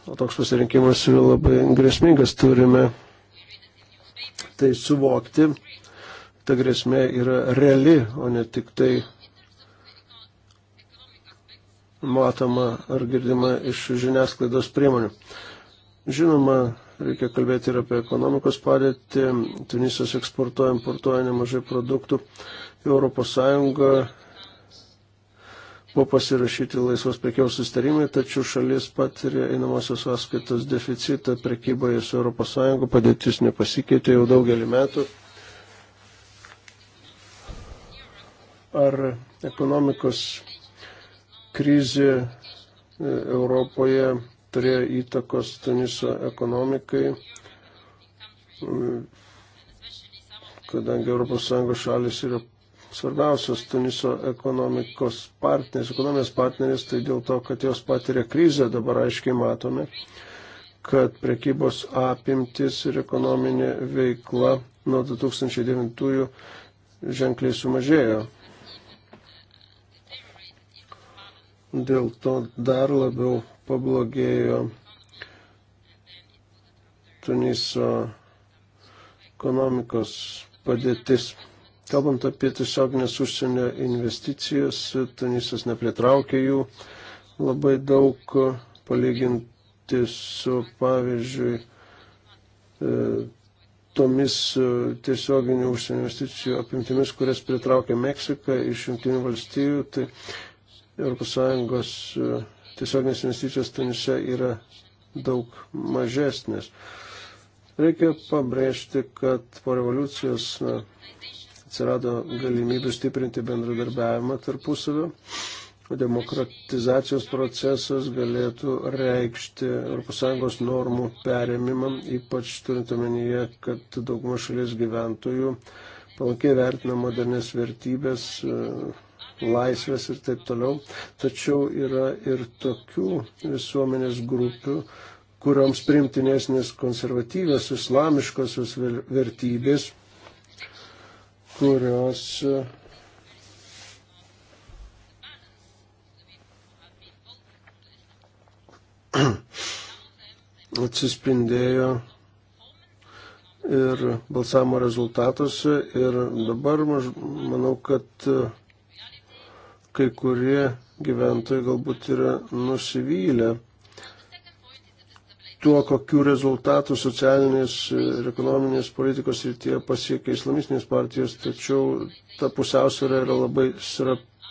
O toks pasirinkimas yra labai grėsmingas, turime tai suvokti ta grėsmė yra reali, o ne tik tai matoma ar girdima iš žiniasklaidos priemonių. Žinoma, reikia kalbėti ir apie ekonomikos padėtį. Tunisas eksportuoja, importuoja nemažai produktų. Europos Sąjunga buvo pasirašyti laisvos prekiaus sustarimai, tačiau šalis patiria einamosios sąskaitos deficitą prekyboje su ES, padėtis nepasikeitė jau daugelį metų. ar ekonomikos krizė e, Europoje turėjo įtakos Tuniso ekonomikai, e, kadangi ES šalis yra svarbiausios Tuniso ekonomikos partneris, ekonomijos partneris, tai dėl to, kad jos patiria krizę, dabar aiškiai matome, kad prekybos apimtis ir ekonominė veikla nuo 2009 ženkliai sumažėjo. dėl to dar labiau pablogėjo Tuniso ekonomikos padėtis. Kalbant apie tiesioginės užsienio investicijas, Tunisas nepritraukė jų labai daug palyginti su, pavyzdžiui, e, tomis e, tiesioginių užsienio investicijų apimtimis, kurias pritraukė Meksika iš Junktinių valstijų, tai ES e, tiesioginės investicijos Tunise yra daug mažesnės. Reikia pabrėžti, kad po revoliucijos na, atsirado galimybių stiprinti bendradarbiavimą tarpusavio. Demokratizacijos procesas galėtų reikšti ES normų perėmimą, ypač turint omenyje, kad dauguma šalies gyventojų palankiai vertina modernės vertybės, e, laisvės ir taip toliau. Tačiau yra ir tokių visuomenės grupių, kurioms primtinesnės konservatyvios islamiškosios vertybės, kurios eh, atsispindėjo ir balsavimo rezultatuose ir dabar manau, kad eh, kai kurie gyventojai galbūt yra nusivylę tuo, kokiu rezultatu socialinės ir ekonominės politikos rytyje pasiekia islamistinės partijos, tačiau ta pusiausvėra yra labai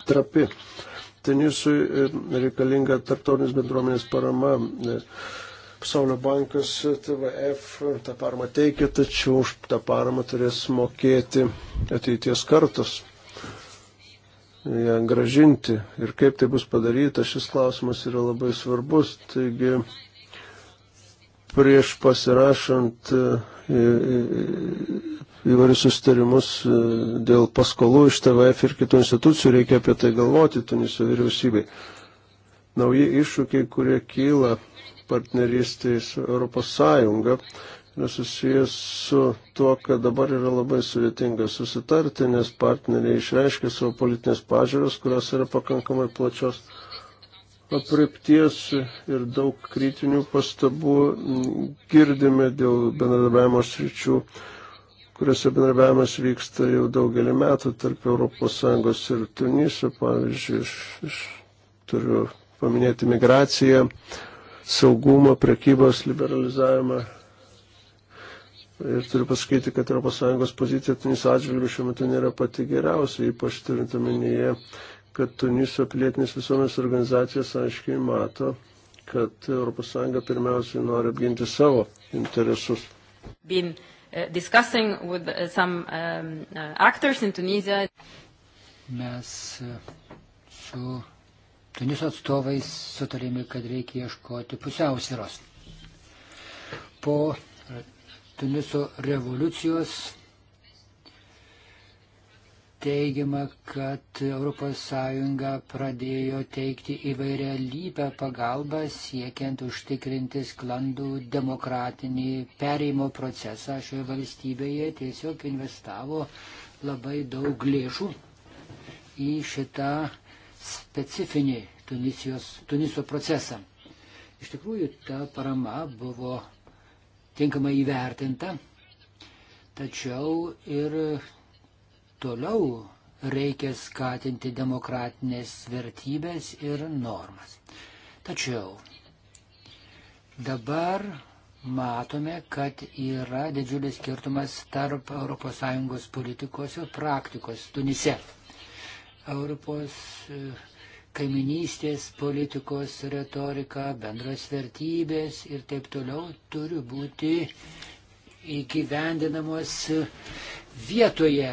trapi. Tenisui reikalinga tarptautinės bendruomenės parama. Pasaulio bankas TVF tą paramą teikia, tačiau už tą paramą turės mokėti ateities kartos ją gražinti. Ir kaip tai bus padaryta, šis klausimas yra labai svarbus. Taigi, prieš pasirašant e, e, e, įvairius sustarimus dėl paskolų iš TVF ir kitų institucijų, reikia apie tai galvoti Tuniso vyriausybei. Nauji iššūkiai, kurie kyla partnerystėje su Europos Sąjunga, nesusijęs su tuo, kad dabar yra labai sudėtinga susitarti, nes partneriai išreiškia savo politinės pažiūros, kurios yra pakankamai plačios apripties ir daug kritinių pastabų girdime dėl bendradarbiavimo sričių, kuriuose bendradarbiavimas vyksta jau daugelį metų tarp ES ir Tuniso, pavyzdžiui, iš, iš, turiu paminėti migraciją, saugumą, prekybos liberalizavimą Ir turiu pasakyti, kad ES pozicija Tuniso atžvilgių šiuo metu nėra pati geriausia, ypač turint omenyje, kad Tuniso pilietinės visuomenės organizacijos aiškiai mato, kad ES pirmiausiai nori apginti savo interesus. Been, uh, discussing with uh, some um, uh, actors in Tunisia. Mes uh, su Tuniso atstovais sutarėme, kad reikia ieškoti pusiausvėros. Po Tuniso revoliucijos. Teigiama, kad ES pradėjo teikti įvairią lybę pagalbą siekiant užtikrinti sklandų demokratinį pereimo procesą šioje valstybėje, tiesiog investavo labai daug lėšų į šitą specifinį Tunisijos, Tuniso procesą. Iš tikrųjų, ta parama buvo tinkamai įvertinta. Tačiau ir toliau reikia skatinti demokratinės vertybės ir normas. Tačiau dabar matome, kad yra didžiulis skirtumas tarp ES politikos ir praktikos Tunise. Europos kaiminystės politikos retorika, bendros vertybės ir taip toliau turi būti įgyvendinamos vietoje.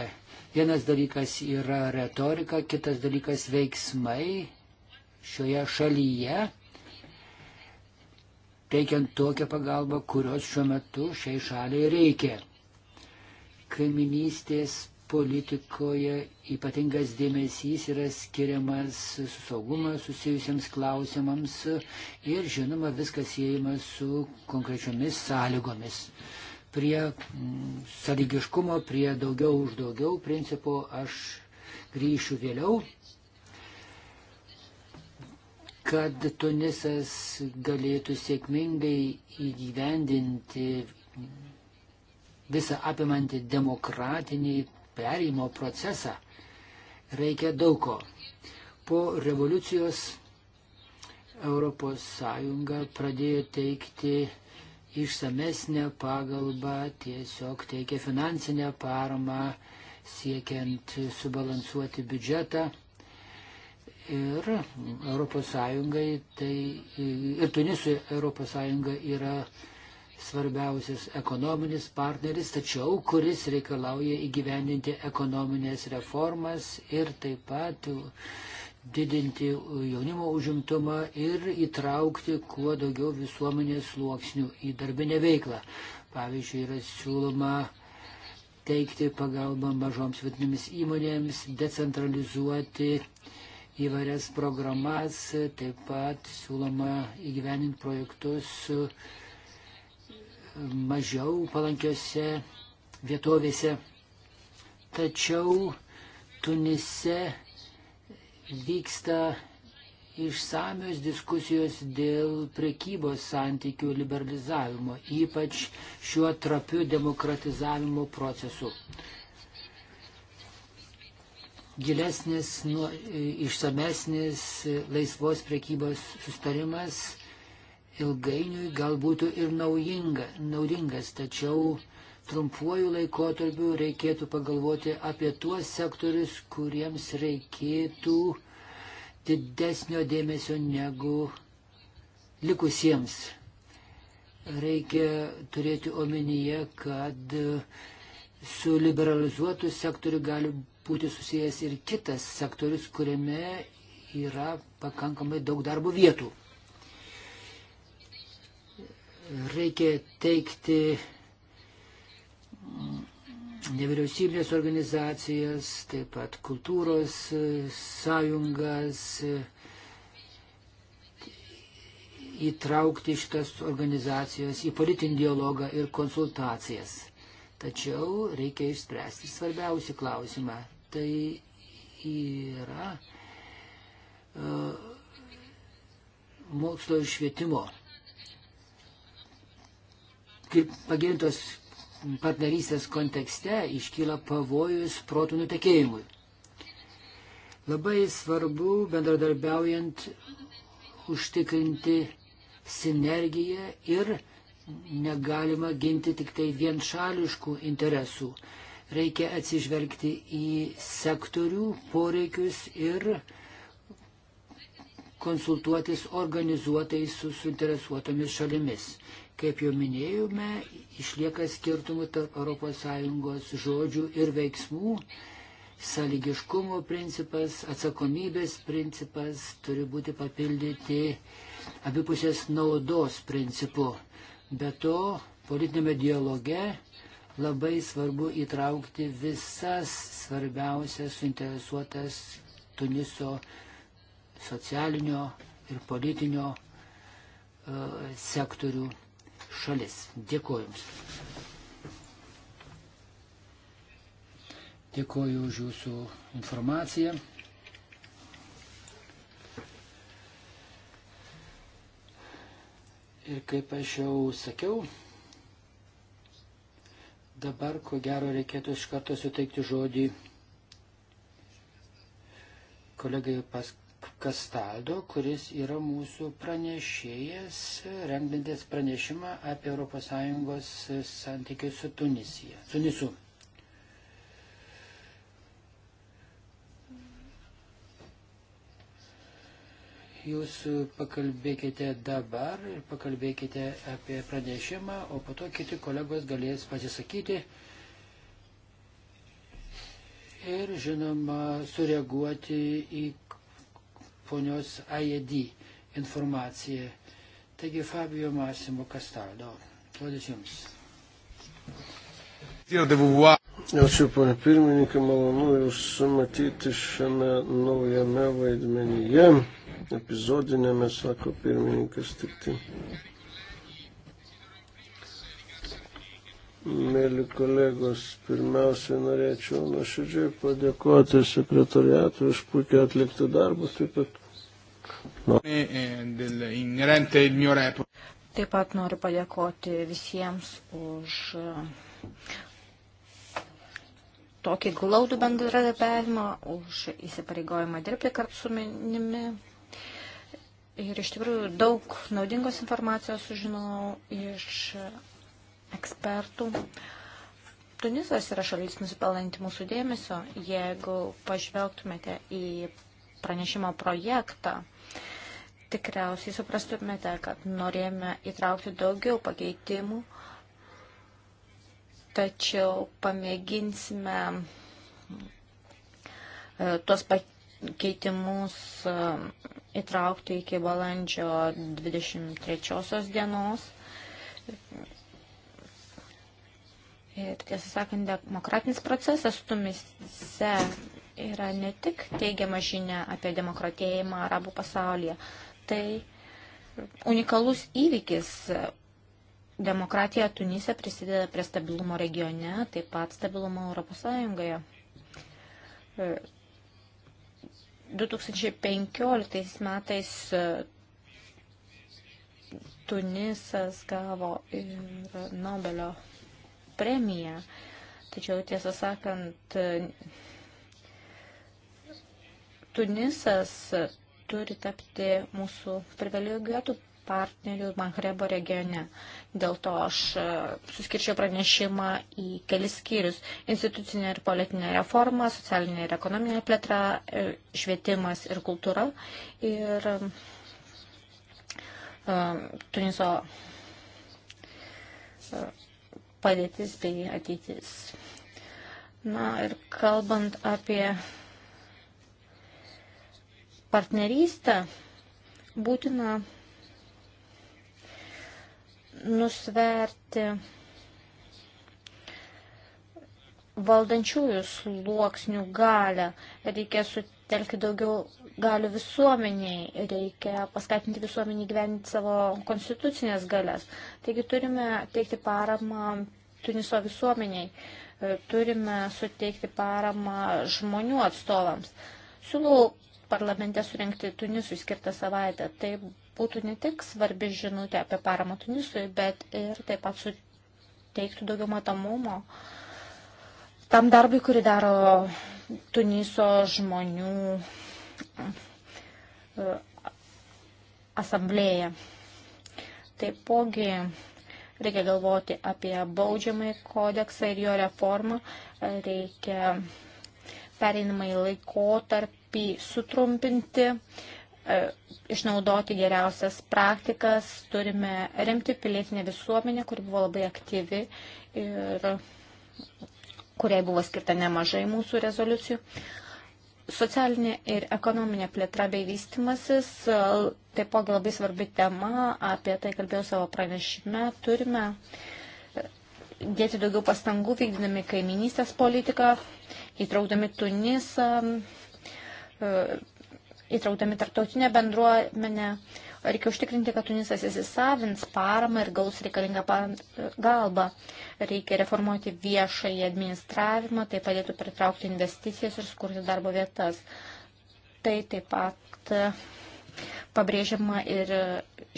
Vienas dalykas yra retorika, kitas dalykas veiksmai šioje šalyje, teikiant tokią pagalbą, kurios šiuo metu šiai šaliai reikia. Kaiminystės politikoje ypatingas dėmesys yra skiriamas su saugumo susijusiems klausimams ir žinoma viskas siejama su konkrečiomis sąlygomis. Prie mm, sąlygiškumo, prie daugiau už daugiau principų aš grįšiu vėliau, kad Tunisas galėtų sėkmingai įgyvendinti visą apimantį demokratinį perėjimo procesą reikia daug ko. Po revoliucijos ES pradėjo teikti išsamesnę pagalbą, tiesiog teikė finansinę paramą, siekiant subalansuoti biudžetą. Ir ES tai, ir Tunisui ES yra svarbiausias ekonominis partneris, tačiau kuris reikalauja įgyvendinti ekonominės reformas ir taip pat didinti jaunimo užimtumą ir įtraukti kuo daugiau visuomenės sluoksnių į darbinę veiklą. Pavyzdžiui, yra siūloma teikti pagalbą mažoms vidinėmis įmonėms, decentralizuoti įvairias programas, taip pat siūloma įgyveninti projektus mažiau palankiose vietovėse. Tačiau Tunise vyksta išsamios diskusijos dėl prekybos santykių liberalizavimo, ypač šiuo trapiu demokratizavimo procesu. Gilesnis, nu, išsamesnis laisvos prekybos sustarimas ilgainiui gal būtų ir naujinga, naudingas, tačiau trumpuoju laikotarpiu reikėtų pagalvoti apie tuos sektorius, kuriems reikėtų didesnio dėmesio negu likusiems. Reikia turėti omenyje, kad su liberalizuotu sektoriu gali būti susijęs ir kitas sektorius, kuriame yra pakankamai daug darbo vietų reikia teikti nevyriausybinės organizacijas, taip pat kultūros sąjungas, įtraukti šitas organizacijas į politinį dialogą ir konsultacijas. Tačiau reikia išspręsti svarbiausią klausimą. Tai yra uh, mokslo ir švietimo pagilintos partnerystės kontekste iškyla pavojus protų nutekėjimui. Labai svarbu bendradarbiaujant užtikrinti sinergiją ir negalima ginti tik tai vienšališkų interesų. Reikia atsižvelgti į sektorių poreikius ir konsultuotis organizuotai su suinteresuotomis šalimis. Kaip jau minėjome, išlieka skirtumų tarp ES žodžių ir veiksmų. Sąlygiškumo principas, atsakomybės principas turi būti papildyti abipusės naudos principu. Be to, politinėme dialoge labai svarbu įtraukti visas svarbiausias suinteresuotas Tuniso socialinio ir politinio uh, sektorių šalis. Dėkuoju Jums. Dėkuoju už Jūsų informaciją. Ir kaip aš jau sakiau, dabar ko gero reikėtų iš karto suteikti žodį kolegai pas, Kastaldo, kuris yra mūsų pranešėjas, rengintis pranešimą apie ES santykius su Tunisija. Tunisu. Jūs pakalbėkite dabar ir pakalbėkite apie pranešimą, o po to kiti kolegos galės pasisakyti ir, žinoma, sureaguoti į ponios AED informacija. Taigi Fabio Masimo Kastaldo, žodis jums. Ačiū, ponė pirmininkė, malonu Jūs matyti šiame naujame vaidmenyje, epizodinėme, sako pirmininkas, tik tai. Mėly kolegos, pirmiausiai norėčiau nuoširdžiai padėkoti sekretariatui už puikiai atliktą darbą, taip pat Taip pat noriu padėkoti visiems už e, tokį glaudų bendradarbiavimą, už įsipareigojimą dirbti kartu su minimi. Ir iš tikrųjų daug naudingos informacijos sužinojau iš ekspertų. Tunisas yra šalis nusipelanti mūsų dėmesio. Jeigu pažvelgtumėte į pranešimo projektą, tikriausiai suprastumėte, kad norėjome įtraukti daugiau pakeitimų, tačiau pamėginsime e, tuos pakeitimus e, įtraukti iki balandžio 23 dienos. Ir tiesą sakant, demokratinis procesas tumise yra ne tik teigiama žinia apie demokratėjimą arabų pasaulyje, tai unikalus įvykis. Demokratija Tunise prisideda prie stabilumo regione, taip pat stabilumo Europos Sąjungoje. 2015 e, metais e, Tunisas gavo ir Nobelio premiją, tačiau tiesą sakant, e, Tunisas turi tapti mūsų privilegijuotų partnerių Mahrebo regione. Dėl to aš e, suskirčiau pranešimą į kelis skyrius - institucinė ir politinė reforma, socialinė ir ekonominė plėtra, e, švietimas ir kultūra. Ir e, Tuniso padėtis bei ateitis. Na ir kalbant apie partnerystę būtina nusverti valdančiųjų sluoksnių galę, reikia sutelkti daugiau galių visuomeniai, reikia paskatinti visuomenį gyventi savo konstitucinės galės. Taigi turime teikti paramą Tuniso visuomeniai, turime suteikti paramą žmonių atstovams. Siūlau parlamente surenkti Tunisui skirtą savaitę. Tai būtų ne tik svarbi žinutė apie paramą Tunisui, bet ir taip pat suteiktų daugiau matomumo tam darbui, kurį daro Tuniso žmonių e, asamblėja. Taipogi reikia galvoti apie baudžiamąjį kodeksą ir jo reformą, reikia pereinamąjį laikotarpį CCP sutrumpinti, e, išnaudoti geriausias praktikas, turime remti pilietinę visuomenę, kuri buvo labai aktyvi ir kuriai buvo skirta nemažai mūsų rezoliucijų. Socialinė ir ekonominė plėtra bei vystimasis, e, taipogi labai svarbi tema, apie tai kalbėjau savo pranešime, turime e, dėti daugiau pastangų vykdami kaiminystės politiką, įtraukdami Tunisą, E, įtraukdami tarptautinę bendruomenę. Reikia užtikrinti, kad Tunisas įsisavins paramą ir gaus reikalingą pagalbą. Reikia reformuoti viešąjį administravimą, tai padėtų pritraukti investicijas ir skurti darbo vietas. Tai taip pat pabrėžiama ir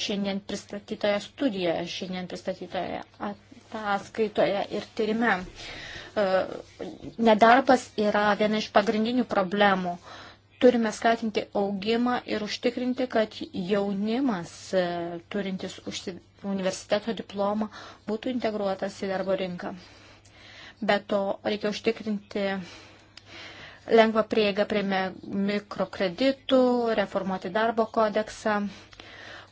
šiandien pristatytoje studijoje, šiandien pristatytoje ataskaitoje ir tyrime. E, nedarbas yra viena iš pagrindinių problemų. Uh, Turime skatinti augimą ir užtikrinti, kad jaunimas, e, turintis universiteto diplomą, būtų integruotas į darbo rinką. Be to, reikia užtikrinti lengvą prieigą prie mikrokreditų, reformuoti darbo kodeksą,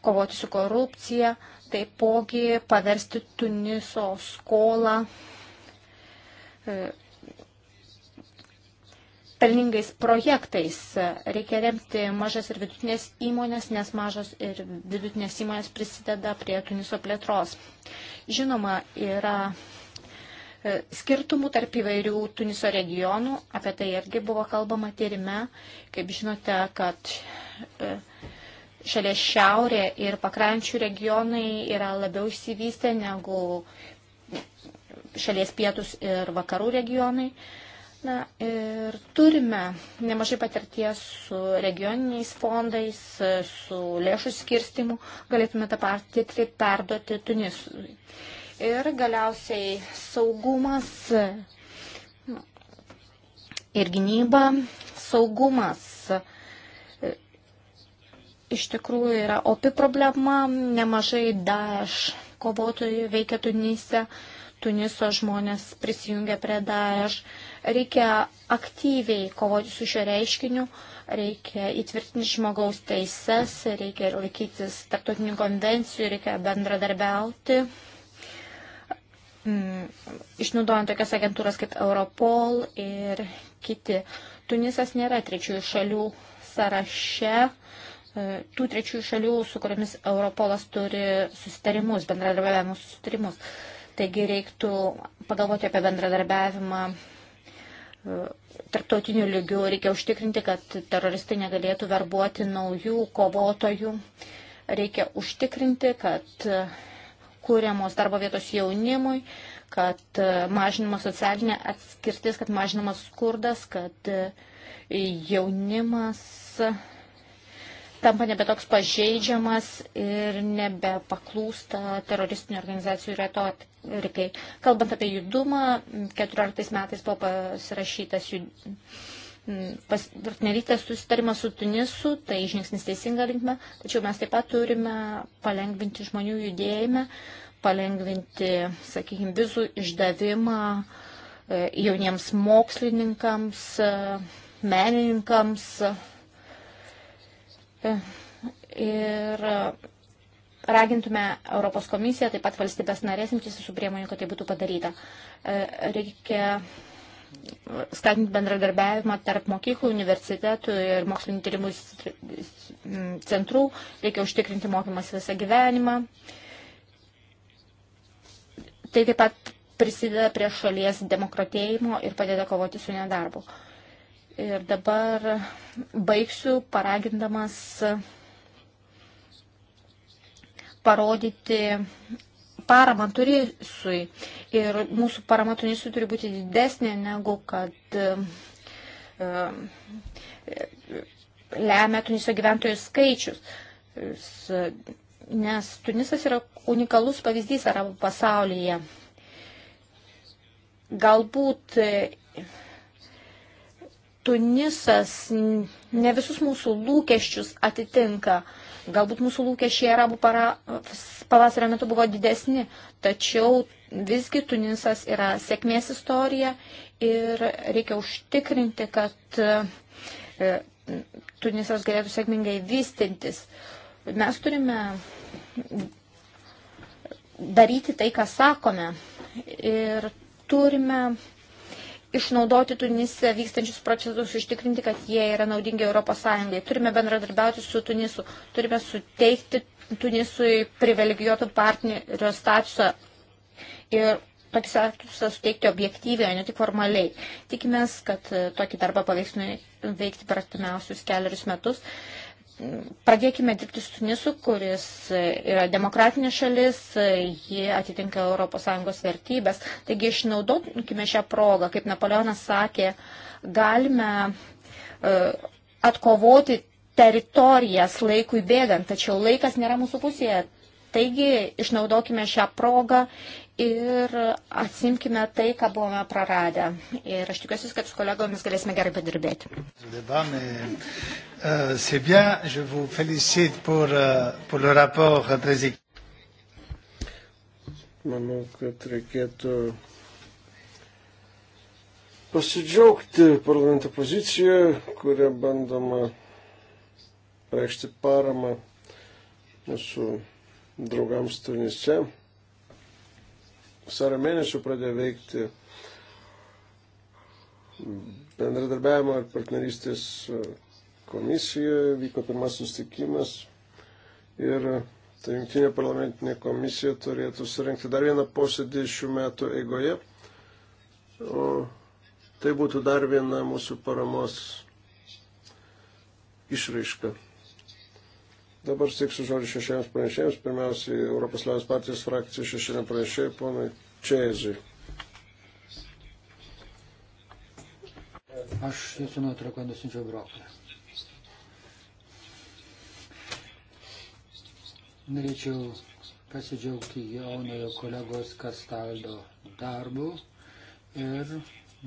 kovoti su korupcija, taipogi paversti Tuniso skolą e, pelningais projektais. Reikia remti mažas ir vidutinės įmonės, nes mažos ir vidutinės įmonės prisideda prie Tuniso plėtros. Žinoma, yra e, skirtumų tarp įvairių Tuniso regionų, apie tai irgi buvo kalbama tyrime. Kaip žinote, kad e, šalia šiaurė ir pakrančių regionai yra labiau išsivystę negu šalies pietus ir vakarų regionai. Uh, Na ir turime nemažai patirties su regioniniais fondais, su lėšų skirstimu, galėtume tą patirtį perduoti Tunisui. Ir galiausiai saugumas ir gynyba, saugumas e, iš tikrųjų yra opi problema, nemažai daž kovotojų veikia Tunise, Tuniso žmonės prisijungia prie daž. E, Reikia aktyviai kovoti su šio reiškiniu, reikia įtvirtinti žmogaus teises, reikia laikytis tarptautinių konvencijų, reikia bendradarbiauti. Mm, išnaudojant tokias agentūras kaip Europol ir kiti. Tunisas nėra trečiųjų šalių sąraše e, tų trečiųjų šalių, su kuriamis Europolas turi susitarimus, bendradarbiavimo susitarimus. Taigi reiktų pagalvoti apie bendradarbiavimą tarptautiniu lygiu reikia užtikrinti, kad teroristai negalėtų verbuoti naujų kovotojų. Reikia užtikrinti, kad kūriamos darbo vietos jaunimui, kad mažinama socialinė atskirtis, kad mažinamas skurdas, kad jaunimas tampa nebetoks pažeidžiamas ir nebepaklūsta teroristinių organizacijų retorikai. Kalbant apie judumą, 14 metais buvo pasirašytas jud... partnerystės susitarimas su Tunisu, tai žingsnis teisinga linkme, tačiau mes taip pat turime palengvinti žmonių judėjimą, palengvinti, sakykime, vizų išdavimą e, jauniems mokslininkams, e, menininkams, Ir ragintume Europos komisiją, taip pat valstybės narės imtis visų priemonių, kad tai būtų padaryta. E, reikia skatinti bendradarbiavimą tarp mokyklų, universitetų ir mokslinio tyrimų centrų, reikia užtikrinti mokymas visą gyvenimą. Tai taip pat prisideda prie šalies demokratėjimo ir padeda kovoti su nedarbu. Uh, Ir dabar baigsiu paragindamas parodyti paramą turisui. Ir mūsų parama turisui turi būti didesnė negu kad e, e, lemia Tuniso gyventojų skaičius. Nes Tunisas yra unikalus pavyzdys arabų pasaulyje. Galbūt Tunisas ne visus mūsų lūkesčius atitinka. Galbūt mūsų lūkesčiai arabų para, pavasario metu buvo didesni, tačiau visgi Tunisas yra sėkmės istorija ir reikia užtikrinti, kad e, Tunisas galėtų sėkmingai vystintis. Mes turime daryti tai, ką sakome ir turime išnaudoti Tunise vykstančius procesus, užtikrinti, kad jie yra naudingi ES. Turime bendradarbiauti su Tunisu, turime suteikti Tunisui privilegijuotų partnerio statusą ir tokį statusą suteikti objektyviai, o ne tik formaliai. Tikimės, kad tokį darbą pavyks nuveikti per artimiausius keliarius metus. Uh, pradėkime dirbti su Tunisu, kuris yra demokratinė šalis, ji atitinka ES vertybės. Taigi išnaudokime šią progą, kaip Napoleonas sakė, galime e, atkovoti teritorijas laikui bėgant, tačiau laikas nėra mūsų pusėje. Taigi išnaudokime šią progą ir atsimkime tai, ką buvome praradę. Ir aš tikiuosi, kad su kolegomis galėsime gerai padirbėti. Euh, euh, Manau, kad reikėtų pasidžiaugti parlamento poziciją, kuria bandoma reikšti paramą mūsų draugams Tunise vasario mėnesio pradėjo veikti bendradarbiavimo ir partnerystės komisijoje, vyko pirmasis sustikimas ir ta jungtinė parlamentinė komisija turėtų surinkti dar vieną posėdį šių metų eigoje. O tai būtų dar viena mūsų paramos išraiška. Dabar sėksiu žodžiu šešiems pranešėjams. Pirmiausiai Europos Liaudės partijos frakcijų šešiniam pranešėjai, ponui Čezui. Aš jūsų nuotrauką nusinčiau brokui. Norėčiau pasidžiaugti jaunojo kolegos Kastaldo darbu ir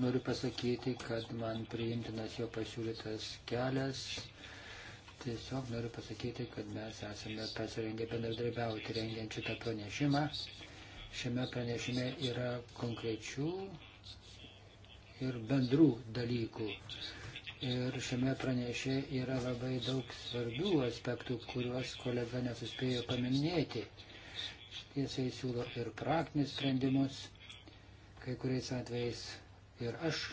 noriu pasakyti, kad man priimtinas jo pasiūlytas kelias tiesiog noriu pasakyti, kad mes esame pasirengę bendradarbiauti rengiant šitą pranešimą. Šiame pranešime yra konkrečių ir bendrų dalykų. Ir šiame pranešė yra labai daug svarbių aspektų, kuriuos kolega nesuspėjo paminėti. Jisai siūlo ir praktinius sprendimus, kai kuriais atvejais ir aš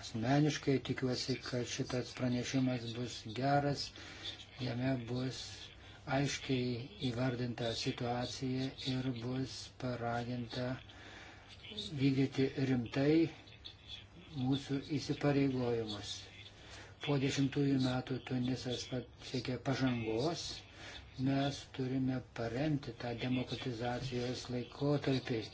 asmeniškai tikiuosi, kad šitas pranešimas bus geras, jame bus aiškiai įvardinta situacija ir bus paraginta vykdyti rimtai mūsų įsipareigojimus. Po dešimtųjų metų Tunisas pasiekė pažangos, mes turime paremti tą demokratizacijos laikotarpį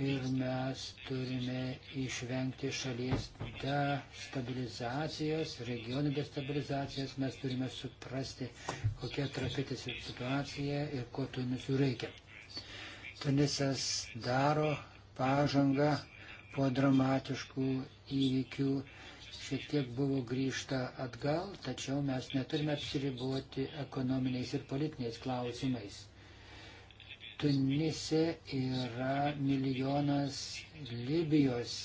ir mes turime išvengti šalies destabilizacijos, regionų destabilizacijos, mes turime suprasti, kokia trapitė situacija ir ko turime sureikia. Tunisas daro pažangą po dramatiškų įvykių, šiek tiek buvo grįžta atgal, tačiau mes neturime apsiriboti ekonominiais ir politiniais klausimais Tunise yra milijonas Libijos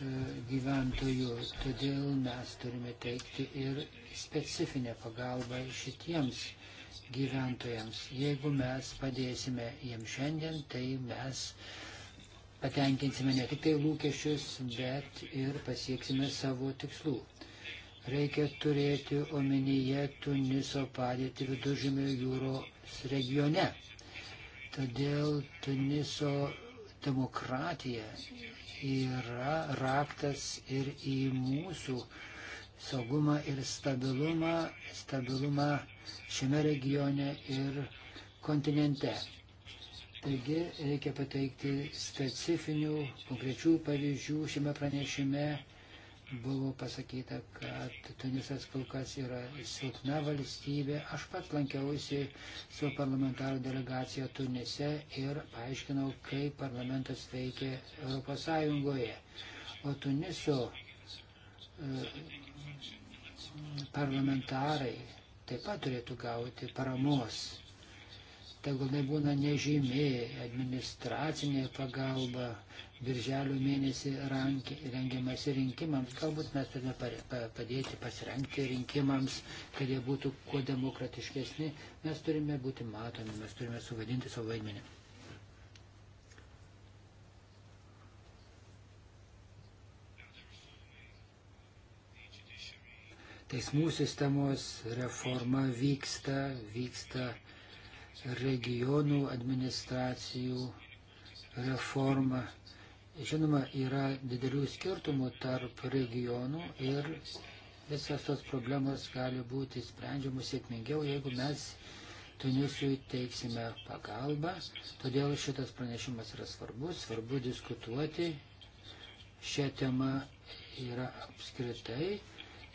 e, gyventojų, todėl mes turime teikti ir specifinę pagalbą šitiems gyventojams. Jeigu mes padėsime jiems šiandien, tai mes patenkinsime ne tik tai lūkesčius, bet ir pasieksime savo tikslų. Reikia turėti omenyje Tuniso padėtį viduržymio jūros regione. Todėl Tuniso demokratija yra raktas ir į mūsų saugumą ir stabilumą, stabilumą šiame regione ir kontinente. Taigi reikia pateikti specifinių, konkrečių pavyzdžių šiame pranešime buvo pasakyta, kad Tunisas kol kas yra silpna valstybė. Aš pat lankiausi su parlamentarų delegacija Tunise ir paaiškinau, kaip parlamentas veikia ES. O Tuniso e, parlamentarai taip pat turėtų gauti paramos. Tegul nebūna nežymi administracinė pagalba, Birželio mėnesį rengiamas rinkimams. Galbūt mes turime padėti pasirengti rinkimams, kad jie būtų kuo demokratiškesni. Mes turime būti matomi, mes turime suvadinti savo vaidmenį. Teismų sistemos reforma vyksta, vyksta regionų administracijų reforma Žinoma, yra didelių skirtumų tarp regionų ir visas tos problemos gali būti sprendžiamos sėkmingiau, jeigu mes Tunisui teiksime pagalbą. Todėl šitas pranešimas yra svarbus, svarbu diskutuoti. Šią temą yra apskritai.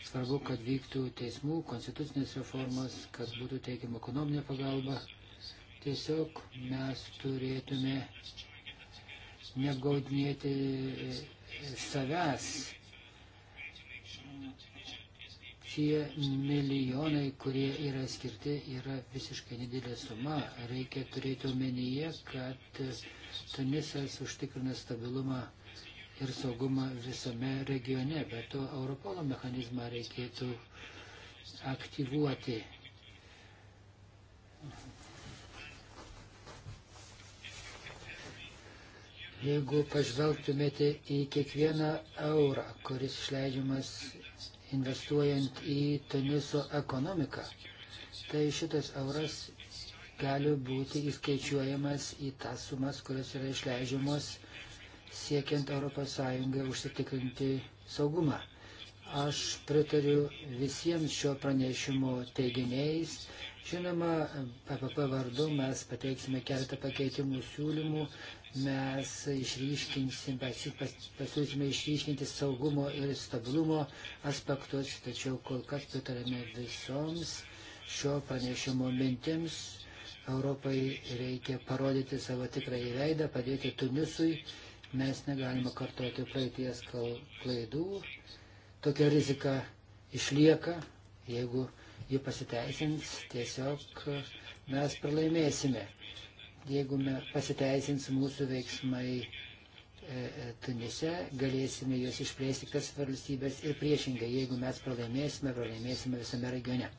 Svarbu, kad vyktų teismų, konstitucinės reformas, kad būtų teikiama ekonominė pagalba. Tiesiog mes turėtume negaudinėti e, savęs. Tie milijonai, kurie yra skirti, yra visiškai nedidelė suma. Reikia turėti omenyje, kad Tunisas užtikrina stabilumą ir saugumą visame regione, bet to Europolo mechanizmą reikėtų aktyvuoti Jeigu pažvelgtumėte į kiekvieną eurą, kuris išleidžiamas investuojant į Tuniso ekonomiką, tai šitas euras gali būti įskaičiuojamas į tas sumas, kurios yra išleidžiamos siekiant ES užsitikrinti saugumą. Aš pritariu visiems šio pranešimo teiginiais. Žinoma, PPP vardu mes pateiksime keletą pakeitimų siūlymų, mes išryškinsim, pasiūlysime išryškinti saugumo ir stabilumo aspektus, tačiau kol kas pritarėme visoms šio pranešimo mintims. Europai reikia parodyti savo tikrąjį veidą, padėti Tunisui. Mes negalime kartuoti praeities klaidų. Tokia rizika išlieka, jeigu ji pasiteisins, tiesiog mes pralaimėsime. Jeigu pasiteisins mūsų veiksmai e, e, Tunise, galėsime juos išplėsti tas valstybės ir priešingai, jeigu mes pralaimėsime, pralaimėsime visame regione.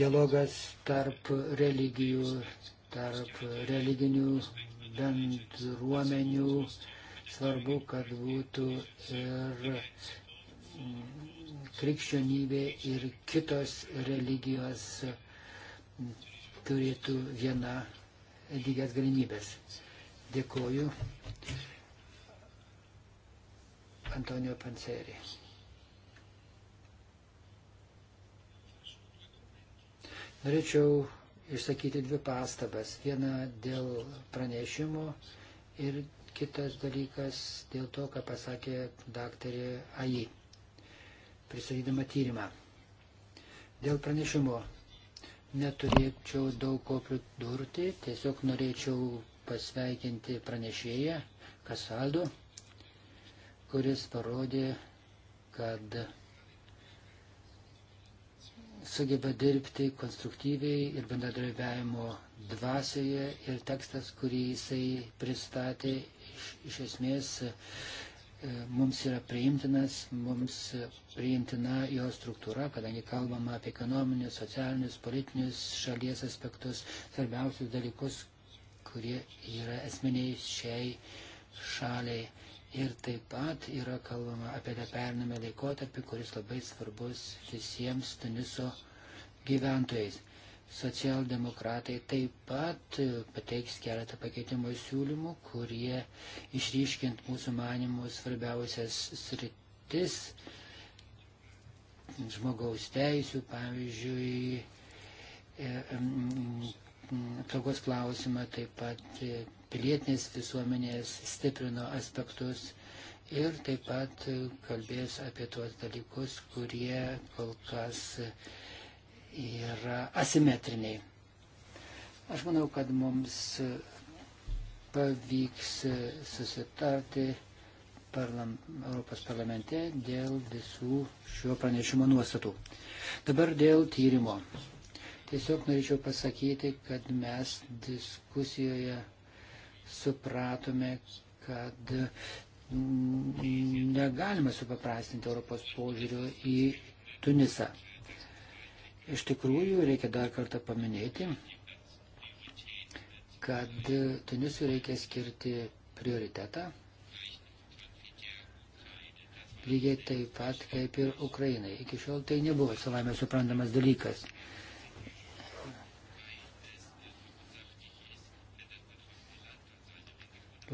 Dialogas tarp religijų, tarp religinių bendruomenių, svarbu, kad būtų ir mm, krikščionybė ir kitos religijos turėtų vieną lygias galimybės. Dėkoju Antonio Pancerį. Norėčiau išsakyti dvi pastabas. Viena dėl pranešimo ir kitas dalykas dėl to, ką pasakė daktarė Aji, pristatydama tyrimą. Dėl pranešimo neturėčiau daug ko pridurti, tiesiog norėčiau pasveikinti pranešėją Kasaldo, kuris parodė, kad sugeba dirbti konstruktyviai ir bendradarbiavimo dvasioje ir tekstas, kurį jisai pristatė, iš, iš esmės uh, mums yra priimtinas, mums priimtina jo struktūra, kadangi kalbama apie ekonominius, socialinius, politinius šalies aspektus, svarbiausius dalykus, kurie yra esminiai šiai šaliai. Ir taip pat yra kalbama apie tą pernamę laikotarpį, kuris labai svarbus visiems Tuniso gyventojais. Socialdemokratai taip pat pateiks keletą pakeitimo siūlymų, kurie išryškint mūsų manimų svarbiausias sritis žmogaus teisų, pavyzdžiui, e, apsaugos klausimą, taip pat e, pilietinės visuomenės stiprino aspektus ir taip pat kalbės apie tuos dalykus, kurie kol kas yra asimetriniai. Aš manau, kad mums pavyks susitarti parlam, Europos parlamente dėl visų šio pranešimo nuostatų. Dabar dėl tyrimo. Tiesiog norėčiau pasakyti, kad mes diskusijoje supratome, kad mm, negalima supaprastinti Europos požiūrio į Tunisą. Iš tikrųjų, reikia dar kartą paminėti, kad Tunisui reikia skirti prioritetą. Lygiai taip pat kaip ir Ukrainai. Iki šiol tai nebuvo savame suprantamas dalykas.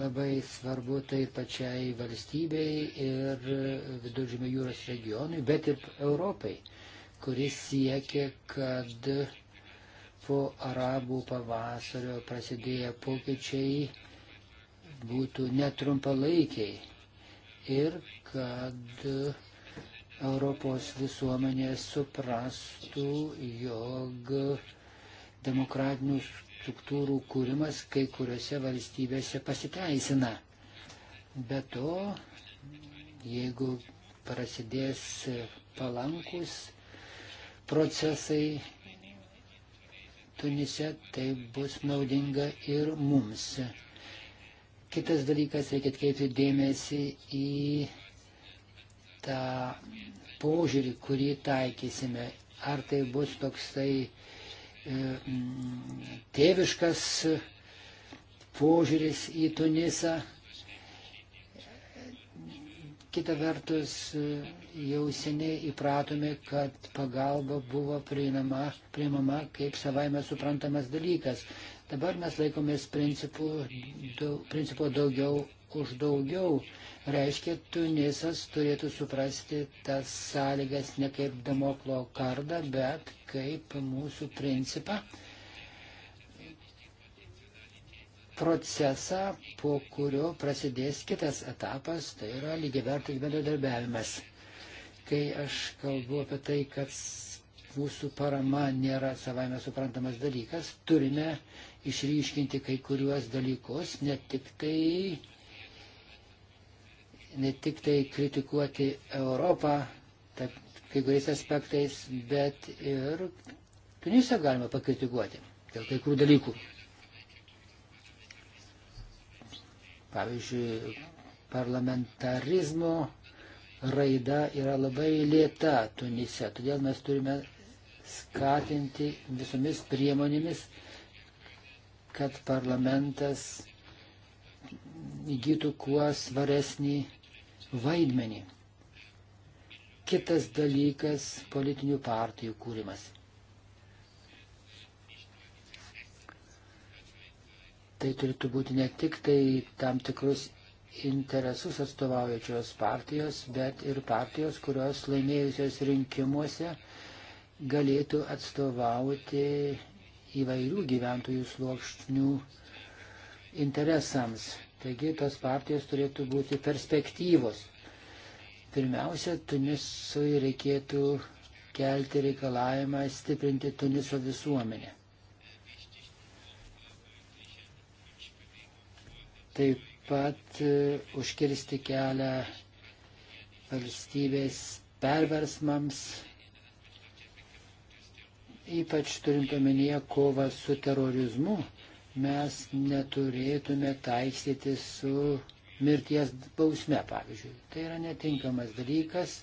labai svarbu tai pačiai valstybei ir viduržymio jūros regionui, bet ir Europai kuris siekia, kad po arabų pavasario prasidėję pokyčiai būtų netrumpalaikiai ir kad Europos visuomenė suprastų, jog demokratinių struktūrų kūrimas kai kuriuose valstybėse pasiteisina. Be to, jeigu prasidės palankus procesai Tunise, tai bus naudinga ir mums. Kitas dalykas, reikia atkreipti dėmesį į tą požiūrį, kurį taikysime. Ar tai bus toksai e, tėviškas požiūris į Tunisą, Kita vertus, jau seniai įpratome, kad pagalba buvo prieinama, priimama kaip savaime suprantamas dalykas. Dabar mes laikomės principų, daug, principo daugiau už daugiau. Reiškia, Tunisas turėtų suprasti tas sąlygas ne kaip Damoklo kardą, bet kaip mūsų principą. procesą, po kurio prasidės kitas etapas, tai yra lygiavertis bendradarbiavimas. Kai aš kalbu apie tai, kad mūsų parama nėra savaime suprantamas dalykas, turime išryškinti kai kuriuos dalykus, ne tik tai, ne tik tai kritikuoti Europą, taip, kai kuriais aspektais, bet ir Tunisą galima pakritikuoti dėl kai kurių dalykų. Pavyzdžiui, parlamentarizmo raida yra labai lėta Tunise, todėl mes turime skatinti visomis priemonėmis, kad parlamentas įgytų kuo svaresnį vaidmenį. Kitas dalykas - politinių partijų kūrimas. Tai turėtų būti ne tik tai tam tikrus interesus atstovaujančios partijos, bet ir partijos, kurios laimėjusios rinkimuose galėtų atstovauti įvairių gyventojų sluoksnių interesams. Taigi tos partijos turėtų būti perspektyvos. Pirmiausia, Tunisui reikėtų kelti reikalavimą stiprinti Tuniso visuomenę. taip pat e, užkirsti kelią valstybės perversmams, ypač turint omenyje kovą su terorizmu, mes neturėtume taikstyti su mirties bausme, pavyzdžiui. Tai yra netinkamas dalykas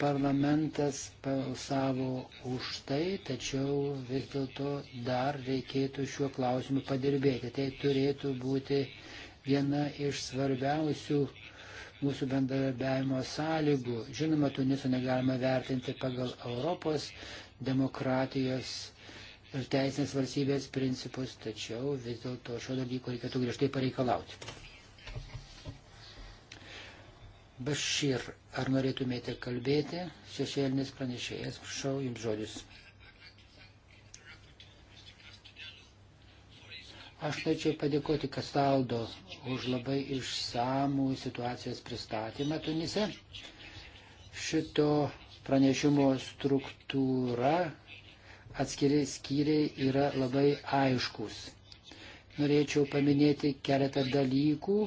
Parlamentas balsavo už tai, tačiau vis dėlto dar reikėtų šiuo klausimu padirbėti. Tai turėtų būti viena iš svarbiausių mūsų bendradarbiavimo sąlygų. Žinoma, Tuniso negalima vertinti pagal Europos demokratijos ir teisinės valstybės principus, tačiau vis dėlto šio dalyko reikėtų griežtai pareikalauti. Bashir, ar norėtumėte kalbėti? Šešėlinis pranešėjas, prašau, jums žodis. Aš norėčiau padėkoti Kastaldo už labai išsamų situacijos pristatymą Tunise. Šito pranešimo struktūra atskiri skyriai yra labai aiškus. Norėčiau paminėti keletą dalykų,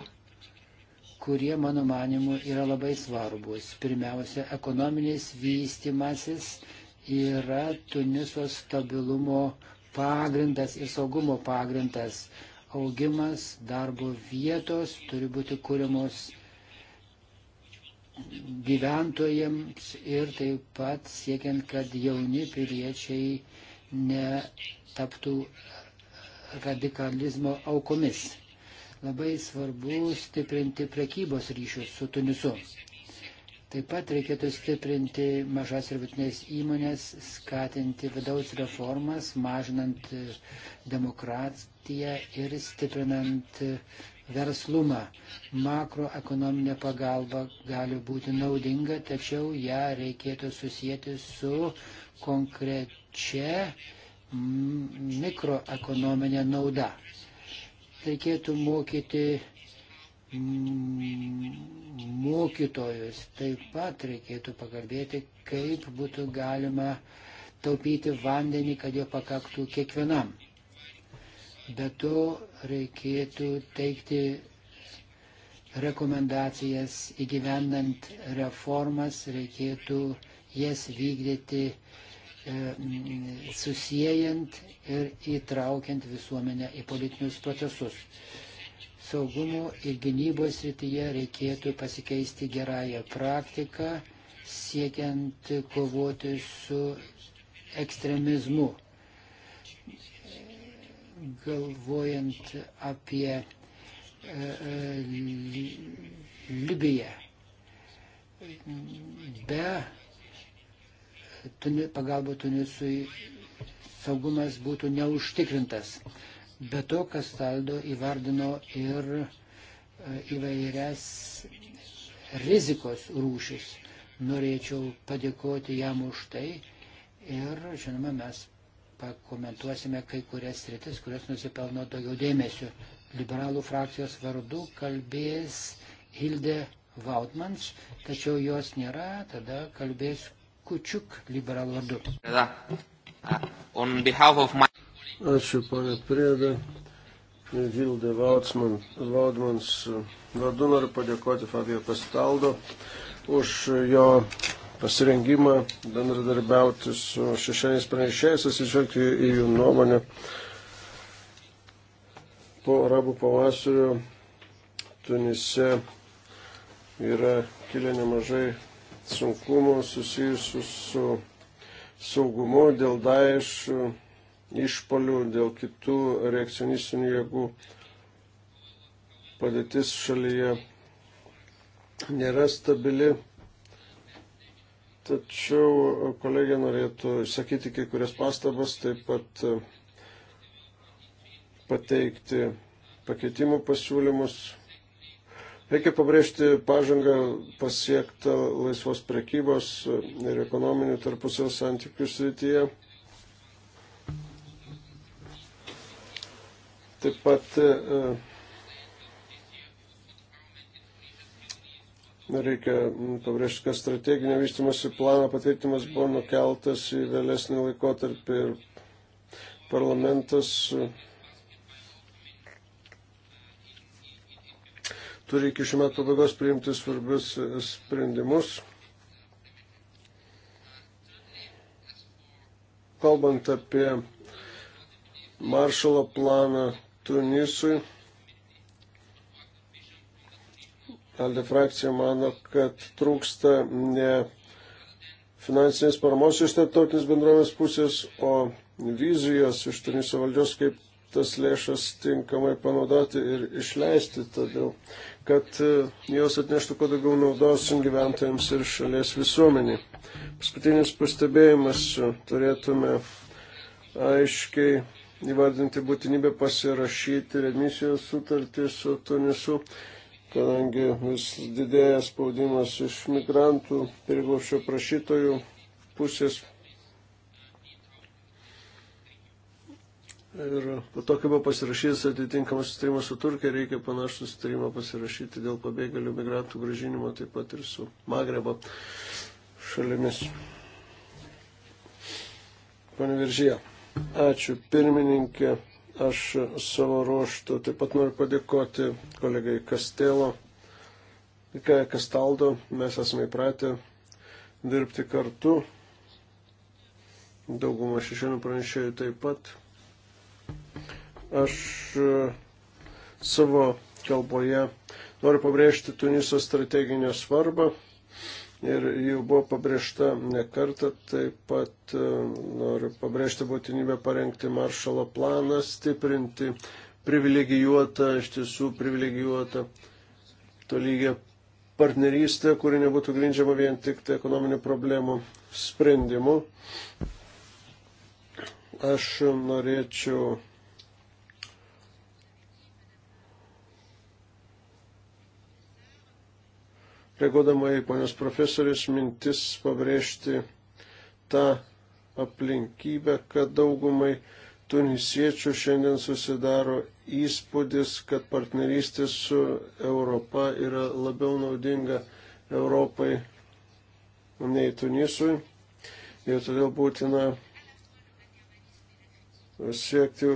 kurie, mano manimu, yra labai svarbus. Pirmiausia, ekonominis vystimasis yra Tuniso stabilumo pagrindas ir saugumo pagrindas. Augimas, darbo vietos turi būti kūrimos gyventojams ir taip pat siekiant, kad jauni piliečiai netaptų radikalizmo aukomis. Labai svarbu stiprinti prekybos ryšius su Tunisu. Taip pat reikėtų stiprinti mažas ir vidutinės įmonės, skatinti vidaus reformas, mažinant demokratiją ir stiprinant verslumą. Makroekonominė pagalba gali būti naudinga, tačiau ją reikėtų susijęti su konkrečia mikroekonominė nauda reikėtų mokyti mokytojus. Taip pat reikėtų pakalbėti, kaip būtų galima taupyti vandenį, kad jo pakaktų kiekvienam. Be to reikėtų teikti rekomendacijas įgyvendant reformas, reikėtų jas vykdyti uh, E, susijęjant ir įtraukiant visuomenę į politinius procesus. Saugumo ir gynybos rytyje reikėtų pasikeisti gerąją praktiką, siekiant kovoti su ekstremizmu. Galvojant apie e, e, Libiją, be pagalba Tunisui saugumas būtų neužtikrintas. Be to, Kastaldo įvardino ir e, įvairias rizikos rūšis. Norėčiau padėkoti jam už tai ir, žinoma, mes pakomentuosime kai kurias rytis, kurios nusipelno daugiau dėmesio. Liberalų frakcijos vardu kalbės Hilde Vautmans, tačiau jos nėra, tada kalbės Kučiuk, liberalų vardu. Uh, Ačiū, ponė Prieda. Vilde Vaudman, Vaudmans uh, vardu noriu padėkoti Fabio Kastaldo už jo pasirengimą bendradarbiauti su šešėniais pranešėjais, atsižvelgti į jų nuomonę po arabų pavasario Tunise yra kilę nemažai sunkumų susijusių su saugumu, dėl Daesh išpolių, dėl kitų reakcionistinių jėgų padėtis šalyje nėra stabili. Tačiau kolegė norėtų išsakyti kai kurias pastabas, taip pat pateikti pakeitimų pasiūlymus Reikia pabrėžti pažangą pasiektą laisvos prekybos ir ekonominių tarpusio santykių srityje. Taip pat e, reikia pabrėžti, kad strateginio vystimosi plano patvirtimas buvo nukeltas į vėlesnį laikotarpį ir parlamentas turi iki šių metų pabaigos priimti svarbius e, sprendimus. Kalbant apie maršalo planą Tunisui, Alde frakcija mano, kad trūksta ne finansinės paramos iš tarptautinės bendrovės pusės, o vizijos iš Tuniso valdžios, kaip tas lėšas tinkamai panaudoti ir išleisti. Todėl kad e, jos atneštų kuo daugiau naudos gyventojams ir šalies visuomeniai. Paskutinis pastebėjimas turėtume aiškiai įvardinti būtinybę pasirašyti remisijos sutartį su Tunisu, kadangi vis didėja spaudimas iš migrantų, prieglopščio prašytojų pusės Ir po to, kai buvo pasirašytas atitinkamas sustarimas su Turkija, reikia panašų sustarimą pasirašyti dėl pabėgėlių migrantų gražinimo, taip pat ir su Magrebo šalimis. Pane Viržyje, ačiū pirmininkė. Aš savo ruoštų taip pat noriu padėkoti kolegai Kastelo, Mikaja Kastaldo. Mes esame įpratę dirbti kartu. Dauguma šešėlių pranešėjų taip pat Aš e, savo kalboje noriu pabrėžti Tuniso strateginę svarbą ir jau buvo pabrėžta ne kartą, taip pat e, noriu pabrėžti būtinybę parengti maršalo planą, stiprinti privilegijuotą, iš tiesų privilegijuotą tolygę partnerystę, kuri nebūtų grindžiama vien tik tai ekonominių problemų sprendimu. Aš norėčiau reaguodama į ponios profesorės mintis pabrėžti tą aplinkybę, kad daugumai tunisiečių šiandien susidaro įspūdis, kad partnerystė su Europa yra labiau naudinga Europai nei Tunisui. Ir todėl būtina siekti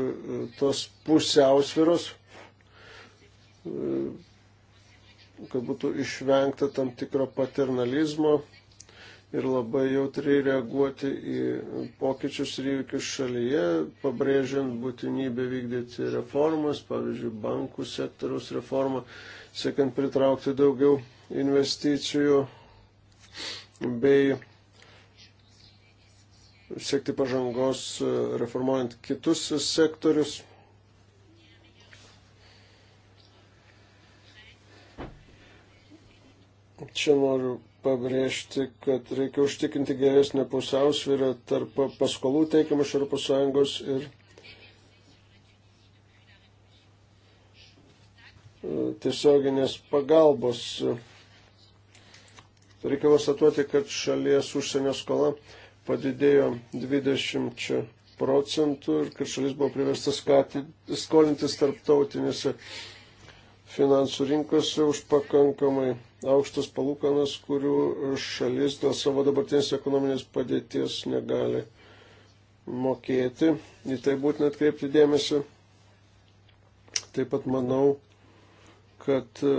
tos pusiausviros kad būtų išvengta tam tikro paternalizmo ir labai jautriai reaguoti į pokyčius ir įvykius šalyje, pabrėžiant būtinybę vykdyti reformas, pavyzdžiui, bankų sektoriaus reformą, siekiant pritraukti daugiau investicijų bei siekti pažangos reformuojant kitus sektorius Čia noriu pabrėžti, kad reikia užtikrinti geresnę pusiausvyrą tarp paskolų teikiamų iš ES ir e, tiesioginės pagalbos. Reikia konstatuoti, kad šalies užsienio skola padidėjo 20 procentų ir kad šalis buvo priversta skolintis tarptautinėse finansų rinkose už pakankamai aukštas palūkanas, kurių šalis dėl savo dabartinės ekonominės padėties negali mokėti. Į tai būtina atkreipti dėmesį. Taip pat manau, kad e,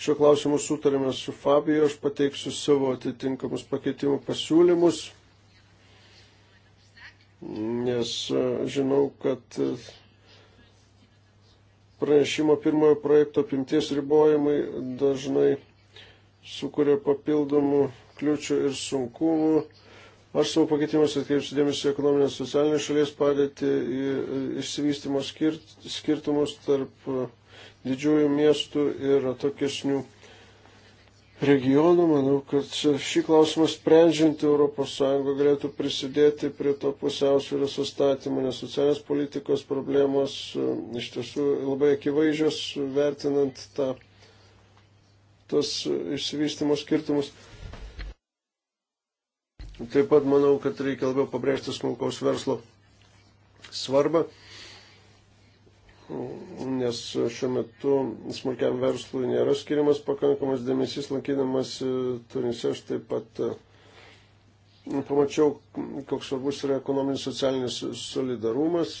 šio klausimu sutarėme su Fabio, aš pateiksiu savo atitinkamus pakeitimų pasiūlymus, nes e, žinau, kad e, pranešimo pirmojo projekto apimties ribojimai dažnai sukuria papildomų kliučių ir sunkumų. Aš savo pakeitimus atkreipsiu dėmesį ekonominę socialinę šalies padėtį, išsivystimo skirt, skirtumus tarp e, didžiųjų miestų ir atokesnių regionų. Manau, kad šį klausimą sprendžiant ES galėtų prisidėti prie to pusiausvėros sustatymo, nes socialinės politikos problemos e, iš tiesų labai akivaizdžios vertinant tą, tos išsivystimo skirtumus. Taip pat manau, kad reikia labiau pabrėžti smulkaus verslo svarbą nes šiuo metu smulkiam verslui nėra skiriamas pakankamas dėmesys, lankydamas e, Tunise aš taip pat e, pamačiau, koks svarbus yra ekonominis socialinis solidarumas.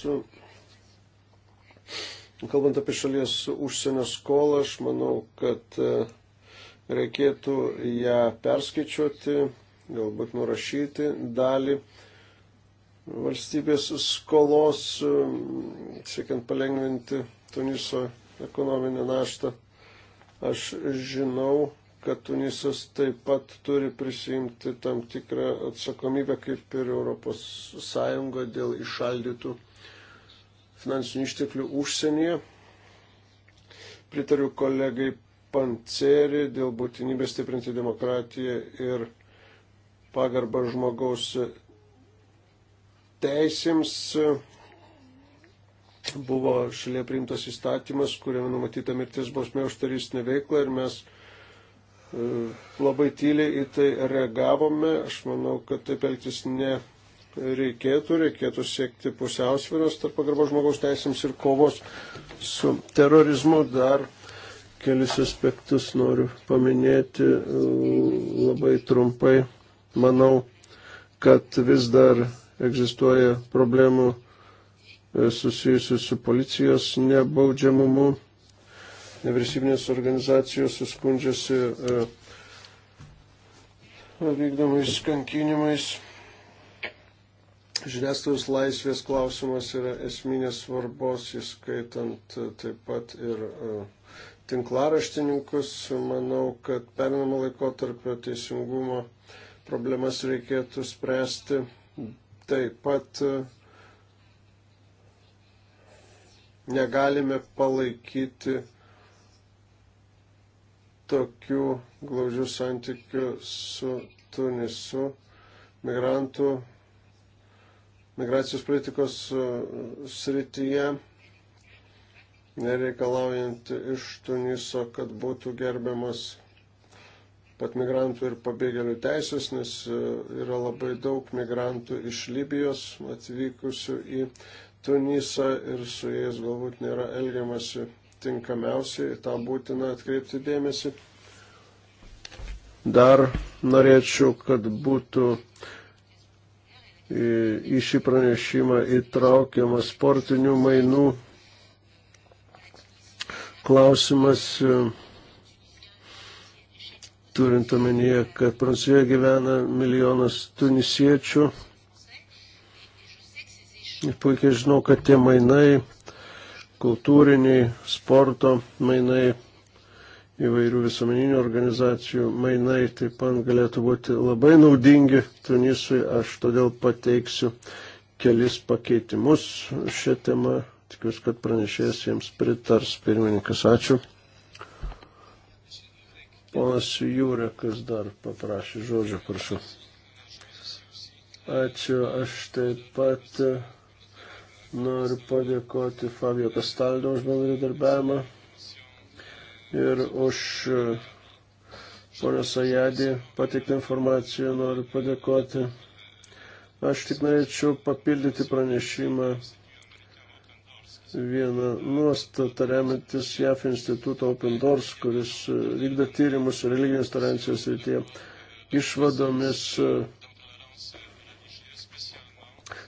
Kalbant apie šalies užsienio skolą, aš manau, kad e, reikėtų ją perskaičiuoti, galbūt nurašyti dalį valstybės skolos, um, siekiant palengventi Tuniso ekonominę naštą. Aš žinau, kad Tunisas taip pat turi prisimti tam tikrą atsakomybę, kaip ir Europos Sąjunga, dėl išaldytų finansinių išteklių užsienyje. Pritariu kolegai Panceri dėl būtinybės stiprinti demokratiją ir pagarbą žmogaus teisėms buvo šalia priimtas įstatymas, kuriame numatyta mirties bausmė už teroristinę veiklą ir mes e, labai tyliai į tai reagavome. Aš manau, kad taip elgtis nereikėtų, reikėtų siekti pusiausvėros tarp pagarbos žmogaus teisėms ir kovos su terorizmu dar kelis aspektus noriu paminėti e, labai trumpai. Manau, kad vis dar egzistuoja problemų e, susijusių su policijos nebaudžiamumu. Nevyriausybinės organizacijos suskundžiasi e, vykdomais kankinimais. Žiniasklaidos laisvės klausimas yra esminės svarbos, įskaitant e, taip pat ir tinklaraštininkus. Manau, kad pernamo laikotarpio teisingumo problemas reikėtų spręsti Taip pat e, negalime palaikyti tokių glaužių santykių su Tunisu. Migrantų, migracijos politikos e, srityje nereikalaujant iš Tuniso, kad būtų gerbiamas pat migrantų ir pabėgėlių teisės, nes e, yra labai daug migrantų iš Libijos atvykusių į Tunisą ir su jais galbūt nėra elgiamasi tinkamiausiai, tą būtina atkreipti dėmesį. Dar norėčiau, kad būtų į šį pranešimą įtraukiamas sportinių mainų klausimas. E, turint omenyje, kad Prancūzijoje gyvena milijonas tunisiečių. Ir puikiai žinau, kad tie mainai, kultūriniai, sporto mainai, įvairių visuomeninių organizacijų mainai taip pat galėtų būti labai naudingi Tunisui. Aš todėl pateiksiu kelis pakeitimus šią temą. Tikiuosi, kad pranešėjas jiems pritars. Pirmininkas, ačiū. Ponas Jūrekas dar paprašė žodžio, prašau. Ačiū, aš taip pat e, noriu padėkoti Fabio Kastaldo už bendradarbiavimą ir už e, ponios Ajadį pateiktą informaciją noriu padėkoti. Aš tik norėčiau papildyti pranešimą vieną nuostatą remiantis JAF instituto Open Doors, kuris e, vykdo tyrimus religinės tolerancijos rytyje išvadomis. E,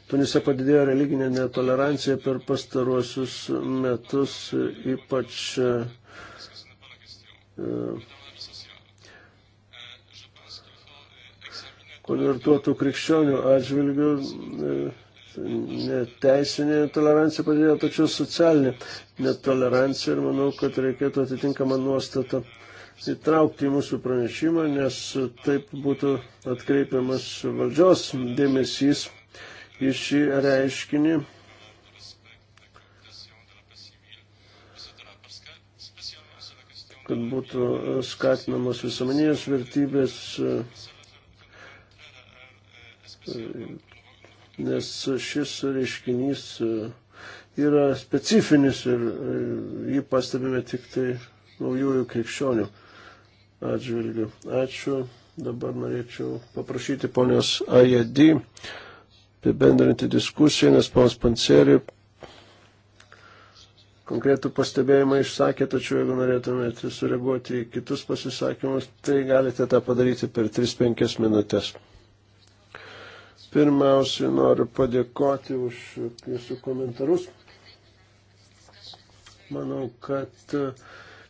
Tunise padidėjo religinė netolerancija per pastaruosius metus, ypač e, konvertuotų krikščionių atžvilgių teisinė tolerancija padidėjo, tačiau socialinė netolerancija ir manau, kad reikėtų atitinkamą nuostatą įtraukti į mūsų pranešimą, nes taip būtų atkreipiamas valdžios dėmesys į šį reiškinį. kad būtų skatinamos visuomenės vertybės, nes šis reiškinys e, yra specifinis ir e, jį pastebime tik tai naujųjų krikščionių atžvilgių. Ačiū. Dabar norėčiau paprašyti ponios AJD apibendrinti diskusiją, nes ponas Panceri konkretų pastebėjimą išsakė, tačiau jeigu norėtumėte sureaguoti į kitus pasisakymus, tai galite tą padaryti per 3-5 minutės. Pirmiausiai noriu padėkoti už jūsų komentarus. Manau, kad e,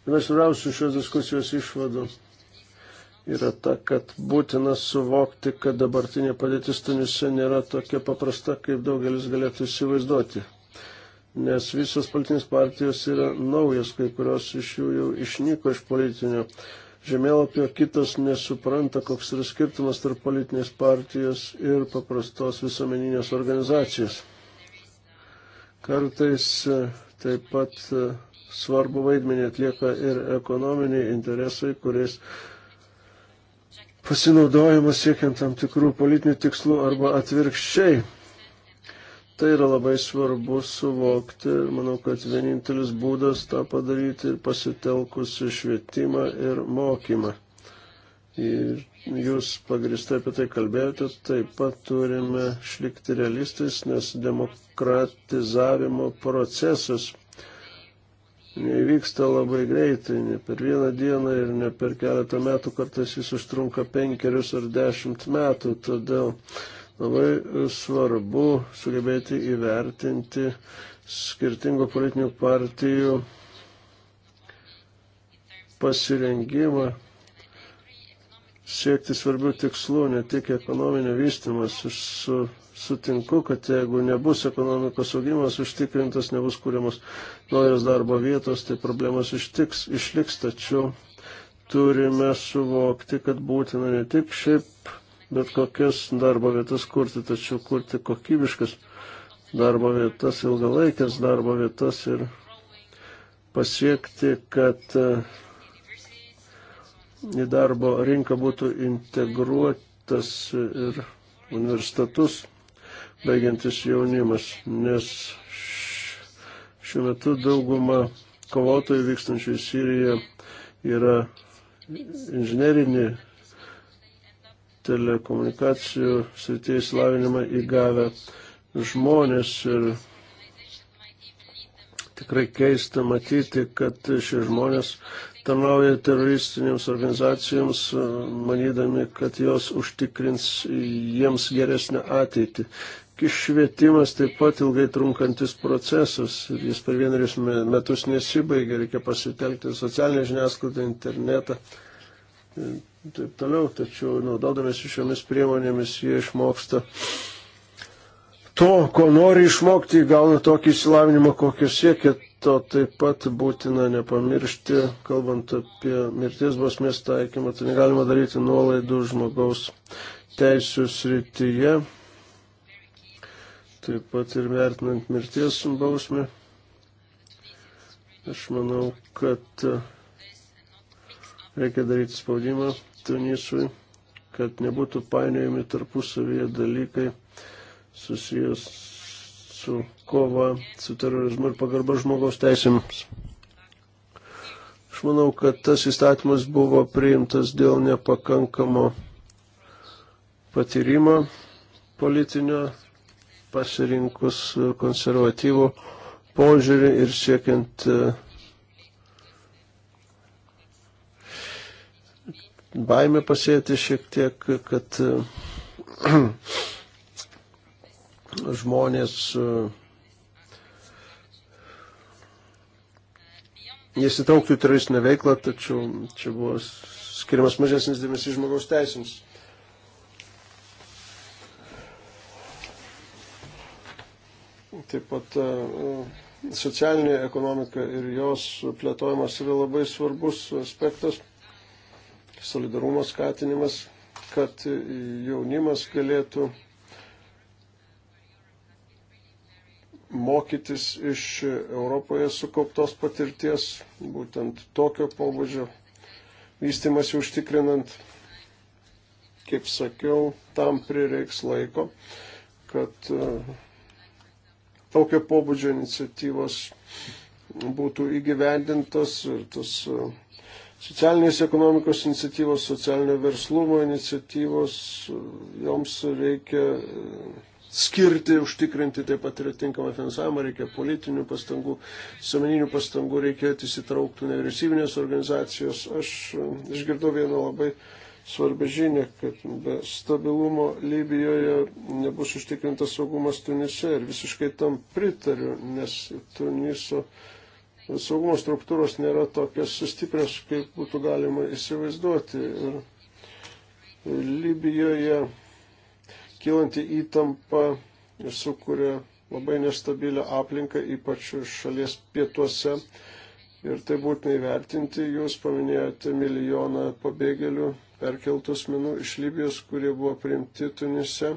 viena svarbiausių šios diskusijos išvadų yra ta, kad būtina suvokti, kad dabartinė padėtis Tunise nėra tokia paprasta, kaip daugelis galėtų įsivaizduoti. Nes visos politinės partijos yra naujas, kai kurios iš jų jau išnyko iš politinio žemėlapio, kitas nesupranta, koks yra skirtumas tarp politinės partijos ir paprastos visuomeninės organizacijos. Kartais e, taip pat e, svarbu vaidmenį atlieka ir ekonominiai interesai, kuriais pasinaudojimas siekiant tam tikrų politinių tikslų arba atvirkščiai Tai yra labai svarbu suvokti ir manau, kad vienintelis būdas tą padaryti pasitelkus švietimą ir mokymą. Ir jūs pagristai apie tai kalbėjote, taip pat turime išlikti realistais, nes demokratizavimo procesas įvyksta labai greitai, ne per vieną dieną ir ne per keletą metų, kartais jis užtrunka penkerius ar dešimt metų, todėl Labai svarbu sugebėti įvertinti skirtingų politinių partijų pasirengimą siekti svarbių tikslų, ne tik ekonominio vystimas. Aš su, sutinku, kad jeigu nebus ekonomikos augimas užtikrintas, nebus kūriamos naujos darbo vietos, tai problemas ištiks, išliks, tačiau turime suvokti, kad būtina ne tik šiaip bet kokias darbo vietas kurti, tačiau kurti kokybiškas darbo vietas, ilgalaikės darbo vietas ir pasiekti, kad e, į darbo rinką būtų integruotas ir universitetus baigiantis jaunimas, nes šiuo metu dauguma kovotojų vykstančių į Siriją yra inžinerinį telekomunikacijų srityje įsilavinimą įgavę žmonės ir tikrai keista matyti, kad šie žmonės tarnauja teroristinėms organizacijoms, manydami, kad jos užtikrins jiems geresnę ateitį. Išvietimas taip pat ilgai trunkantis procesas, jis per vienerius metus nesibaigia, reikia pasitelkti socialinę žiniasklaidą, internetą taip toliau, tačiau naudodamėsi šiomis priemonėmis jie išmoksta to, ko nori išmokti, gauna tokį įsilavinimą, kokio siekia. To taip pat būtina nepamiršti, kalbant apie mirties bausmės taikymą, tai negalima daryti nuolaidų žmogaus teisų srityje, taip pat ir vertinant mirties bausmę. Aš manau, kad Reikia daryti spaudimą Tunisui, kad nebūtų painiojami tarpusavyje dalykai susijęs su kova su terorizmu ir pagarba žmogaus teisėms. Aš manau, kad tas įstatymas buvo priimtas dėl nepakankamo patyrimo politinio pasirinkus konservatyvų požiūrį ir siekiant uh, baimė pasėti šiek tiek, kad žmonės nesitrauktų į teroristinę veiklą, tačiau čia buvo skiriamas mažesnis dėmesys žmogaus teisėms. Taip pat e, socialinė ekonomika ir jos plėtojimas yra labai svarbus aspektas solidarumo skatinimas, kad jaunimas galėtų mokytis iš Europoje sukauptos patirties, būtent tokio pobūdžio vystimas užtikrinant, kaip sakiau, tam prireiks laiko, kad e, tokio pobūdžio iniciatyvos būtų įgyvendintos ir tas e, socialinės ekonomikos iniciatyvos, socialinio verslumo iniciatyvos, joms reikia e, skirti, užtikrinti taip pat ir atinkamą finansavimą, reikia politinių pastangų, visuomeninių pastangų, reikia, kad įsitrauktų nevyriausybinės organizacijos. Aš e, išgirdau vieną labai svarbia žinia, kad be stabilumo Libijoje nebus užtikrintas saugumas Tunise ir visiškai tam pritariu, nes Tuniso saugumo struktūros nėra tokios sustiprios, kaip būtų galima įsivaizduoti. Ir Libijoje kilanti įtampa sukuria labai nestabilią aplinką, ypač šalies pietuose. Ir tai būtinai vertinti. Jūs paminėjote milijoną pabėgėlių perkeltų asmenų iš Libijos, kurie buvo priimti Tunise.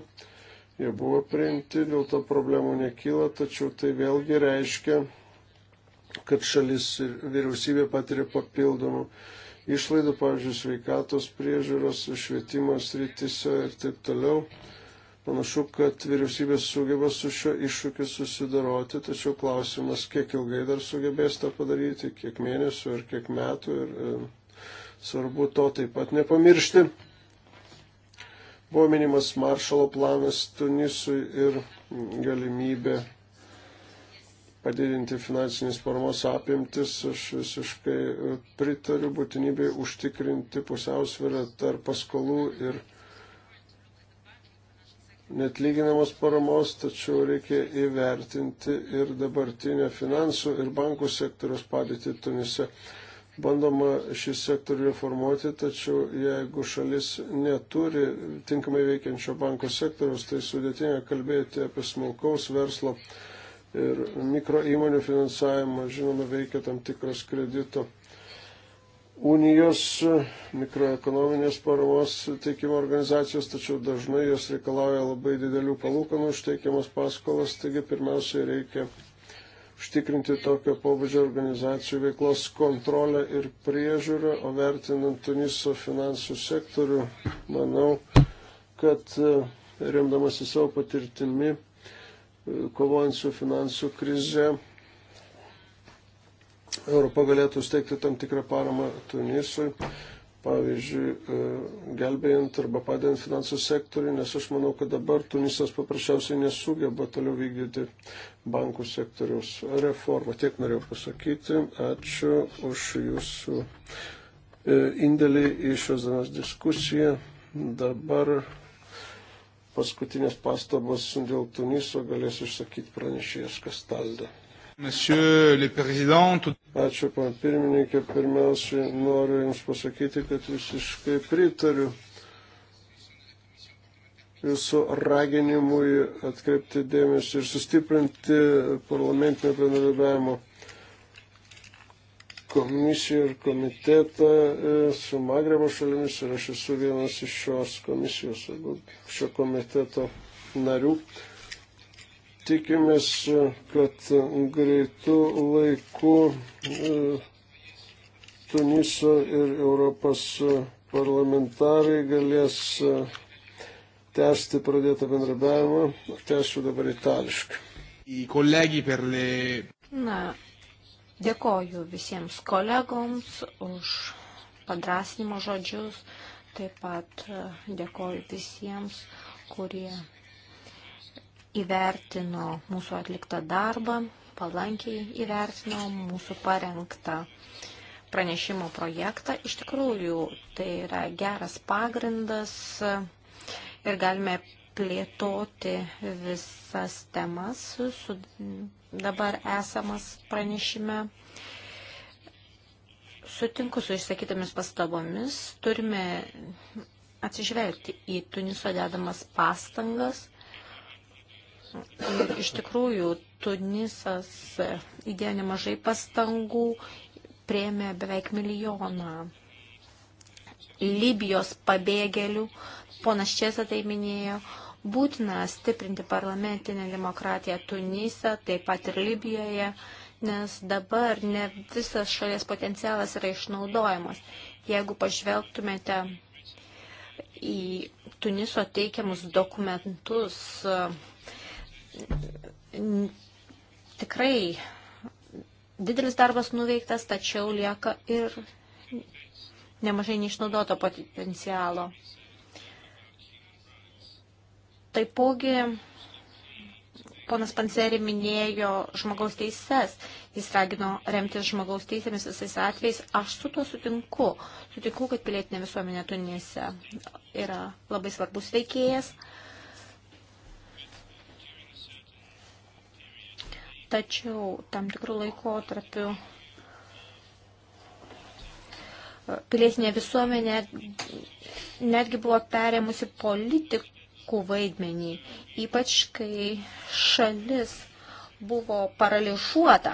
Jie buvo priimti, dėl to problemų nekyla, tačiau tai vėlgi reiškia, kad šalis ir vyriausybė patiria papildomų išlaidų, pavyzdžiui, sveikatos priežiūros, švietimo srityse ir taip toliau. Panašu, kad vyriausybės sugeba su šio iššūkiu susidaroti, tačiau klausimas, kiek ilgai dar sugebės tą padaryti, kiek mėnesių ir kiek metų. Ir, ir, e, svarbu to taip pat nepamiršti. Buvo minimas maršalo planas Tunisui ir galimybė padidinti finansinės paramos apimtis, aš visiškai e, pritariu būtinybėj užtikrinti pusiausvyrą tarp paskolų ir net lyginamos paramos, tačiau reikia įvertinti ir dabartinę finansų ir bankų sektoriaus padėtį Tunise. Bandoma šį sektorių reformuoti, tačiau jeigu šalis neturi tinkamai veikiančio banko sektoriaus, tai sudėtinga kalbėti apie smulkaus verslo ir mikro įmonių finansavimo, žinoma, veikia tam tikras kredito unijos, mikroekonominės paramos teikimo organizacijos, tačiau dažnai jos reikalauja labai didelių palūkanų užteikiamas paskolas, taigi pirmiausiai reikia užtikrinti tokio pobūdžio organizacijų veiklos kontrolę ir priežiūrą, o vertinant Tuniso finansų sektorių, manau, kad e, remdamasi savo patirtimi, kovojant su finansų krize, Europa galėtų steigti tam tikrą paramą Tunisui, pavyzdžiui, e, gelbėjant arba padedant finansų sektoriui, nes aš manau, kad dabar Tunisas paprasčiausiai nesugeba toliau vykdyti bankų sektoriaus reformą. Tiek norėjau pasakyti. Ačiū už jūsų e, indėlį į šios dienos diskusiją. Dabar paskutinės pastabos dėl Tuniso galės išsakyti pranešėjas Kastaldė. Ačiū, pan pirmininkė. Pirmiausia, noriu Jums pasakyti, kad visiškai pritariu Jūsų raginimui atkreipti dėmesį ir sustiprinti parlamentinio bendradarbiavimo komisiją ir komitetą e, su Magrebo šalimis ir aš esu vienas iš šios komisijos, šio komiteto narių. Tikimės, e, kad greitų laikų e, Tuniso ir Europos parlamentarai galės tęsti pradėtą bendrabiavimą. Tęsiu dabar itališkai. I kolegi per le... Na, Dėkoju visiems kolegoms už padrasinimo žodžius, taip pat e, dėkoju visiems, kurie įvertino mūsų atliktą darbą, palankiai įvertino mūsų parengtą pranešimo projektą. Iš tikrųjų, tai yra geras pagrindas e, ir galime plėtoti visas temas su dabar esamas pranešime. Sutinku su išsakytomis pastabomis, turime atsižvelgti į Tuniso dedamas pastangas. Ir iš tikrųjų Tunisas įdėjo nemažai pastangų, prieėmė beveik milijoną Libijos pabėgėlių. Ponas Česa tai minėjo. Uh, Būtina stiprinti parlamentinę demokratiją Tunise, taip pat ir Libijoje, nes dabar ne visas šalies potencialas yra išnaudojamas. Jeigu pažvelgtumėte į Tuniso teikiamus dokumentus, tikrai didelis darbas nuveiktas, tačiau lieka ir nemažai neišnaudoto potencialo. Taipogi ponas Panseri minėjo žmogaus teises. Jis ragino remtis žmogaus teisėmis visais atvejais. Aš su tuo sutinku. Sutinku, kad pilietinė visuomenė Tunise yra labai svarbus veikėjas. Tačiau tam tikrų laikotarpių e, pilietinė visuomenė netgi buvo perėmusi politik politikų vaidmenį, ypač kai šalis buvo paralyžuota.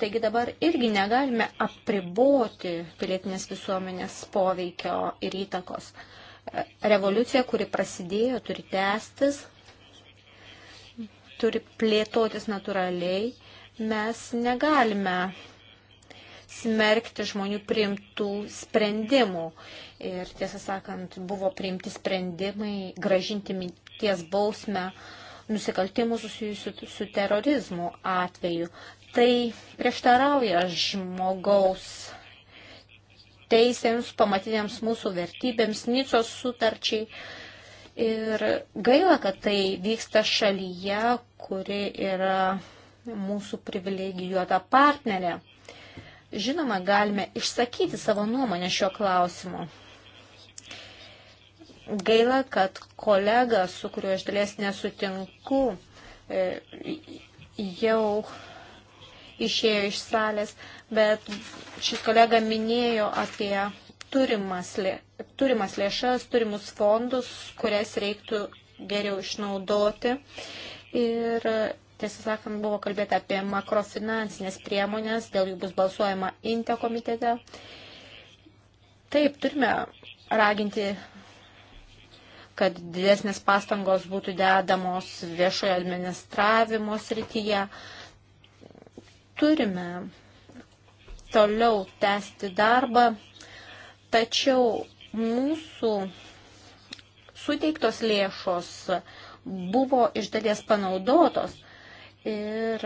Taigi dabar irgi negalime apriboti pilietinės visuomenės poveikio ir įtakos. Revoliucija, kuri prasidėjo, turi tęstis, turi plėtotis natūraliai. Mes negalime smerkti žmonių priimtų sprendimų. Ir tiesą sakant, buvo priimti sprendimai gražinti minties bausmę nusikaltimų susijusių su terorizmu atveju. Tai prieštarauja žmogaus teisėms, pamatinėms mūsų vertybėms, Nicos sutarčiai. Ir gaila, kad tai vyksta šalyje, kuri yra mūsų privilegijuota partnerė. Žinoma, galime išsakyti savo nuomonę šio klausimu. Gaila, kad kolega, su kuriuo aš dalies nesutinku, e, jau išėjo iš salės, bet šis kolega minėjo apie turimas, lė, turimas lėšas, turimus fondus, kurias reiktų geriau išnaudoti. Ir Tiesą sakant, buvo kalbėta apie makrofinansinės priemonės, dėl jų bus balsuojama INTE komitete. Taip, turime raginti, kad didesnės pastangos būtų dedamos viešojo administravimo srityje. Turime toliau tęsti darbą, tačiau mūsų suteiktos lėšos buvo iš dalies panaudotos ir,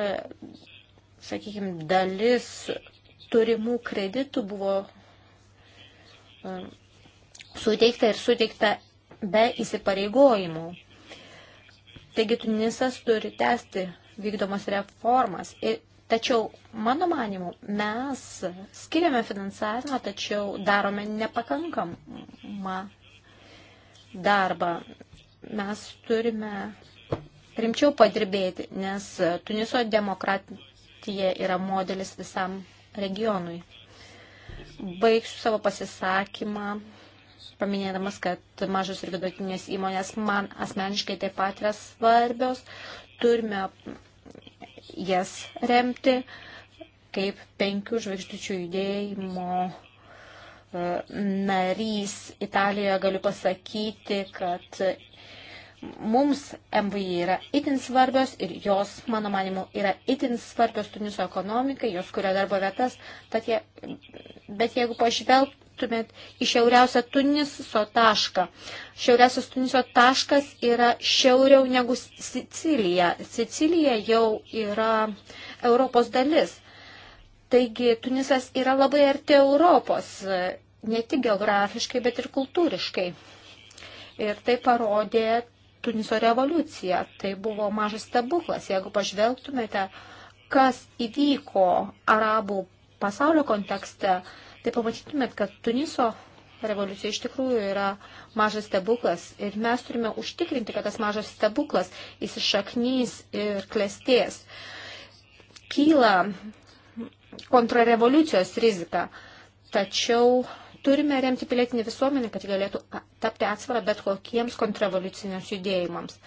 sakykime, dalis turimų kreditų buvo um, suteikta ir suteikta be įsipareigojimų. Taigi Tunisas turi tęsti vykdomas reformas. Ir, tačiau, mano manimu, mes skiriame finansavimą, tačiau darome nepakankamą darbą. Mes turime rimčiau padirbėti, nes Tuniso demokratija yra modelis visam regionui. Baigsiu savo pasisakymą, paminėdamas, kad mažos ir vidutinės įmonės man asmeniškai taip pat yra svarbios. Turime jas remti kaip penkių žvaigždučių judėjimo e, narys Italijoje galiu pasakyti, kad mums MVI yra itin svarbios ir jos, mano manimu, yra itin svarbios Tuniso ekonomikai, jos kuria darbo vietas, tad jie, bet jeigu pažvelgtumėt į šiauriausią Tuniso tašką, šiauriausias Tuniso taškas yra šiauriau negu Sicilija. Sicilija jau yra Europos dalis. Taigi Tunisas yra labai arti Europos, ne tik geografiškai, bet ir kultūriškai. Ir tai parodė Tuniso revoliucija. Tai buvo mažas stebuklas. Jeigu pažvelgtumėte, kas įvyko arabų pasaulio kontekste, tai pamatytumėt, kad Tuniso revoliucija iš tikrųjų yra mažas stebuklas ir mes turime užtikrinti, kad tas mažas stebuklas įsišaknys ir klestės. Kyla kontrarevoliucijos rizika, tačiau Turime remti pilietinį visuomenę, kad galėtų tapti atsvarą bet kokiems kontravoliuciniams judėjimams.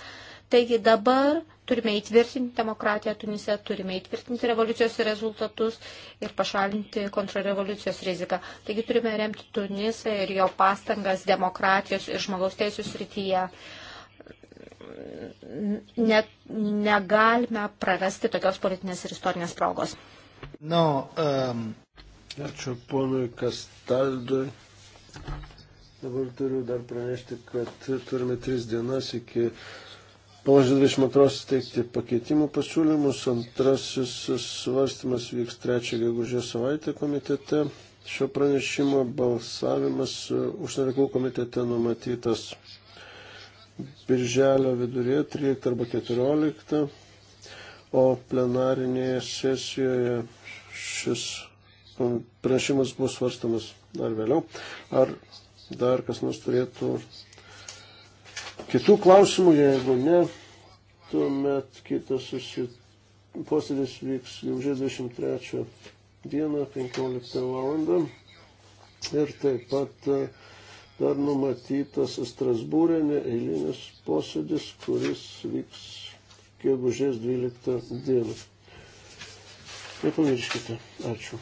Taigi dabar turime įtvirtinti demokratiją Tunise, turime įtvirtinti revoliucijos rezultatus ir pašalinti kontrarevoliucijos riziką. Taigi turime remti Tunisą ir jo pastangas demokratijos ir žmogaus teisų srityje. Net negalime prarasti tokios politinės ir istorinės progos. No, um... Ačiū ponui Kastaldui. Dabar turiu dar pranešti, kad turime tris dienas iki balandžio 22 teikti pakeitimų pasiūlymus. Antrasis svarstymas vyks trečią gegužės savaitę komitete. Šio pranešimo balsavimas užsienio reikalų komitete numatytas birželio vidurėje 13 arba 14, o plenarinėje sesijoje šis Mm, pranešimas bus svarstamas dar vėliau. Ar dar kas nors turėtų kitų klausimų, jeigu ne, tuomet kitas posėdis vyks gegužės 23 dieną 15 val. Ir taip pat e, dar numatytas Strasbūrė neeilinis posėdis, kuris vyks gegužės 12 dieną. Nepamirškite. Ačiū.